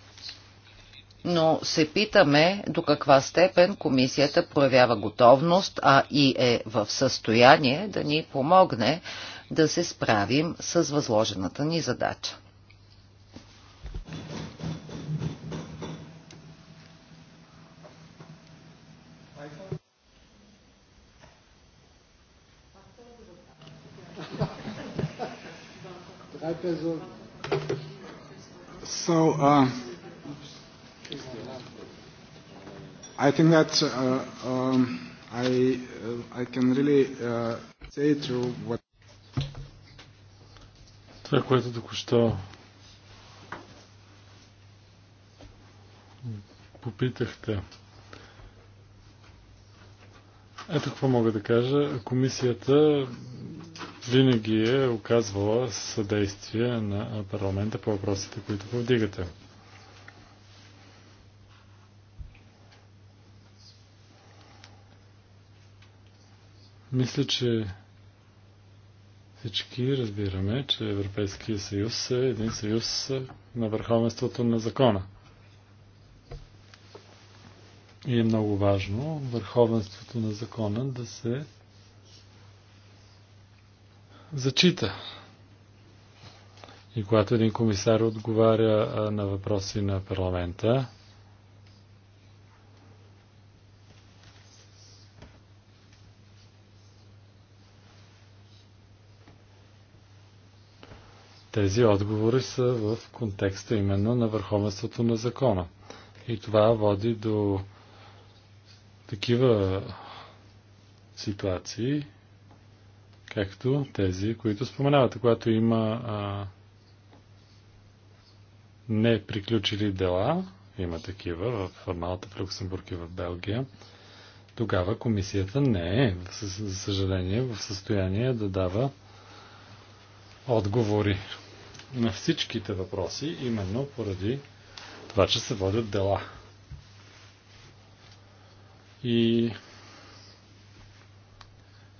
Speaker 2: но се питаме до каква степен комисията проявява готовност, а и е в състояние да ни помогне да се справим с възложената ни задача.
Speaker 1: So, uh, I think that uh, um, I, uh, I can really uh, say to what това,
Speaker 3: което току-що попитахте. Ето какво мога да кажа. Комисията винаги е оказвала съдействие на парламента по въпросите, които повдигате. Мисля, че всички разбираме, че Европейския съюз е един съюз на върховенството на закона. И е много важно върховенството на закона да се зачита. И когато един комисар отговаря на въпроси на парламента, Тези отговори са в контекста именно на върховенството на закона. И това води до такива ситуации, както тези, които споменавате, когато има а, неприключили дела, има такива в Малта, в Люксембург и в Белгия, тогава комисията не е, за съжаление, в състояние да дава отговори на всичките въпроси, именно поради това, че се водят дела. И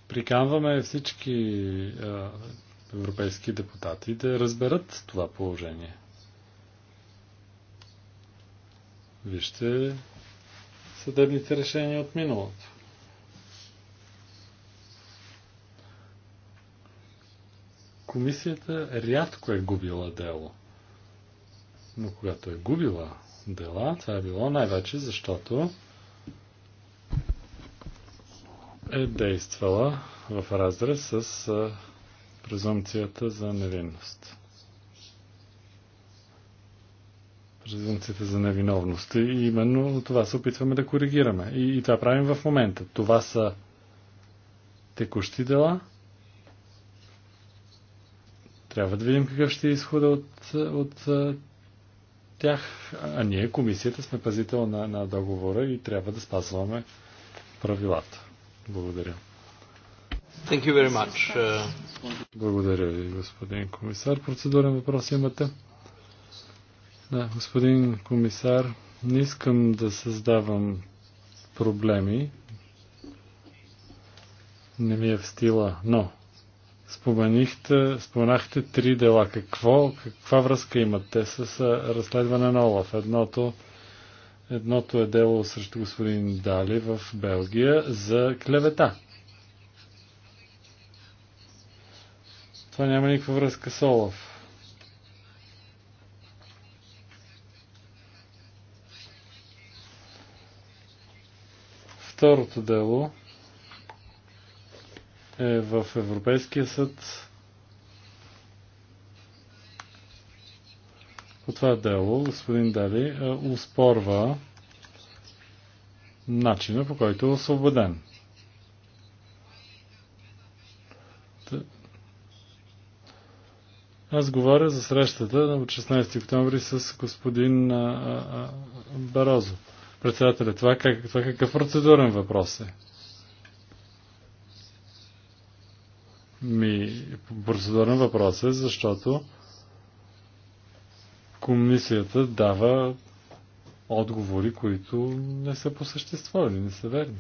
Speaker 3: приканваме всички европейски депутати да разберат това положение. Вижте съдебните решения от миналото. комисията рядко е губила дело. Но когато е губила дела, това е било най-вече защото е действала в разрез с презумцията за невинност. презумцията за невиновност. И именно това се опитваме да коригираме. И, и това правим в момента. Това са текущи дела, трябва да видим какъв ще е изхода от, от тях. А ние, комисията, сме пазител на, на договора и трябва да спазваме правилата. Благодаря.
Speaker 1: Thank you very much. Uh,
Speaker 3: Благодаря ви, господин комисар. Процедурен въпрос имате? Да, господин комисар, не искам да създавам проблеми. Не ми е в стила, но Споменихте, споменахте три дела. Какво, каква връзка имат те с разследване на Олаф? Едното, едното е дело срещу господин Дали в Белгия за клевета. Това няма никаква връзка с Олаф. Второто дело е в Европейския съд. По това дело господин Дали е, успорва начина по който е освободен. Аз говоря за срещата от 16 октомври с господин а, а, Барозо. Председателя, това, как, това какъв процедурен въпрос е? ми процедурен въпрос е, защото комисията дава отговори, които не са по същество или не са верни.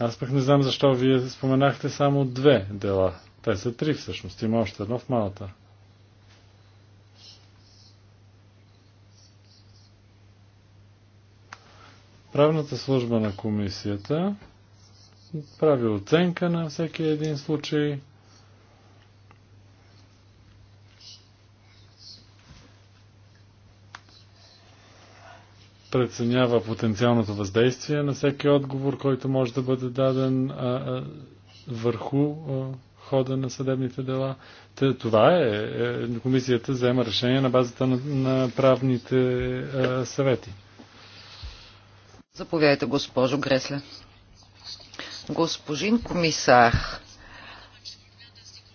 Speaker 3: Аз пък не знам защо вие споменахте само две дела. Те са три всъщност. Има още едно в малата. Правната служба на комисията прави оценка на всеки един случай. Преценява потенциалното въздействие на всеки отговор, който може да бъде даден а, а, върху а, хода на съдебните дела. Те, това е, е. Комисията взема решение на базата на, на правните а, съвети.
Speaker 2: Заповядайте, госпожо Гресле.
Speaker 3: Госпожин комисар,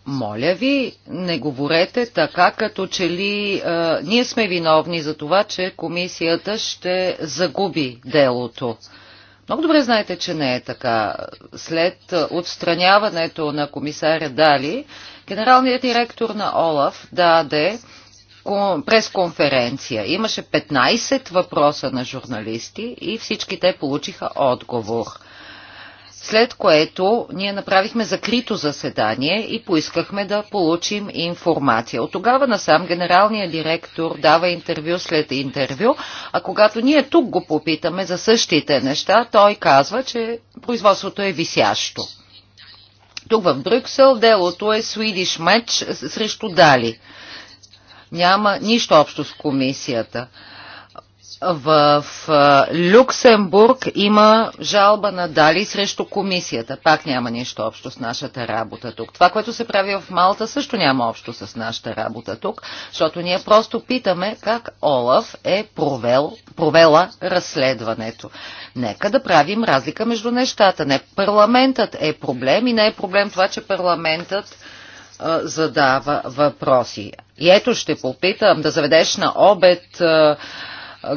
Speaker 2: моля ви, не говорете така, като че ли а, ние сме виновни за това, че комисията ще загуби делото. Много добре знаете, че не е така. След отстраняването на комисаря Дали, генералният директор на ОЛАФ даде пресконференция. Имаше 15 въпроса на журналисти и всички те получиха отговор. След което ние направихме закрито заседание и поискахме да получим информация. От тогава насам генералният директор дава интервю след интервю, а когато ние тук го попитаме за същите неща, той казва, че производството е висящо. Тук в Брюксел делото е Swedish Match срещу Дали няма нищо общо с комисията. В Люксембург има жалба на Дали срещу комисията. Пак няма нищо общо с нашата работа тук. Това, което се прави в Малта, също няма общо с нашата работа тук, защото ние просто питаме как Олаф е провел, провела разследването. Нека да правим разлика между нещата. Не парламентът е проблем и не е проблем това, че парламентът задава въпроси. И ето ще попитам да заведеш на обед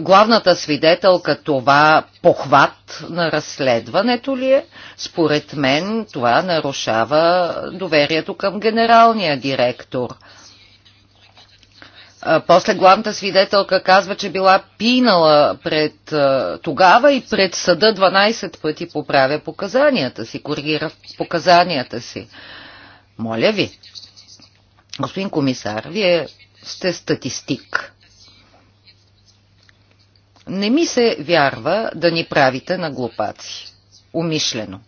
Speaker 2: главната свидетелка това похват на разследването ли е? Според мен това нарушава доверието към генералния директор. После главната свидетелка казва, че била пинала пред тогава и пред съда 12 пъти поправя показанията си, коригира показанията си. Моля ви, Господин комисар, вие сте статистик. Не ми се вярва да ни правите на глупаци. Умишлено.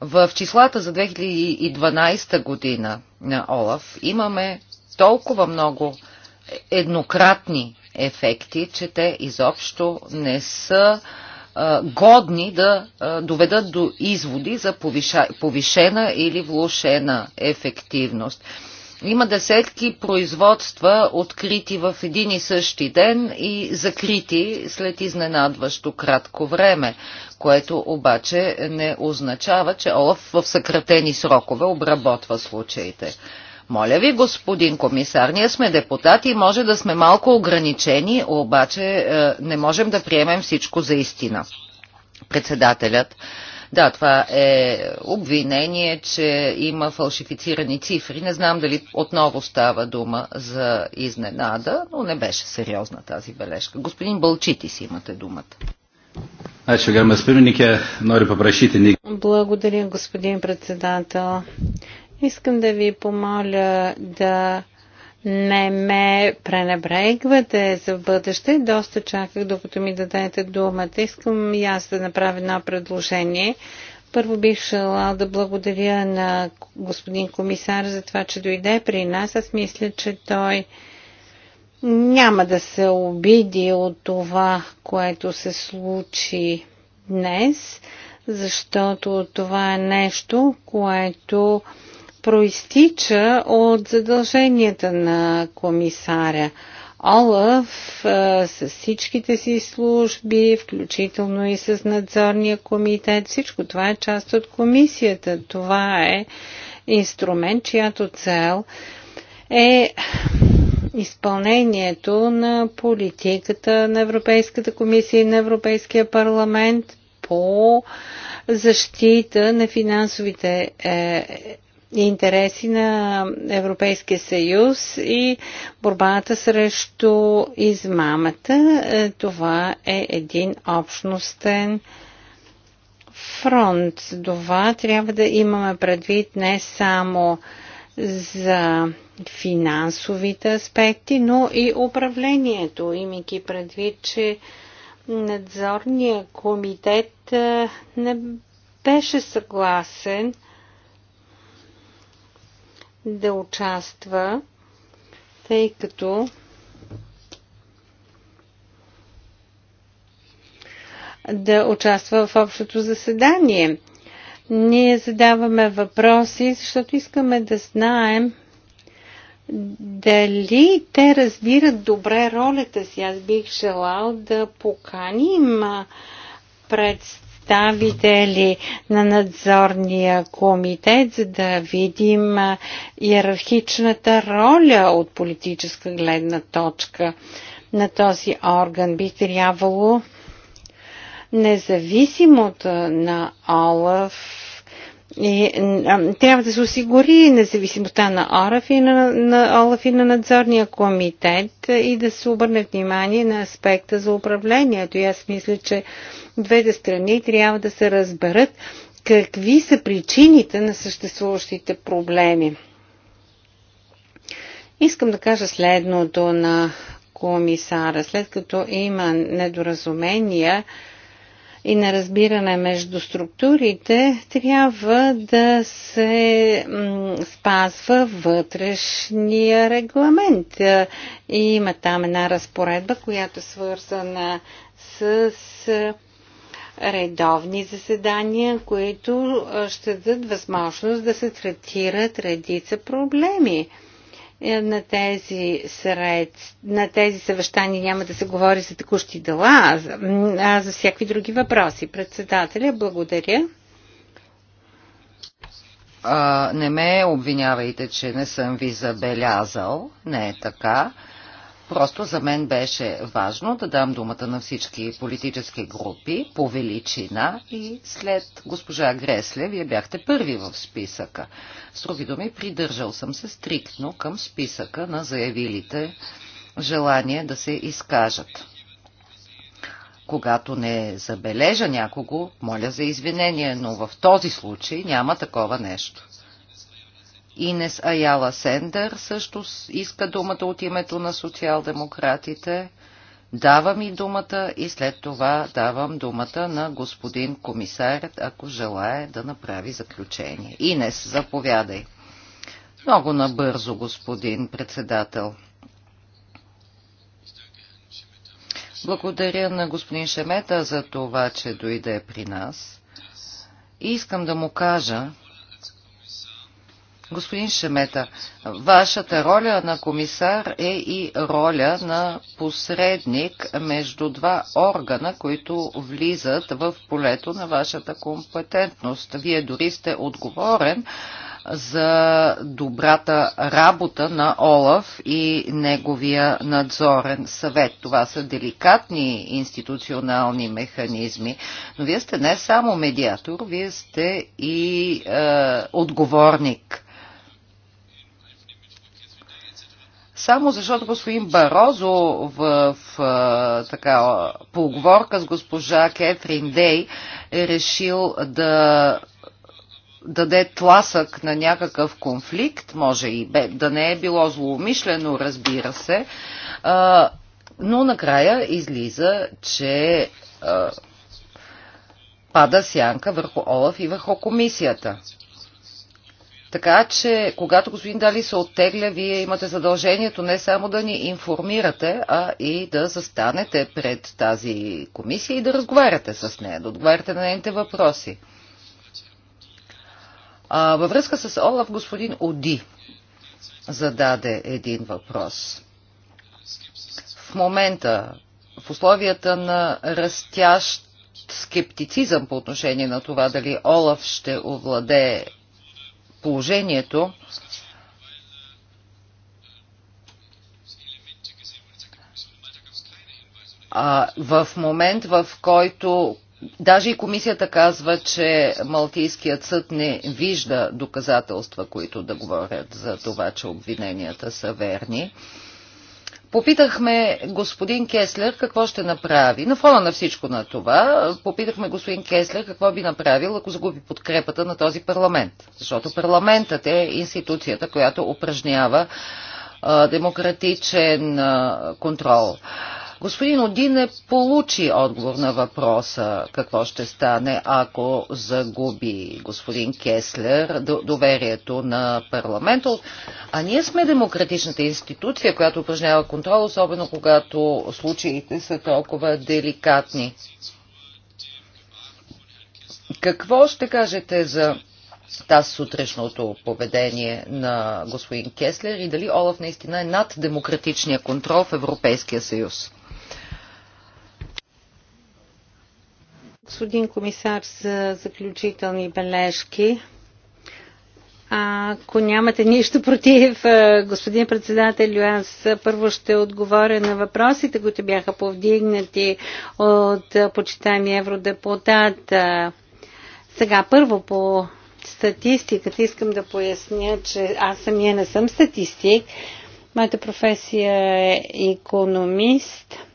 Speaker 2: В числата за 2012 година на ОЛАФ имаме толкова много еднократни ефекти, че те изобщо не са а, годни да доведат до изводи за повишена или влушена ефективност. Има десетки производства, открити в един и същи ден и закрити след изненадващо кратко време, което обаче не означава, че Олаф в съкратени срокове обработва случаите. Моля ви, господин комисар, ние сме депутати и може да сме малко ограничени, обаче е, не можем да приемем всичко за истина. Председателят. Да, това е обвинение, че има фалшифицирани цифри. Не знам дали отново става дума за изненада, но не беше сериозна тази бележка. Господин Бълчитис, имате думата.
Speaker 4: Благодаря, господин председател. Искам да ви помоля да не ме пренебрегвате за бъдеще. Доста чаках, докато ми дадете думата. Искам и аз да направя едно предложение. Първо бих желал да благодаря на господин комисар за това, че дойде при нас. Аз мисля, че той няма да се обиди от това, което се случи днес, защото това е нещо, което проистича от задълженията на комисаря. Олаф е, с всичките си служби, включително и с надзорния комитет, всичко това е част от комисията. Това е инструмент, чиято цел е изпълнението на политиката на Европейската комисия и на Европейския парламент по защита на финансовите е, интереси на Европейския съюз и борбата срещу измамата. Е, това е един общностен фронт. Това трябва да имаме предвид не само за финансовите аспекти, но и управлението, имайки предвид, че надзорният комитет е, не беше съгласен – да участва, тъй като да участва в общото заседание. Ние задаваме въпроси, защото искаме да знаем дали те разбират добре ролята си. Аз бих желал да поканим представителите представители на надзорния комитет, за да видим иерархичната роля от политическа гледна точка на този орган. Би трябвало независимото на Олаф и, е, а, трябва да се осигури независимостта на ОРАФ и на, на ОЛАФ и на надзорния комитет и да се обърне внимание на аспекта за управлението. И аз мисля, че двете страни трябва да се разберат какви са причините на съществуващите проблеми. Искам да кажа следното на комисара. След като има недоразумения, и на разбиране между структурите трябва да се спазва вътрешния регламент. И има там една разпоредба, която е свързана с е, редовни заседания, които е, ще дадат възможност да се третират редица проблеми. Е, на тези, сред, на тези съвещания няма да се говори за текущи дела, а за всякакви други въпроси. Председателя, благодаря.
Speaker 2: А, не ме обвинявайте, че не съм ви забелязал. Не е така. Просто за мен беше важно да дам думата на всички политически групи по величина и след госпожа Гресле, вие бяхте първи в списъка. С други думи, придържал съм се стриктно към списъка на заявилите желание да се изкажат. Когато не забележа някого, моля за извинение, но в този случай няма такова нещо. Инес Аяла Сендер също иска думата от името на социал-демократите. Давам и думата и след това давам думата на господин комисарят, ако желая да направи заключение. Инес, заповядай. Много набързо, господин председател. Благодаря на господин Шемета за това, че дойде при нас. И искам да му кажа, Господин Шемета, вашата роля на комисар е и роля на посредник между два органа, които влизат в полето на вашата компетентност. Вие дори сте отговорен за добрата работа на Олаф и неговия надзорен съвет. Това са деликатни институционални механизми, но вие сте не само медиатор, вие сте и е, отговорник само защото господин Барозо в, в така, поговорка с госпожа Кетрин Дей е решил да даде тласък на някакъв конфликт, може и бе, да не е било злоумишлено, разбира се, а, но накрая излиза, че а, пада сянка върху Олаф и върху комисията. Така че, когато господин Дали се оттегля, вие имате задължението не само да ни информирате, а и да застанете пред тази комисия и да разговаряте с нея, да отговаряте на нейните въпроси. А, във връзка с Олаф, господин Оди зададе един въпрос. В момента, в условията на растящ скептицизъм по отношение на това дали Олаф ще овладее положението, а, в момент, в който даже и комисията казва, че Малтийският съд не вижда доказателства, които да говорят за това, че обвиненията са верни, Попитахме господин Кеслер какво ще направи. На фона на всичко на това, попитахме господин Кеслер какво би направил, ако загуби подкрепата на този парламент. Защото парламентът е институцията, която упражнява демократичен контрол. Господин Один не получи отговор на въпроса какво ще стане, ако загуби господин Кеслер доверието на парламента. А ние сме демократичната институция, която упражнява контрол, особено когато случаите са толкова деликатни. Какво ще кажете за тази сутрешното поведение на господин Кеслер и дали Олаф наистина е над демократичния контрол в Европейския съюз?
Speaker 4: Господин комисар, за заключителни бележки. Ако нямате нищо против, е, господин председател, аз първо ще отговоря на въпросите, които бяха повдигнати от почитаемия евродепутат. Е, сега първо по статистиката искам да поясня, че аз самия не съм статистик. Моята професия е економист –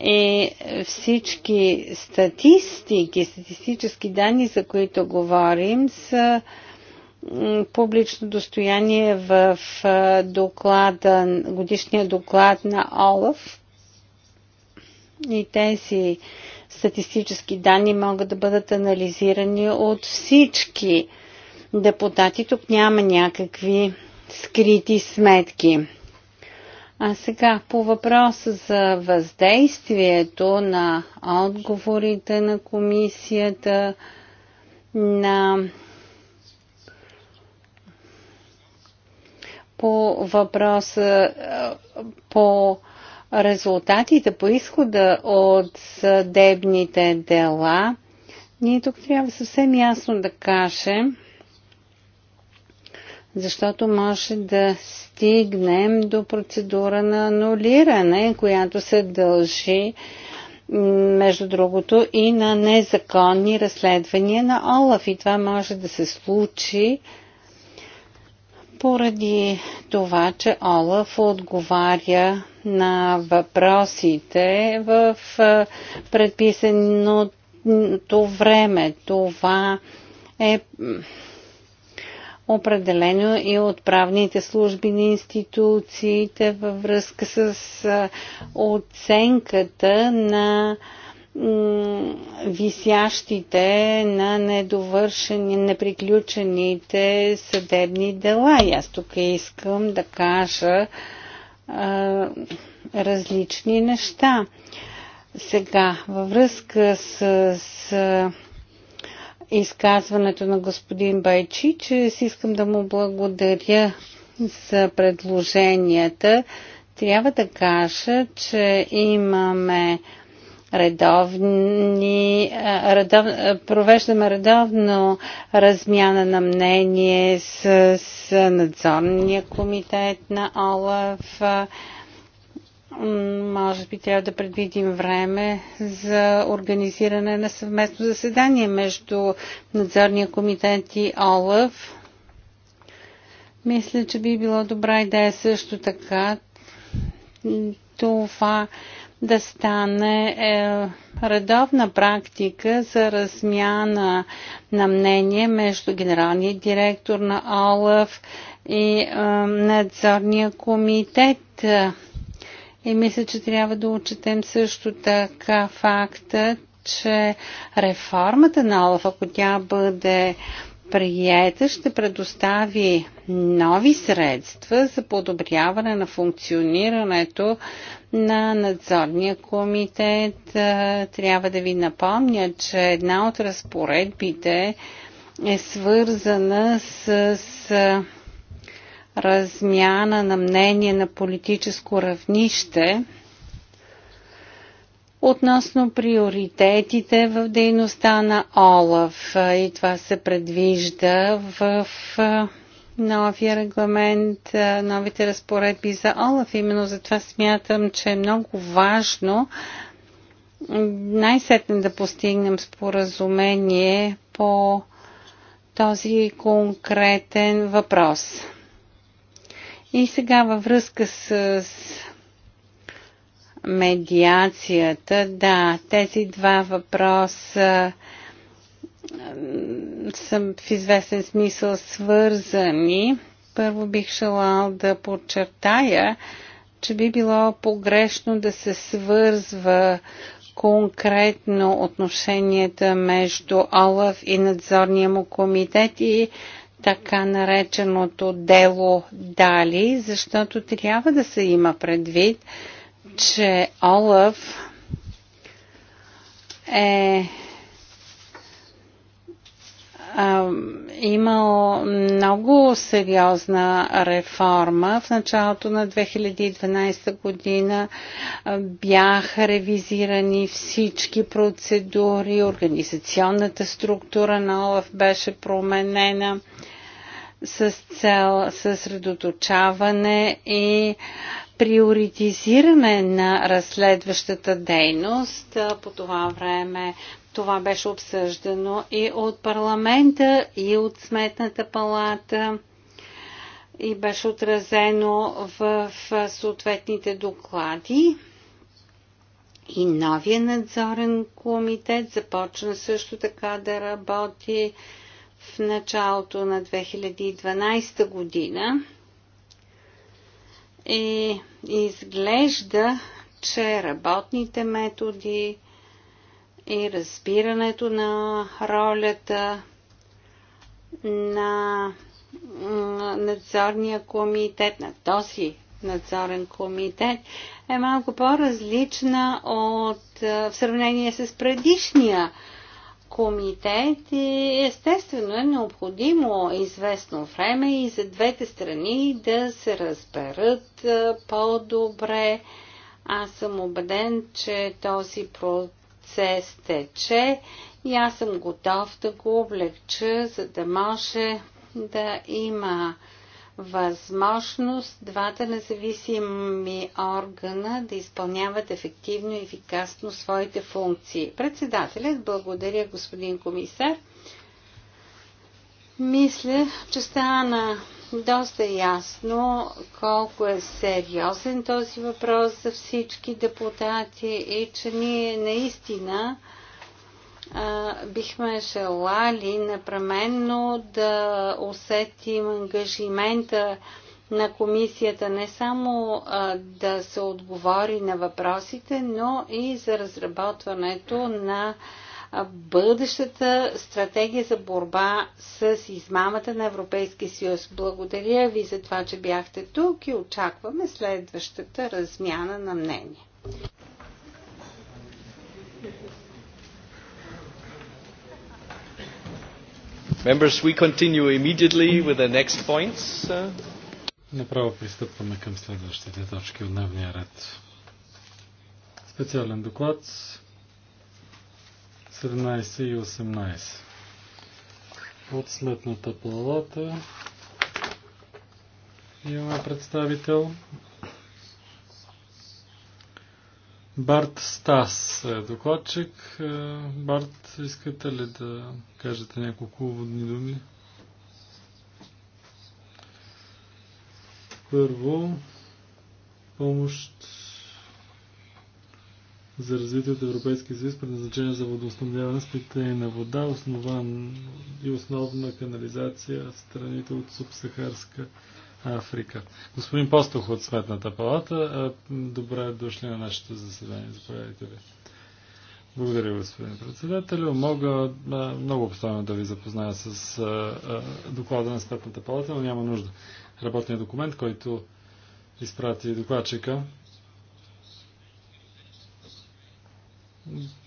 Speaker 4: и е, всички статистики, статистически данни, за които говорим, са публично достояние в доклада, годишния доклад на ОЛАФ. И тези статистически данни могат да бъдат анализирани от всички депутати. Тук няма някакви скрити сметки. А сега по въпроса за въздействието на отговорите на комисията на по въпроса по резултатите, по изхода от съдебните дела, ние тук трябва съвсем ясно да кажем, защото може да стигнем до процедура на анулиране, която се дължи между другото и на незаконни разследвания на Олаф. И това може да се случи поради това, че Олаф отговаря на въпросите в предписаното време. Това е определено и от правните служби на институциите във връзка с оценката на висящите на недовършени, неприключените съдебни дела. И аз тук искам да кажа а, различни неща. Сега, във връзка с, с изказването на господин Байчи, че си искам да му благодаря за предложенията. Трябва да кажа, че имаме редовни, редов, провеждаме редовно размяна на мнение с, с надзорния комитет на ОЛАФ може би трябва да предвидим време за организиране на съвместно заседание между надзорния комитет и ОЛАВ. Мисля, че би било добра идея също така това да стане е, редовна практика за размяна на мнение между генералния директор на ОЛАВ и е, надзорния комитет и мисля, че трябва да отчетем също така факта, че реформата на Олаф, ако тя бъде приета, ще предостави нови средства за подобряване на функционирането на надзорния комитет. Трябва да ви напомня, че една от разпоредбите е свързана с, с размяна на мнение на политическо равнище относно приоритетите в дейността на ОЛАФ. И това се предвижда в новия регламент, новите разпоредби за ОЛАФ. Именно затова смятам, че е много важно най-сетне да постигнем споразумение по този конкретен въпрос. И сега във връзка с медиацията, да, тези два въпроса са в известен смисъл свързани. Първо бих желал да подчертая, че би било погрешно да се свързва конкретно отношенията между Олаф и надзорния му комитет и така нареченото дело Дали, защото трябва да се има предвид, че Олаф е имал много сериозна реформа. В началото на 2012 година бяха ревизирани всички процедури, организационната структура на ОЛАФ беше променена с цел съсредоточаване и приоритизиране на разследващата дейност по това време. Това беше обсъждано и от парламента, и от Сметната палата и беше отразено в, в съответните доклади. И новия надзорен комитет започна също така да работи в началото на 2012 година и изглежда, че работните методи и разбирането на ролята на надзорния комитет, на този надзорен комитет, е малко по-различна от в сравнение с предишния комитети, естествено е необходимо известно време и за двете страни да се разберат по-добре. Аз съм убеден, че този процес тече и аз съм готов да го облегча, за да може да има възможност двата независими органа да изпълняват ефективно и ефикасно своите функции. Председателят, благодаря господин комисар. Мисля, че стана доста ясно колко е сериозен този въпрос за всички депутати и че ние наистина бихме желали непременно да усетим ангажимента на комисията не само а, да се отговори на въпросите, но и за разработването на бъдещата стратегия за борба с измамата на Европейския съюз. Благодаря ви за това, че бяхте тук и очакваме следващата размяна на мнение.
Speaker 1: Members, we continue immediately with the next points.
Speaker 3: Направо пристъпваме към следващите точки от дневния ред. Специален доклад 17 и 18. От сметната палата имаме представител Барт Стас е докладчик. Е, Барт, искате ли да кажете няколко водни думи? Първо, помощ за развитие от Европейски съюз, предназначение за водоснабдяване с питейна вода, основан и основна канализация в страните от субсахарска Африка. Господин Постох от Сметната палата, добре дошли на нашето заседание. Заповядайте ви. Благодаря, господин председател. Мога много обстойно да ви запозная с доклада на Сметната палата, но няма нужда. Работният документ, който изпрати докладчика,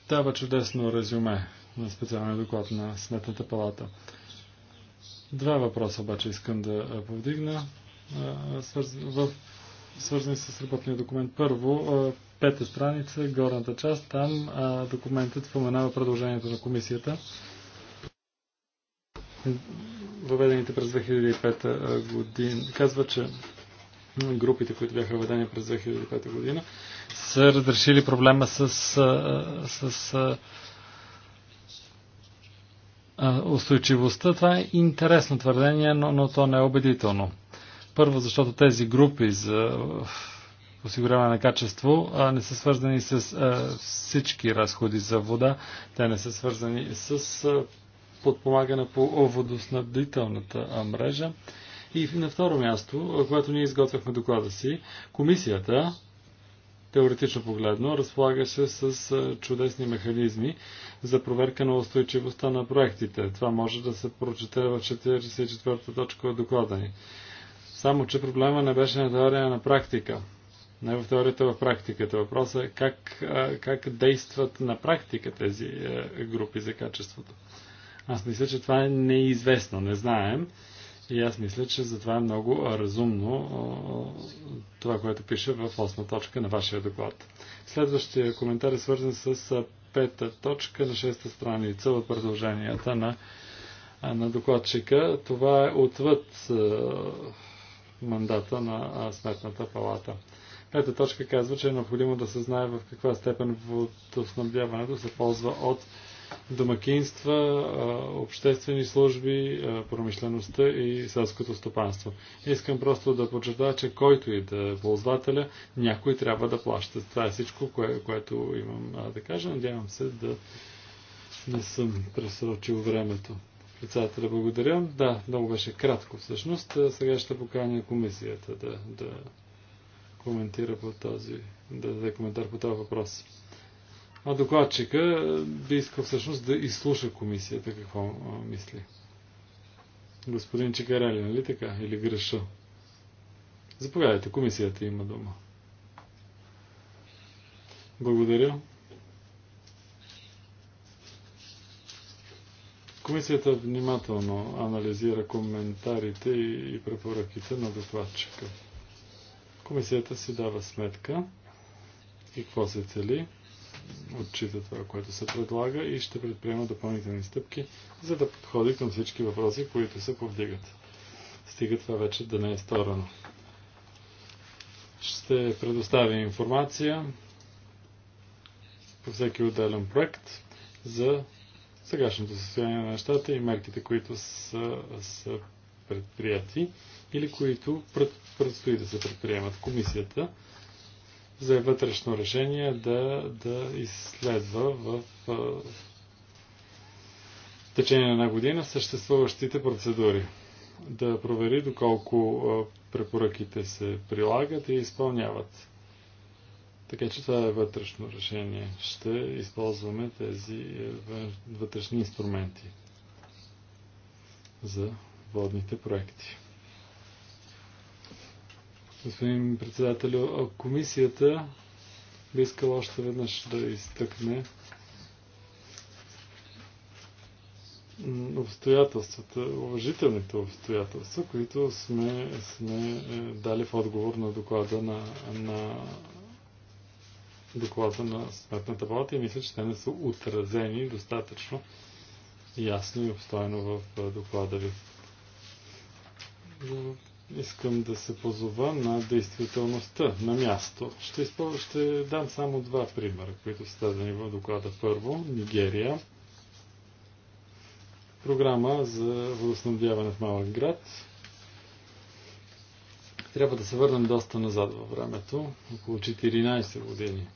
Speaker 3: дава чудесно резюме на специалния доклад на Сметната палата. Два въпроса обаче искам да повдигна, свързани с работния документ. Първо, пета страница, горната част, там документът споменава продължението на комисията въведените през 2005 година. Казва, че групите, които бяха въведени през 2005 година, са разрешили проблема с, с, с устойчивостта, това е интересно твърдение, но, но то не е убедително. Първо, защото тези групи за осигуряване на качество а, не са свързани с а, всички разходи за вода. Те не са свързани с а, подпомагане по водоснабдителната мрежа. И на второ място, когато ние изготвяхме доклада си, комисията теоретично погледно, разполага се с чудесни механизми за проверка на устойчивостта на проектите. Това може да се прочете в 44-та точка от доклада ни. Само, че проблема не беше на теория на практика. Не в теорията, в практиката. Въпросът е как, как действат на практика тези групи за качеството. Аз мисля, че това е неизвестно, не знаем. И аз мисля, че затова е много разумно това, което пише в 8 точка на вашия доклад. Следващия коментар е свързан с пета точка на шеста страница от продълженията на, на докладчика. Това е отвъд мандата на Сметната палата. Пета точка казва, че е необходимо да се знае в каква степен водоснабдяването се ползва от домакинства, обществени служби, промишлеността и селското стопанство. Искам просто да подчертая, че който и да е ползвателя, някой трябва да плаща. Това е всичко, кое, което имам да кажа. Надявам се да не съм пресрочил времето. Председателя, благодаря. Да, много беше кратко всъщност. Сега ще поканя комисията да, да коментира по този, да даде коментар по този въпрос. А докладчика е, би искал всъщност да изслуша комисията какво а, мисли. Господин Чикарели, нали така? Или греша? Заповядайте, комисията има дума. Благодаря. Комисията внимателно анализира коментарите и препоръките на докладчика. Комисията си дава сметка какво се цели отчита това, което се предлага и ще предприема допълнителни стъпки, за да подходи към всички въпроси, които се повдигат. Стига това вече да не е сторено. Ще предоставя информация по всеки отделен проект за сегашното състояние на нещата и мерките, които са, са предприяти или които пред, предстои да се предприемат. Комисията за вътрешно решение да, да изследва в течение на една година съществуващите процедури. Да провери доколко препоръките се прилагат и изпълняват. Така че това е вътрешно решение. Ще използваме тези е, вътрешни инструменти за водните проекти. Господин председател, комисията би искала още веднъж да изтъкне обстоятелствата, уважителните обстоятелства, които сме, сме е, дали в отговор на доклада на, на доклада на Сметната палата и мисля, че те не са отразени достатъчно ясно и обстойно в е, доклада ви искам да се позова на действителността, на място. Ще, изпъл... ще дам само два примера, които са дадени в доклада. Първо, Нигерия. Програма за водоснабдяване в малък град. Трябва да се върнем доста назад във времето, около 14 години,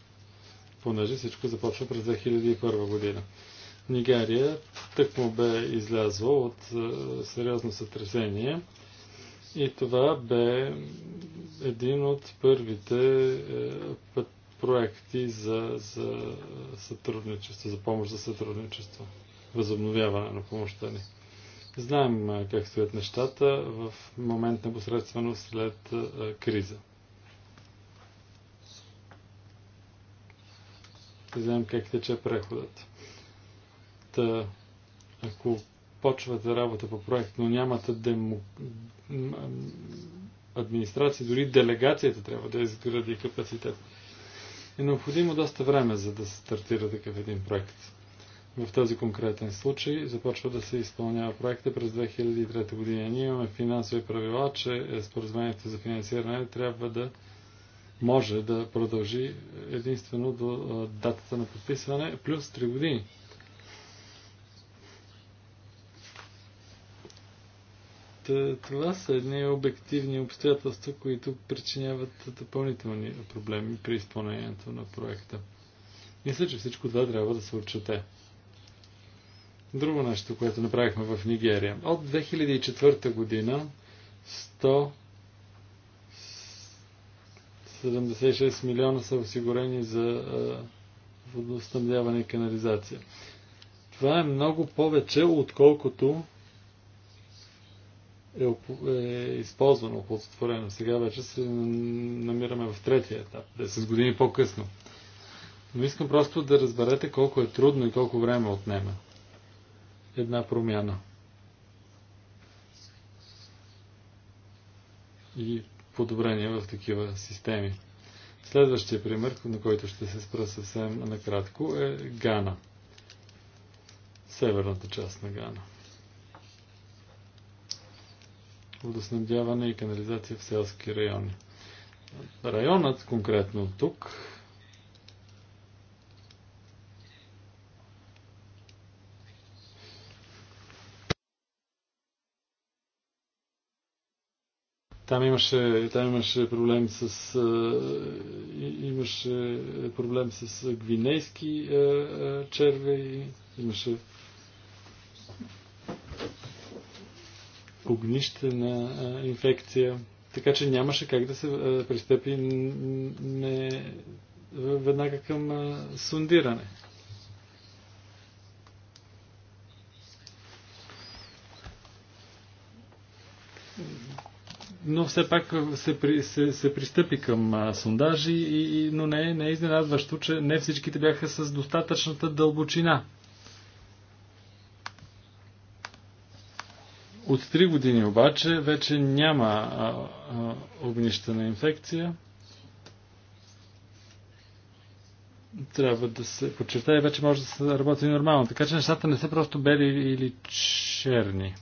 Speaker 3: понеже всичко започва през 2001 година. Нигерия тъкмо бе излязла от е, сериозно сътресение – и това бе един от първите е, проекти за, за сътрудничество, за помощ за сътрудничество, възобновяване на помощта ни. Знаем е, как стоят нещата в момент непосредствено след е, криза. И знаем как тече преходът. Та, ако почвате работа по проект, но нямате демо, администрации, дори делегацията трябва да изгради капацитет. Е необходимо доста време, за да се стартира такъв един проект. В този конкретен случай започва да се изпълнява проекта през 2003 година. Ние имаме финансови правила, че споразумението за финансиране трябва да може да продължи единствено до датата на подписване плюс 3 години. Това са едни обективни обстоятелства, които причиняват допълнителни проблеми при изпълнението на проекта. Мисля, че всичко това трябва да се отчете. Друго нещо, което направихме в Нигерия. От 2004 година 176 милиона са осигурени за водоснабдяване и канализация. Това е много повече, отколкото е, е използвано, оплодотворено. Сега вече се намираме в третия етап, 10 години по-късно. Но искам просто да разберете колко е трудно и колко време отнема една промяна. И подобрение в такива системи. Следващия пример, на който ще се спра съвсем накратко, е Гана. Северната част на Гана. водоснабдяване и канализация в селски райони. Районът конкретно тук Там имаше, там имаше проблем с имаше проблем с гвинейски черви, имаше огнище на а, инфекция. Така че нямаше как да се а, пристъпи не, веднага към а, сундиране. но все пак се, при, се, се пристъпи към а, сондажи, и, и, но не, не е изненадващо, че не всичките бяха с достатъчната дълбочина. От 3 години обаче вече няма а, а, огнища на инфекция. Трябва да се подчертая, вече може да се работи нормално. Така че нещата не са просто бели или черни.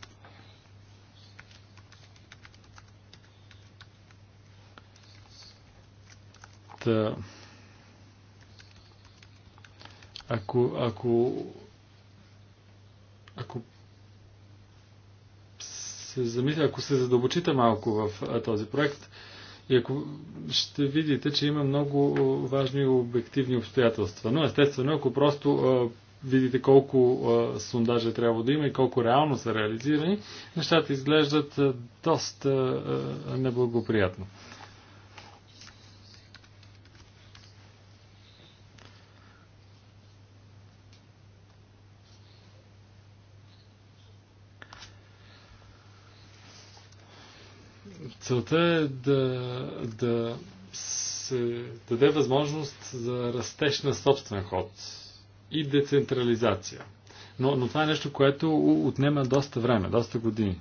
Speaker 3: Та... Ако, ако се замисля, ако се задълбочите малко в този проект, и ако ще видите, че има много важни обективни обстоятелства. Но естествено, ако просто видите колко а, сондажа трябва да има и колко реално са реализирани, нещата изглеждат доста неблагоприятно. Целта е да, да се даде възможност за растеж на собствен ход и децентрализация. Но, но това е нещо, което отнема доста време, доста години.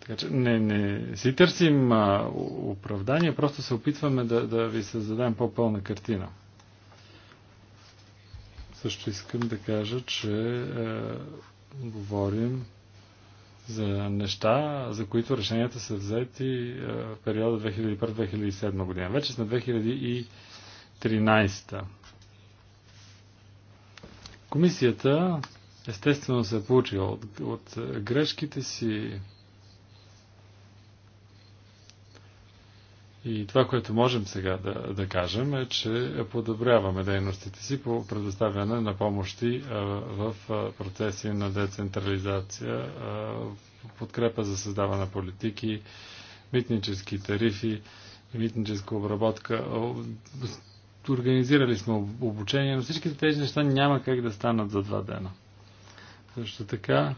Speaker 3: Така че не, не си търсим а, оправдание, просто се опитваме да, да ви създадем по-пълна картина. Също искам да кажа, че е, говорим за неща, за които решенията са взети е, в периода 2001-2007 година. Вече сме 2013. Комисията естествено се е получила от, от грешките си, И това, което можем сега да, да кажем е, че подобряваме дейностите си по предоставяне на помощи а, в а, процеси на децентрализация, а, подкрепа за създаване на политики, митнически тарифи, митническа обработка. Организирали сме обучение, но всичките тези неща няма как да станат за два дена. Също така,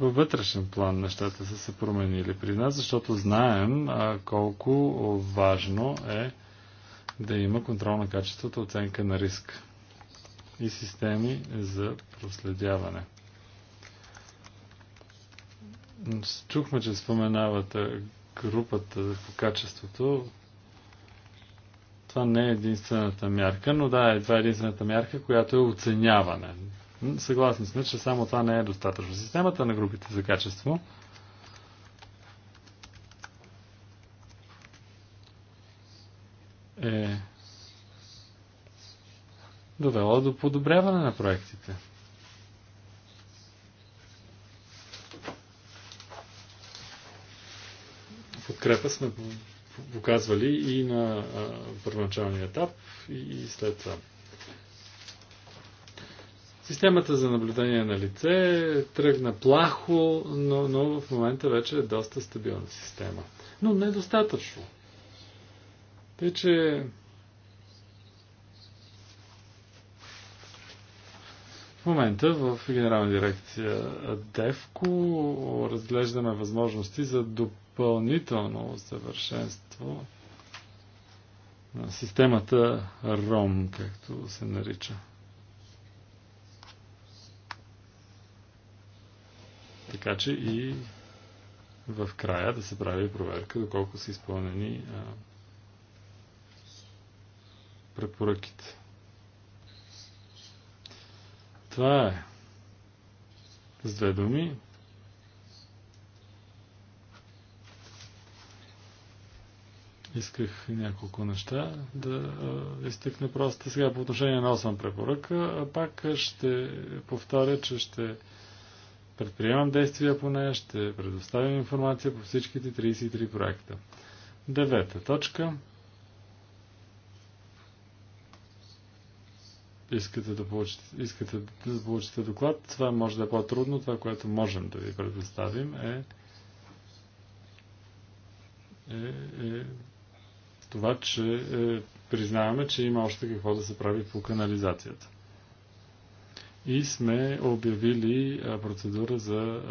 Speaker 3: във вътрешен план нещата са се променили при нас, защото знаем а, колко важно е да има контрол на качеството, оценка на риск и системи за проследяване. Чухме, че споменавате групата по качеството. Това не е единствената мярка, но да, е, това е единствената мярка, която е оценяване. Съгласни сме, че само това не е достатъчно. Системата на групите за качество е довела до подобряване на проектите. Подкрепа сме показвали и на първоначалния етап и след това. Системата за наблюдение на лице тръгна плахо, но, но в момента вече е доста стабилна система. Но недостатъчно. Тъй, че В момента в Генерална дирекция ДЕВКО разглеждаме възможности за допълнително съвършенство на системата РОМ, както се нарича. така че и в края да се прави проверка доколко са изпълнени а, препоръките. Това е с две думи. Исках няколко неща да изтъкна просто сега по отношение на 8 препоръка. А пак ще повторя, че ще предприемам действия по нея, ще предоставим информация по всичките 33 проекта. Девета точка. Искате да, получите, искате да получите доклад, това може да е по-трудно. Това, което можем да ви предоставим е, е, е това, че е, признаваме, че има още какво да се прави по канализацията и сме обявили процедура за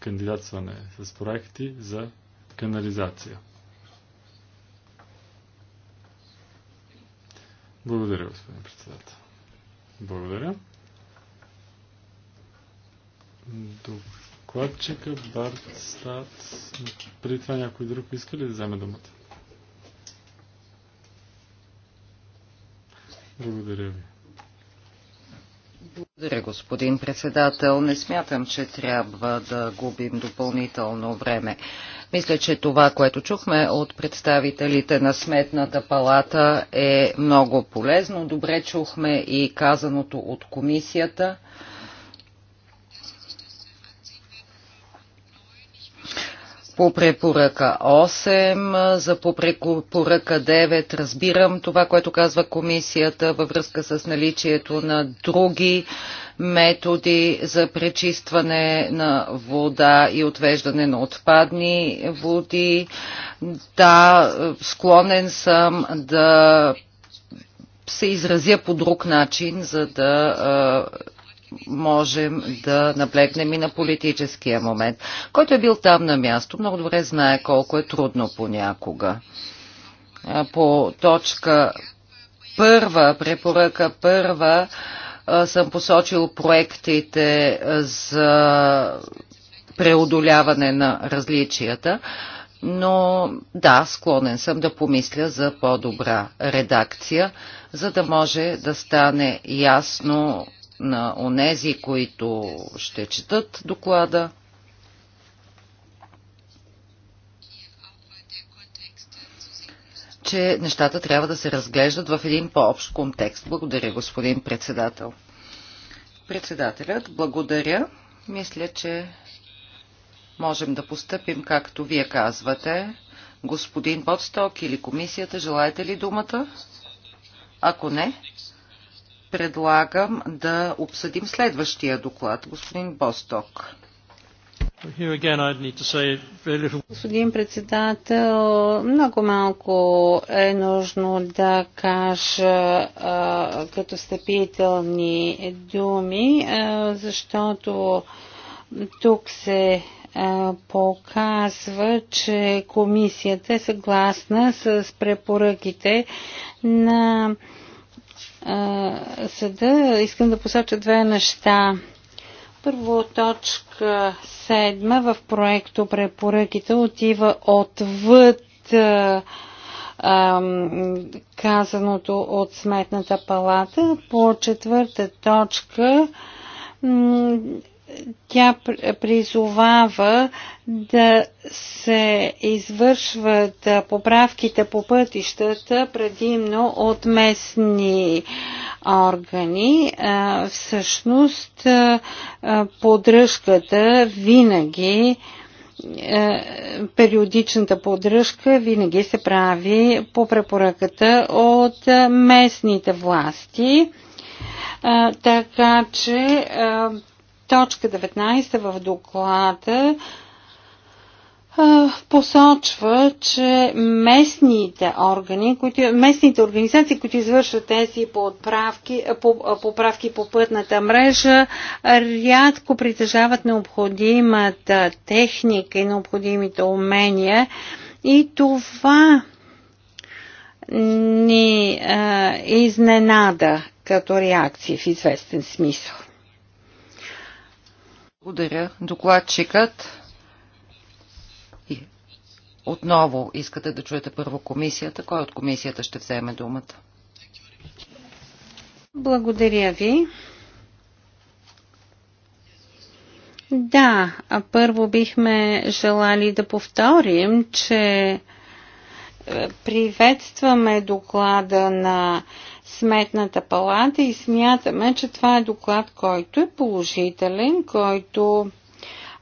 Speaker 3: кандидатстване с проекти за канализация. Благодаря, господин председател. Благодаря. Докладчика Барт Стат. Преди това някой друг иска ли да вземе думата? Благодаря ви.
Speaker 2: Благодаря, господин председател. Не смятам, че трябва да губим допълнително време. Мисля, че това, което чухме от представителите на Сметната палата е много полезно. Добре чухме и казаното от комисията. по препоръка 8, за по препоръка 9. Разбирам това, което казва комисията във връзка с наличието на други методи за пречистване на вода и отвеждане на отпадни води. Да, склонен съм да се изразя по друг начин, за да можем да наблегнем и на политическия момент. Който е бил там на място, много добре знае колко е трудно понякога. По точка първа, препоръка първа, съм посочил проектите за преодоляване на различията, но да, склонен съм да помисля за по-добра редакция, за да може да стане ясно на онези, които ще четат доклада. че нещата трябва да се разглеждат в един по-общ контекст. Благодаря, господин председател. Председателят, благодаря. Мисля, че можем да постъпим както вие казвате. Господин Подсток или комисията, желаете ли думата? Ако не, предлагам да обсъдим следващия доклад, господин Босток.
Speaker 1: Господин
Speaker 4: председател, много малко е нужно да кажа а, като стъпителни думи, а, защото тук се а, показва, че комисията е съгласна с препоръките на а, съда, искам да посоча две неща. Първо, точка 7 в проекто препоръките отива отвъд а, казаното от Сметната палата. По четвърта точка тя призовава да се извършват поправките по пътищата предимно от местни органи. Всъщност поддръжката винаги периодичната поддръжка винаги се прави по препоръката от местните власти. Така че Точка 19 в доклада посочва, че местните органи, които, местните организации, които извършват тези поправки, поправки по пътната мрежа, рядко притежават необходимата техника и необходимите умения. И това ни а, изненада като
Speaker 2: реакция в известен смисъл. Благодаря. Докладчикът. И отново искате да чуете първо комисията. Кой от комисията ще вземе думата?
Speaker 4: Благодаря ви.
Speaker 2: Да,
Speaker 4: а първо бихме желали да повторим, че е, приветстваме доклада на Сметната палата и смятаме, че това е доклад, който е положителен, който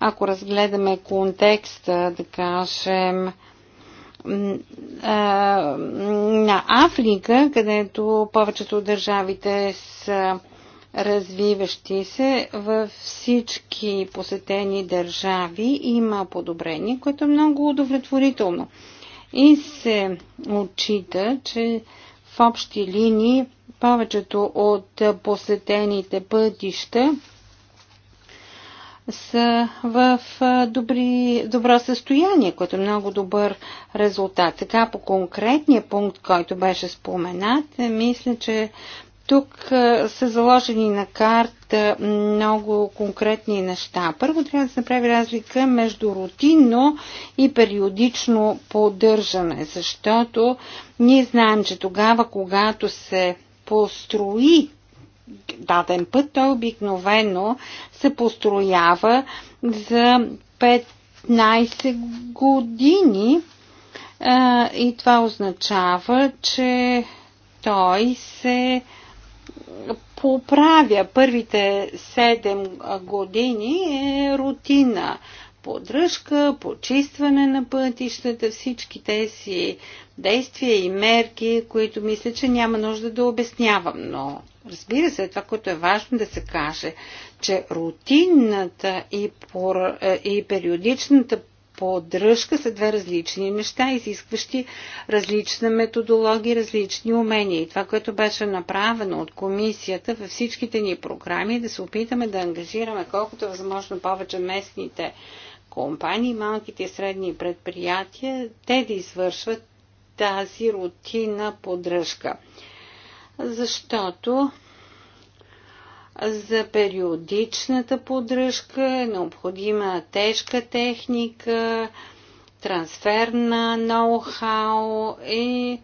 Speaker 4: ако разгледаме контекста, да кажем, на Африка, където повечето от държавите са развиващи се във всички посетени държави има подобрение, което е много удовлетворително. И се отчита, че в общи линии повечето от посетените пътища са в добри, добро състояние, което е много добър резултат. Така по конкретния пункт, който беше споменат, мисля, че тук а, са заложени на карта много конкретни неща. Първо трябва да се направи разлика между рутинно и периодично поддържане, защото ние знаем, че тогава, когато се построи даден път, той обикновено се построява за 15 години а, и това означава, че той се uh поправя. Първите 7 години е рутина. Подръжка, почистване на пътищата, всички тези действия и мерки, които мисля, че няма нужда да обяснявам. Но разбира се, това, което е важно да се каже, че рутинната и, пор... Е, и периодичната поддръжка са две различни неща, изискващи различна методология, различни умения. И това, което беше направено от комисията във всичките ни програми, е да се опитаме да ангажираме колкото е възможно повече местните компании, малките и средни предприятия, те да извършват тази рутина поддръжка. Защото за периодичната поддръжка, е необходима тежка техника, трансфер на ноу-хау и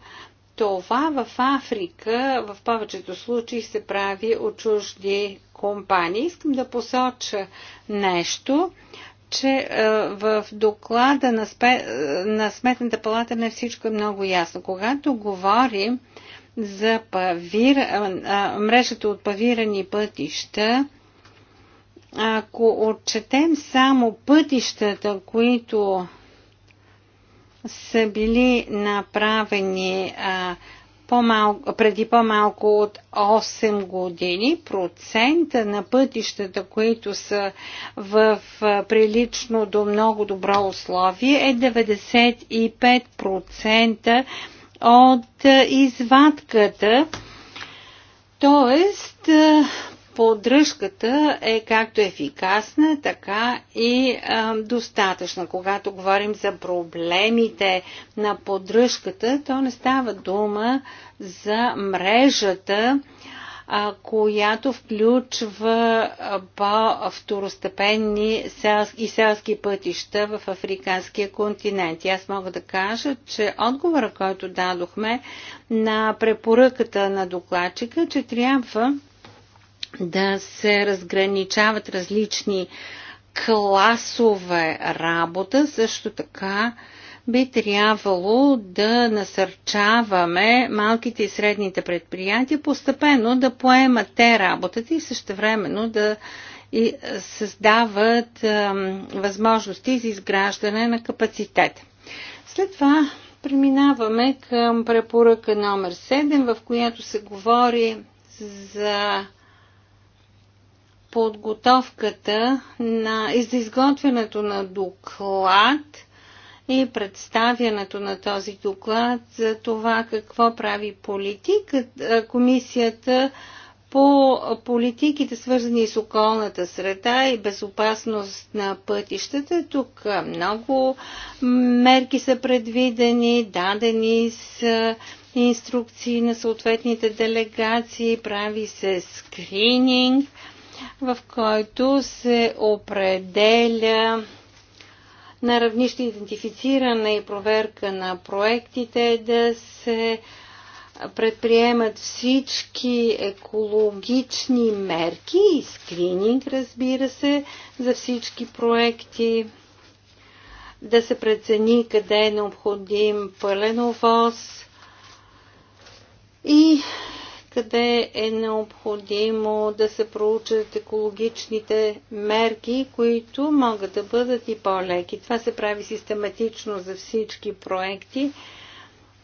Speaker 4: това в Африка в повечето случаи се прави от чужди компании. Искам да посоча нещо, че е, в доклада на, спе... Е, на Сметната палата не всичко е много ясно. Когато говорим за павир, а, мрежата от павирани пътища, ако отчетем само пътищата, които са били направени а, по-малко, преди по-малко от 8 години, процента на пътищата, които са в прилично до много добро условие е 95% от е, извадката. Тоест, е, поддръжката е както ефикасна, така и е, достатъчна. Когато говорим за проблемите на поддръжката, то не става дума за мрежата която включва по-второстепенни и селски пътища в африканския континент. И аз мога да кажа, че отговора, който дадохме на препоръката на докладчика, че трябва да се разграничават различни класове работа, също така би трябвало да насърчаваме малките и средните предприятия постепенно да поемат те работата и същевременно да и е, създават е, възможности за изграждане на капацитет. След това преминаваме към препоръка номер 7, в която се говори за подготовката на, за изготвянето на доклад и представянето на този доклад за това какво прави политика, комисията по политиките свързани с околната среда и безопасност на пътищата. Тук много мерки са предвидени, дадени с инструкции на съответните делегации, прави се скрининг, в който се определя на равнище идентифициране и проверка на проектите, да се предприемат всички екологични мерки и скрининг, разбира се, за всички проекти, да се прецени къде е необходим пълен овоз и къде е необходимо да се проучат екологичните мерки, които могат да бъдат и по-леки. Това се прави систематично за всички проекти,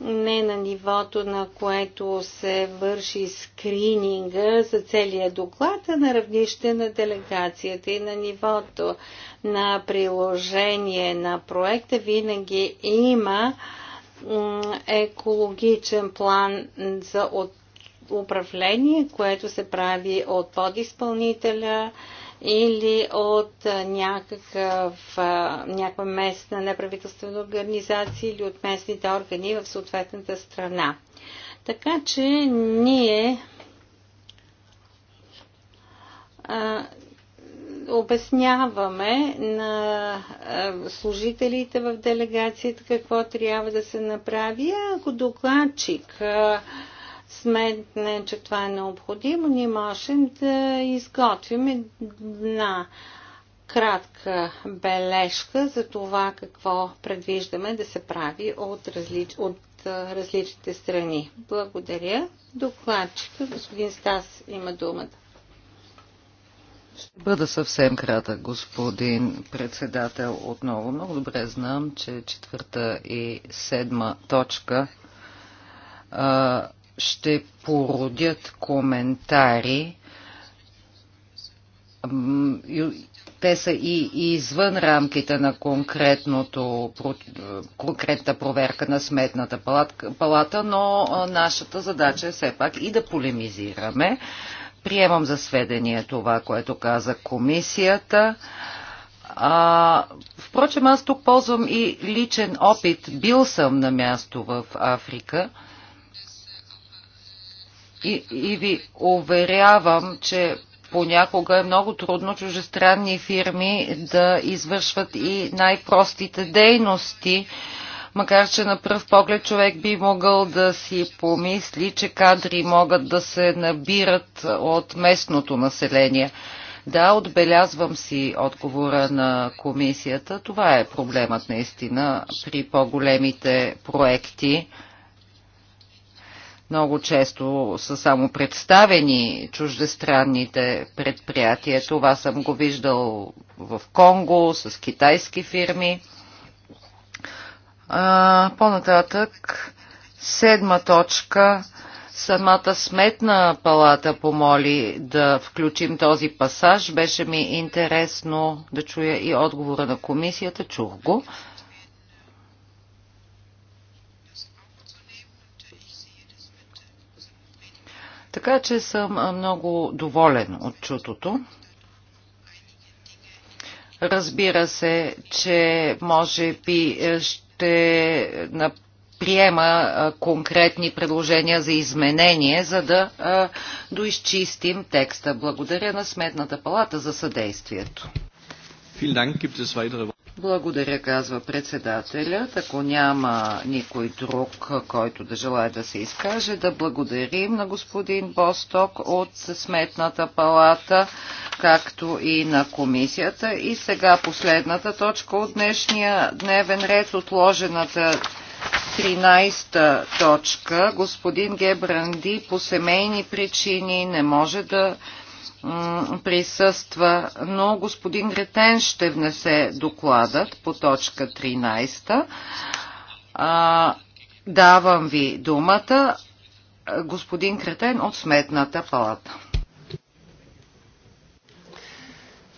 Speaker 4: не на нивото, на което се върши скрининга за целия доклад, а на равнище на делегацията и на нивото на приложение на проекта винаги има екологичен план за от управление, което се прави от подизпълнителя или от някакъв, някаква местна неправителствена организация или от местните органи в съответната страна. Така че ние а, обясняваме на служителите в делегацията какво трябва да се направи, ако докладчик а, сметне, че това е необходимо, ние можем да изготвим една кратка бележка за това какво предвиждаме да се прави от, различ... от различните страни. Благодаря. Докладчика, господин Стас, има
Speaker 2: думата. Ще бъда съвсем кратък, господин председател, отново. Много добре знам, че четвърта и седма точка а, ще породят коментари. Те са и извън рамките на конкретната проверка на сметната палата, но нашата задача е все пак и да полемизираме. Приемам за сведение това, което каза комисията. А, впрочем, аз тук ползвам и личен опит. Бил съм на място в Африка и, и ви уверявам, че понякога е много трудно чужестранни фирми да извършват и най-простите дейности, макар че на пръв поглед човек би могъл да си помисли, че кадри могат да се набират от местното население. Да, отбелязвам си отговора на комисията. Това е проблемът наистина при по-големите проекти. Много често са само представени чуждестранните предприятия. Това съм го виждал в Конго с китайски фирми. по-нататък, седма точка самата сметна палата помоли да включим този пасаж. Беше ми интересно да чуя и отговора на комисията. Чух го. Така че съм много доволен от чутото. Разбира се, че може би ще приема конкретни предложения за изменение, за да доизчистим текста. Благодаря на Сметната палата за съдействието. Благодаря, казва председателят. Ако няма никой друг, който да желая да се изкаже, да благодарим на господин Босток от Сметната палата, както и на комисията. И сега последната точка от днешния дневен ред, отложената 13-та точка. Господин Гебранди по семейни причини не може да присъства, но господин Гретен ще внесе докладът по точка 13. давам ви думата. Господин Кретен от Сметната палата.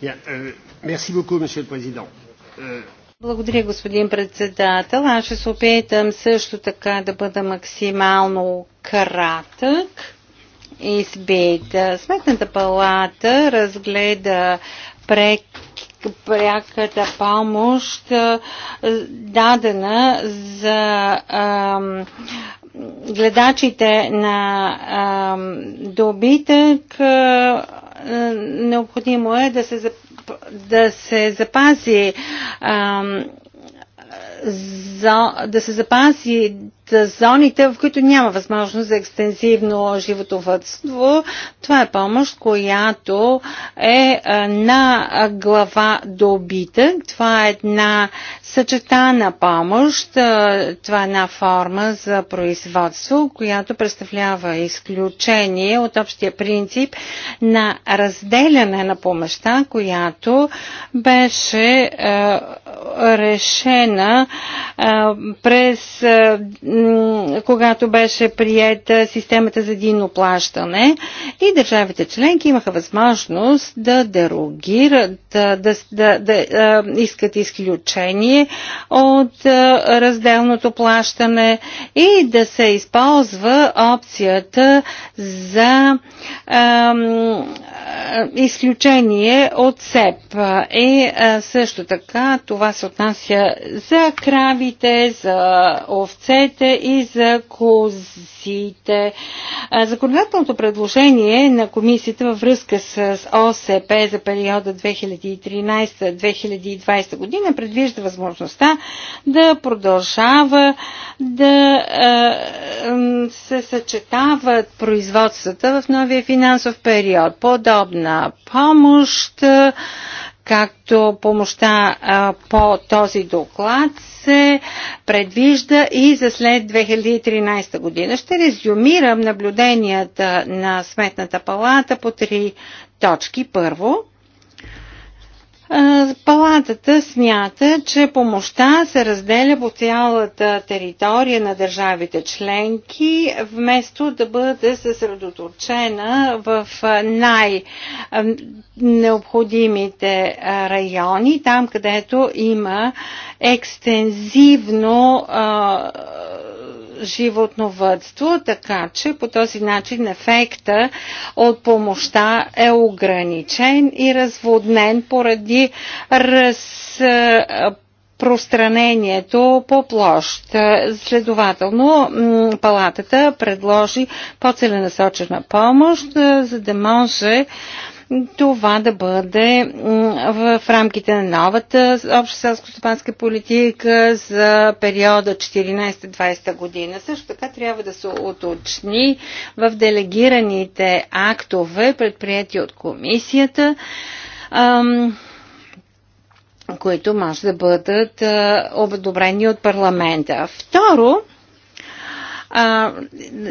Speaker 1: Euh, euh,
Speaker 4: Благодаря, господин председател. Аз ще се опитам също така да бъда максимално кратък избит. Сметната палата разгледа пряката помощ дадена за гледачите на добитък. необходимо е да се, да се запази за, да се запази зоните, в които няма възможност за екстензивно животовътство. Това е помощ, която е на глава добитък. Това е една съчетана помощ. Това е една форма за производство, която представлява изключение от общия принцип на разделяне на помощта, която беше решена през когато беше приета системата за единно плащане и държавите членки имаха възможност да дерогират, да, да, да, да искат изключение от разделното плащане и да се използва опцията за ам, изключение от СЕП. И също така това се отнася за кравите, за овцете, свинете и за козите. Законодателното предложение на комисията във връзка с ОСП за периода 2013-2020 година предвижда възможността да продължава да се съчетават производствата в новия финансов период. Подобна помощ както помощта а, по този доклад се предвижда и за след 2013 година. Ще резюмирам наблюденията на Сметната палата по три точки. Първо, Палатата смята, че помощта се разделя по цялата територия на държавите членки, вместо да бъде съсредоточена в най-необходимите райони, там където има екстензивно животновътство, така че по този начин ефекта от помощта е ограничен и разводнен поради раз пространението по площ. Следователно, палатата предложи по-целенасочена помощ, за да може това да бъде в рамките на новата обща селско-стопанска политика за периода 14-20 година. Също така трябва да се уточни в делегираните актове, предприяти от комисията, които може да бъдат одобрени от парламента. Второ, а,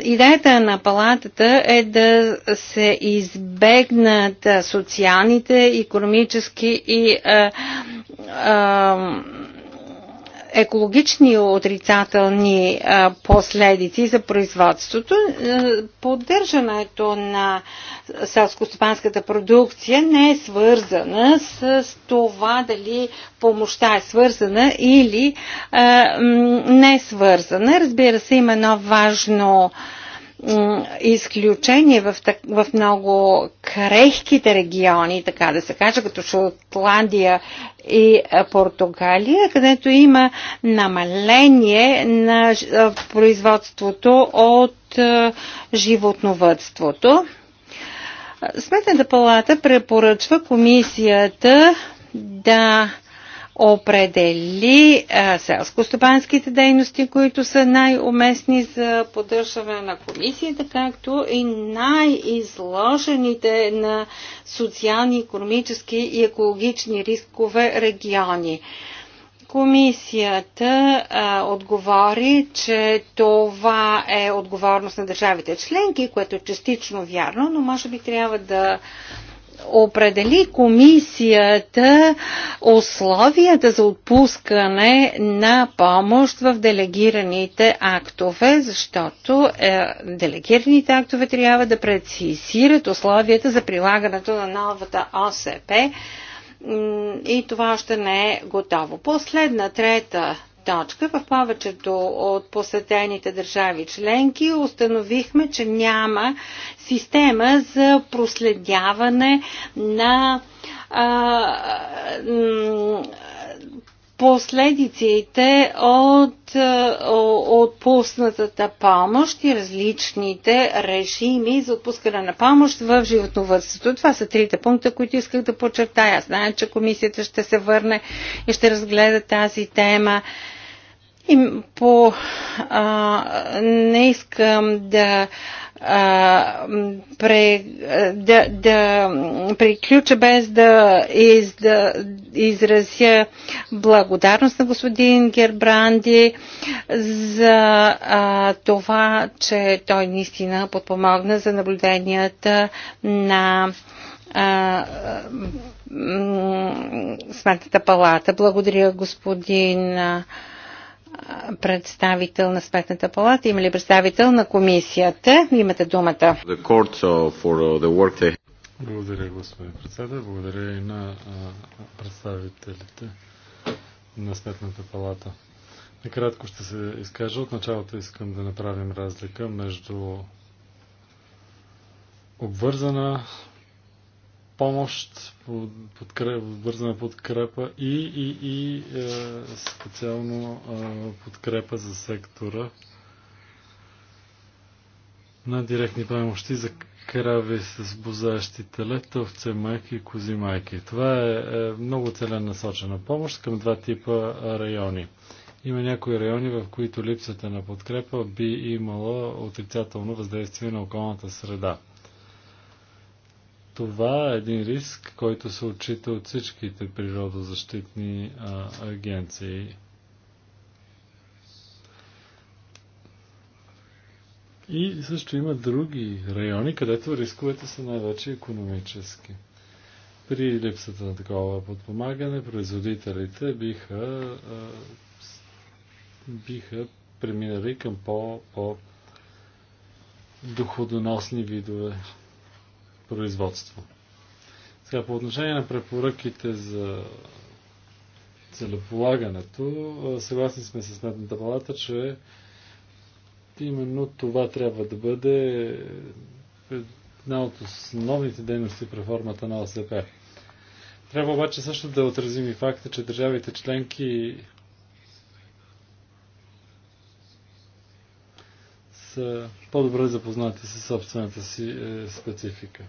Speaker 4: идеята на палатата е да се избегнат социалните, економически и а, а, екологични отрицателни последици за производството. Е, поддържането на селско-стопанската продукция не е свързана с това дали помощта е свързана или е, не е свързана. Разбира се, има едно важно изключение в, в много крехките региони, така да се каже, като Шотландия и Португалия, където има намаление на производството от животновътството. Сметната палата препоръчва комисията да определи селско-стопанските дейности, които са най-уместни за поддържане на комисията, както и най-изложените на социални, економически и екологични рискове региони. Комисията а, отговори, че това е отговорност на държавите членки, което е частично вярно, но може би трябва да определи комисията условията за отпускане на помощ в делегираните актове, защото е, делегираните актове трябва да прецизират условията за прилагането на новата ОСП и това още не е готово. Последна, трета точка в повечето от посетените държави членки установихме, че няма система за проследяване на а, последиците от отпуснатата помощ и различните режими за отпускане на помощ в животновътството. Това са трите пункта, които исках да подчертая. Знаят, че комисията ще се върне и ще разгледа тази тема и по, а, не искам да, а, пре, да, да приключа без да, из, да изразя благодарност на господин Гербранди за а, това, че той наистина подпомогна за наблюденията на а, Сметната палата. Благодаря господин. А, представител на Сметната палата? Има ли представител на комисията? Имате думата. Uh,
Speaker 3: uh, Благодаря, господин председател. Благодаря и на представителите на Сметната палата. Накратко ще се изкажа. От началото искам да направим разлика между обвързана помощ, подкреп, бързана подкрепа и, и, и е, специално е, подкрепа за сектора на директни помощи за крави с бозащи телета, овце майки и кози майки. Това е, е много целенасочена помощ към два типа е, райони. Има някои райони, в които липсата на подкрепа би имала отрицателно въздействие на околната среда. Това е един риск, който се отчита от всичките природозащитни а, агенции. И също има други райони, където рисковете са най-вече економически. При липсата на такова подпомагане, производителите биха, а, биха преминали към по-доходоносни по, видове производство. Сега, по отношение на препоръките за целеполагането, съгласни сме с Сметната палата, че именно това трябва да бъде една от основните дейности в реформата на ОСП. Трябва обаче също да отразим и факта, че държавите членки са по-добре запознати със собствената си е, специфика.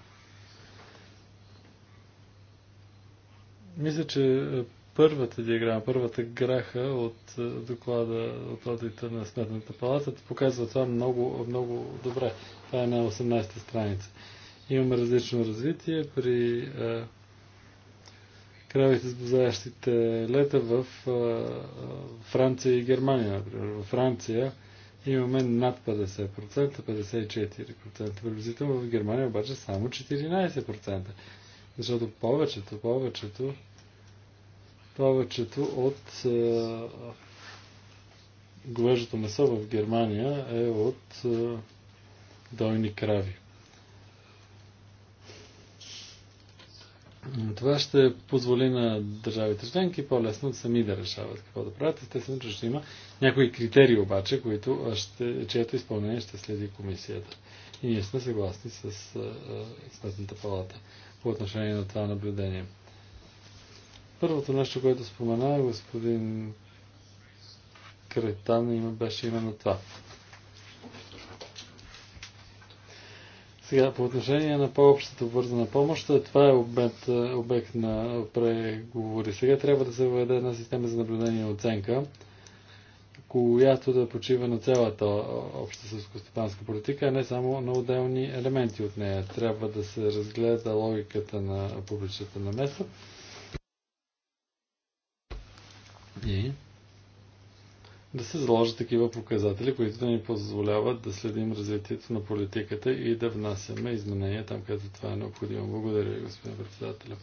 Speaker 3: Мисля, че е, първата диаграма, първата граха от е, доклада от одита на Сметната палата показва това много, много добре. Това е на 18-та страница. Имаме различно развитие при е, кравите с бозаящите лета в е, Франция и Германия. Например. В Франция имаме над 50%, 54%. Приблизително в Германия обаче само 14%. Защото повечето, повечето, повечето от е, говеждото месо в Германия е от е, дойни крави. Това ще позволи на държавите членки по-лесно сами да решават какво да правят. Естествено, че ще има някои критерии обаче, които ще, чието изпълнение ще следи комисията. И ние сме съгласни с Сметната палата по отношение на това наблюдение. Първото нещо, което спомена господин Кретан, има беше именно това. Сега, по отношение на по-общата вързана помощ, това е обект, обект на преговори. Сега трябва да се въведе една система за наблюдение и оценка която да почива на цялата обща сълскостопанска политика, а не само на отделни елементи от нея. Трябва да се разгледа логиката на публичната намеса. И да се заложат такива показатели, които да ни позволяват да следим развитието на политиката и да внасяме изменения там, където това е необходимо. Благодаря, господин председател.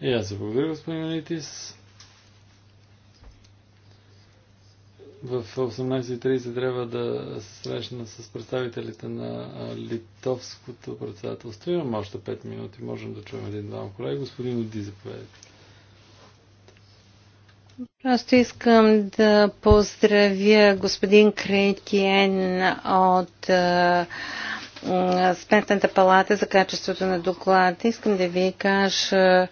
Speaker 3: И аз се благодаря, господин Анитис. В 18.30 трябва да се срещна с представителите на литовското председателство. Имам още 5 минути. Можем да чуем един-два колеги. Господин Оди, заповядайте.
Speaker 4: Просто искам да поздравя господин Кретиен от Сметната палата за качеството на доклада. Искам да ви кажа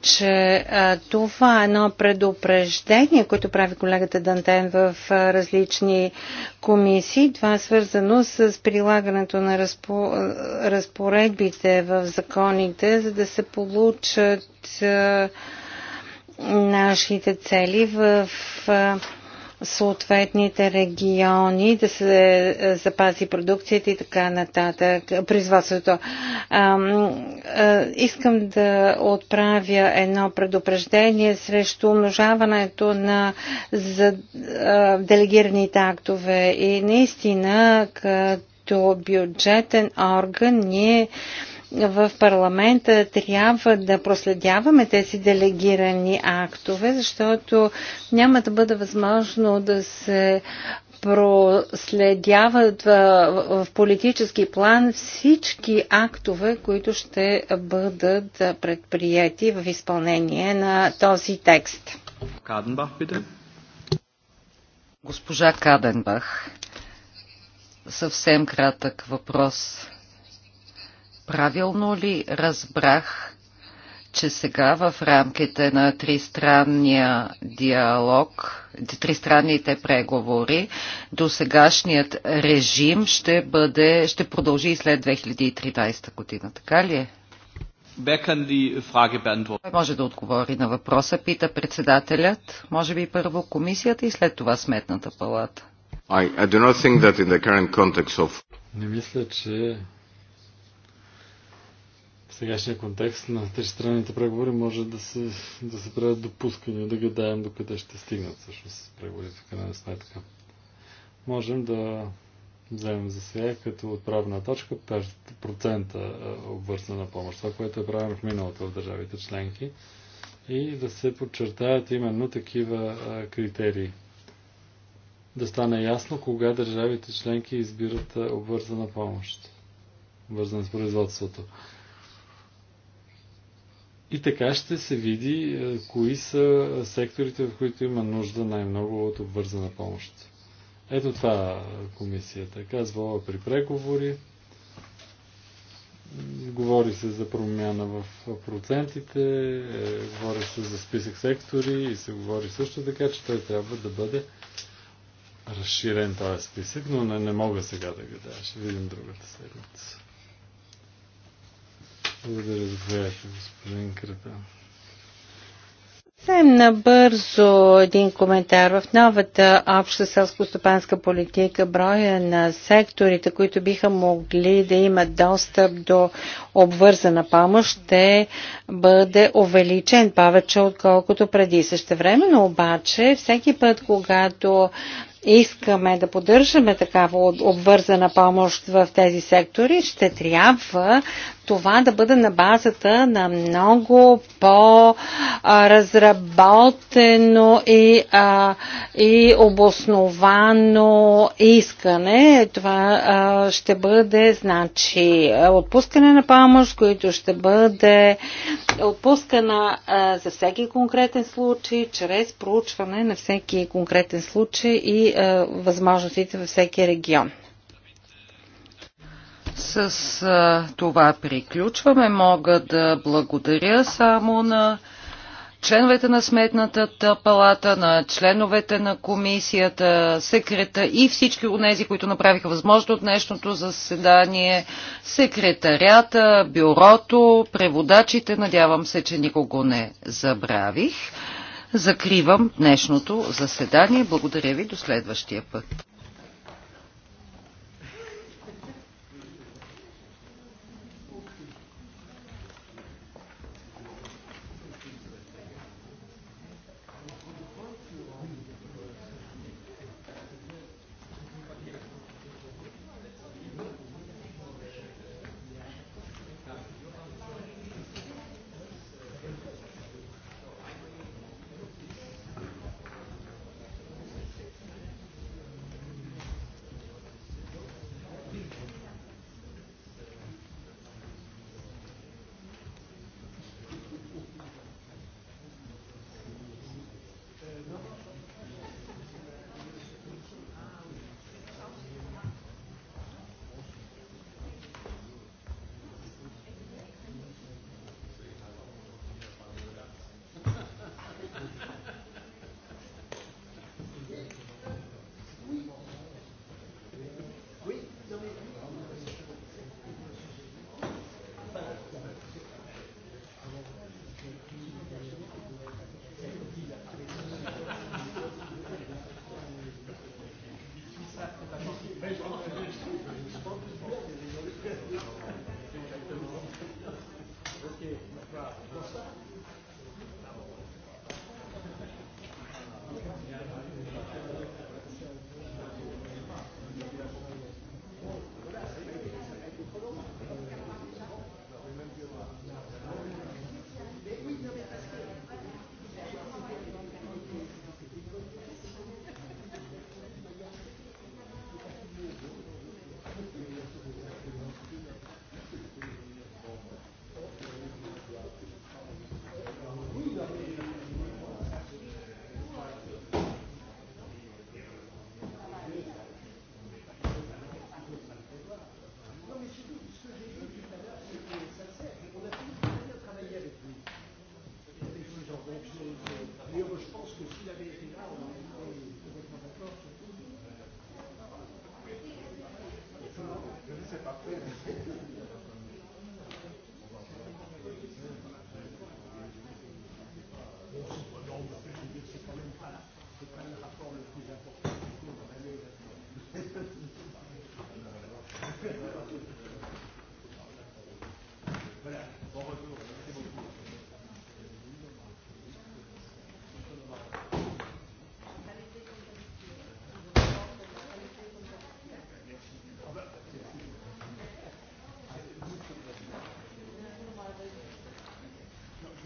Speaker 4: че това е едно предупреждение, което прави колегата Дантен в различни комисии. Това е свързано с прилагането на разпоредбите в законите, за да се получат нашите цели в съответните региони, да се е, запази продукцията и така нататък, производството. Е, искам да отправя едно предупреждение срещу умножаването на е, делегираните актове и наистина като бюджетен орган ние в парламента трябва да проследяваме тези делегирани актове, защото няма да бъде възможно да се проследяват в политически план всички актове, които ще бъдат предприяти в изпълнение на този текст.
Speaker 2: Каденбах, бите. Госпожа Каденбах, съвсем кратък въпрос. Правилно ли разбрах, че сега в рамките на тристранния диалог, тристранните преговори, до сегашният режим ще, бъде, ще продължи и след 2013 година, така ли е? Може да отговори на въпроса, пита председателят, може би първо комисията и след това сметната палата.
Speaker 1: I, I of...
Speaker 3: Не мисля, че сегашния контекст на тристранните преговори може да се, да се правят допускания, да гадаем докъде ще стигнат всъщност преговорите в крайна сметка. Можем да вземем за сега като отправна точка 5% е, обвързана помощ, това, което е правено в миналото в държавите членки и да се подчертаят именно такива е, критерии. Да стане ясно кога държавите членки избират е, обвързана помощ, вързана с производството. И така ще се види е, кои са секторите, в които има нужда най-много от обвързана помощ. Ето това комисията казва при преговори. Говори се за промяна в процентите, е, говори се за списък сектори и се говори също така, че той трябва да бъде разширен този списък, но не, не мога сега да ги дам. Ще видим другата седмица.
Speaker 1: Благодаря, заповядайте, господин Крата.
Speaker 4: Съвсем набързо един коментар. В новата обща селско-стопанска политика броя на секторите, които биха могли да имат достъп до обвързана помощ, ще бъде увеличен повече, отколкото преди. Същевременно обаче, всеки път, когато искаме да поддържаме такава обвързана помощ в тези сектори, ще трябва това да бъде на базата на много по-разработено и, а, и обосновано искане. Това а, ще бъде, значи, отпускане на помощ, които ще бъде отпускана а, за всеки конкретен случай, чрез проучване на всеки конкретен случай и а, възможностите във всеки регион.
Speaker 2: С а, това приключваме. Мога да благодаря само на членовете на Сметната палата, на членовете на комисията, секрета и всички от тези, които направиха възможно от днешното заседание, секретарята, бюрото, преводачите. Надявам се, че никого не забравих. Закривам днешното заседание. Благодаря ви до следващия път.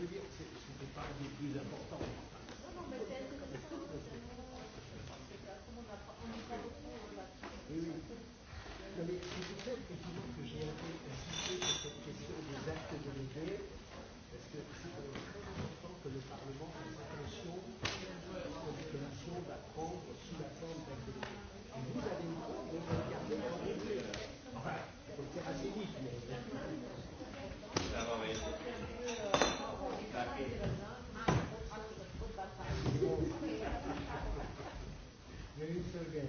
Speaker 1: veux dire, ce n'était pas des plus importants. Oui, oui. Non, mais c'est peut-être effectivement que j'ai un peu sur cette question des actes délégués, parce que c'est très important que le Parlement fasse attention aux déclarations à prendre sous la forme d'un délégués. Et vous avez le droit de regarder en revue. Enfin, il faut le faire assez vite, mais. Non, non, mais... Сергей.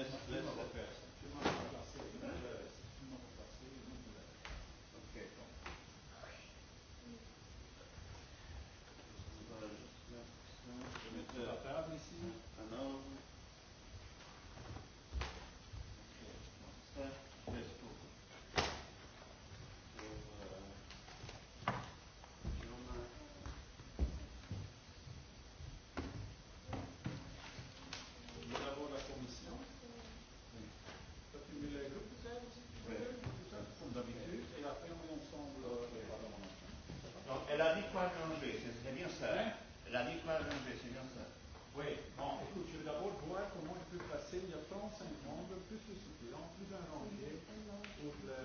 Speaker 1: laisse, laisse le faire. Elle a dit quoi changer, c'est bien ça. Hein? Elle a dit quoi changer, c'est bien ça. Oui, bon, écoute, je vais d'abord voir comment on peut passer. Il y a 35 membres, plus le suppléant, plus un rangé pour le.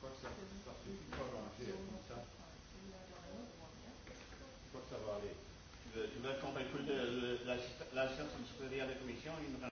Speaker 1: Quoi que ça ça suffit pas ranger comme ça. Quoi que ça va aller. Tu veux qu'on convaincre l'assistance supérieure de la commission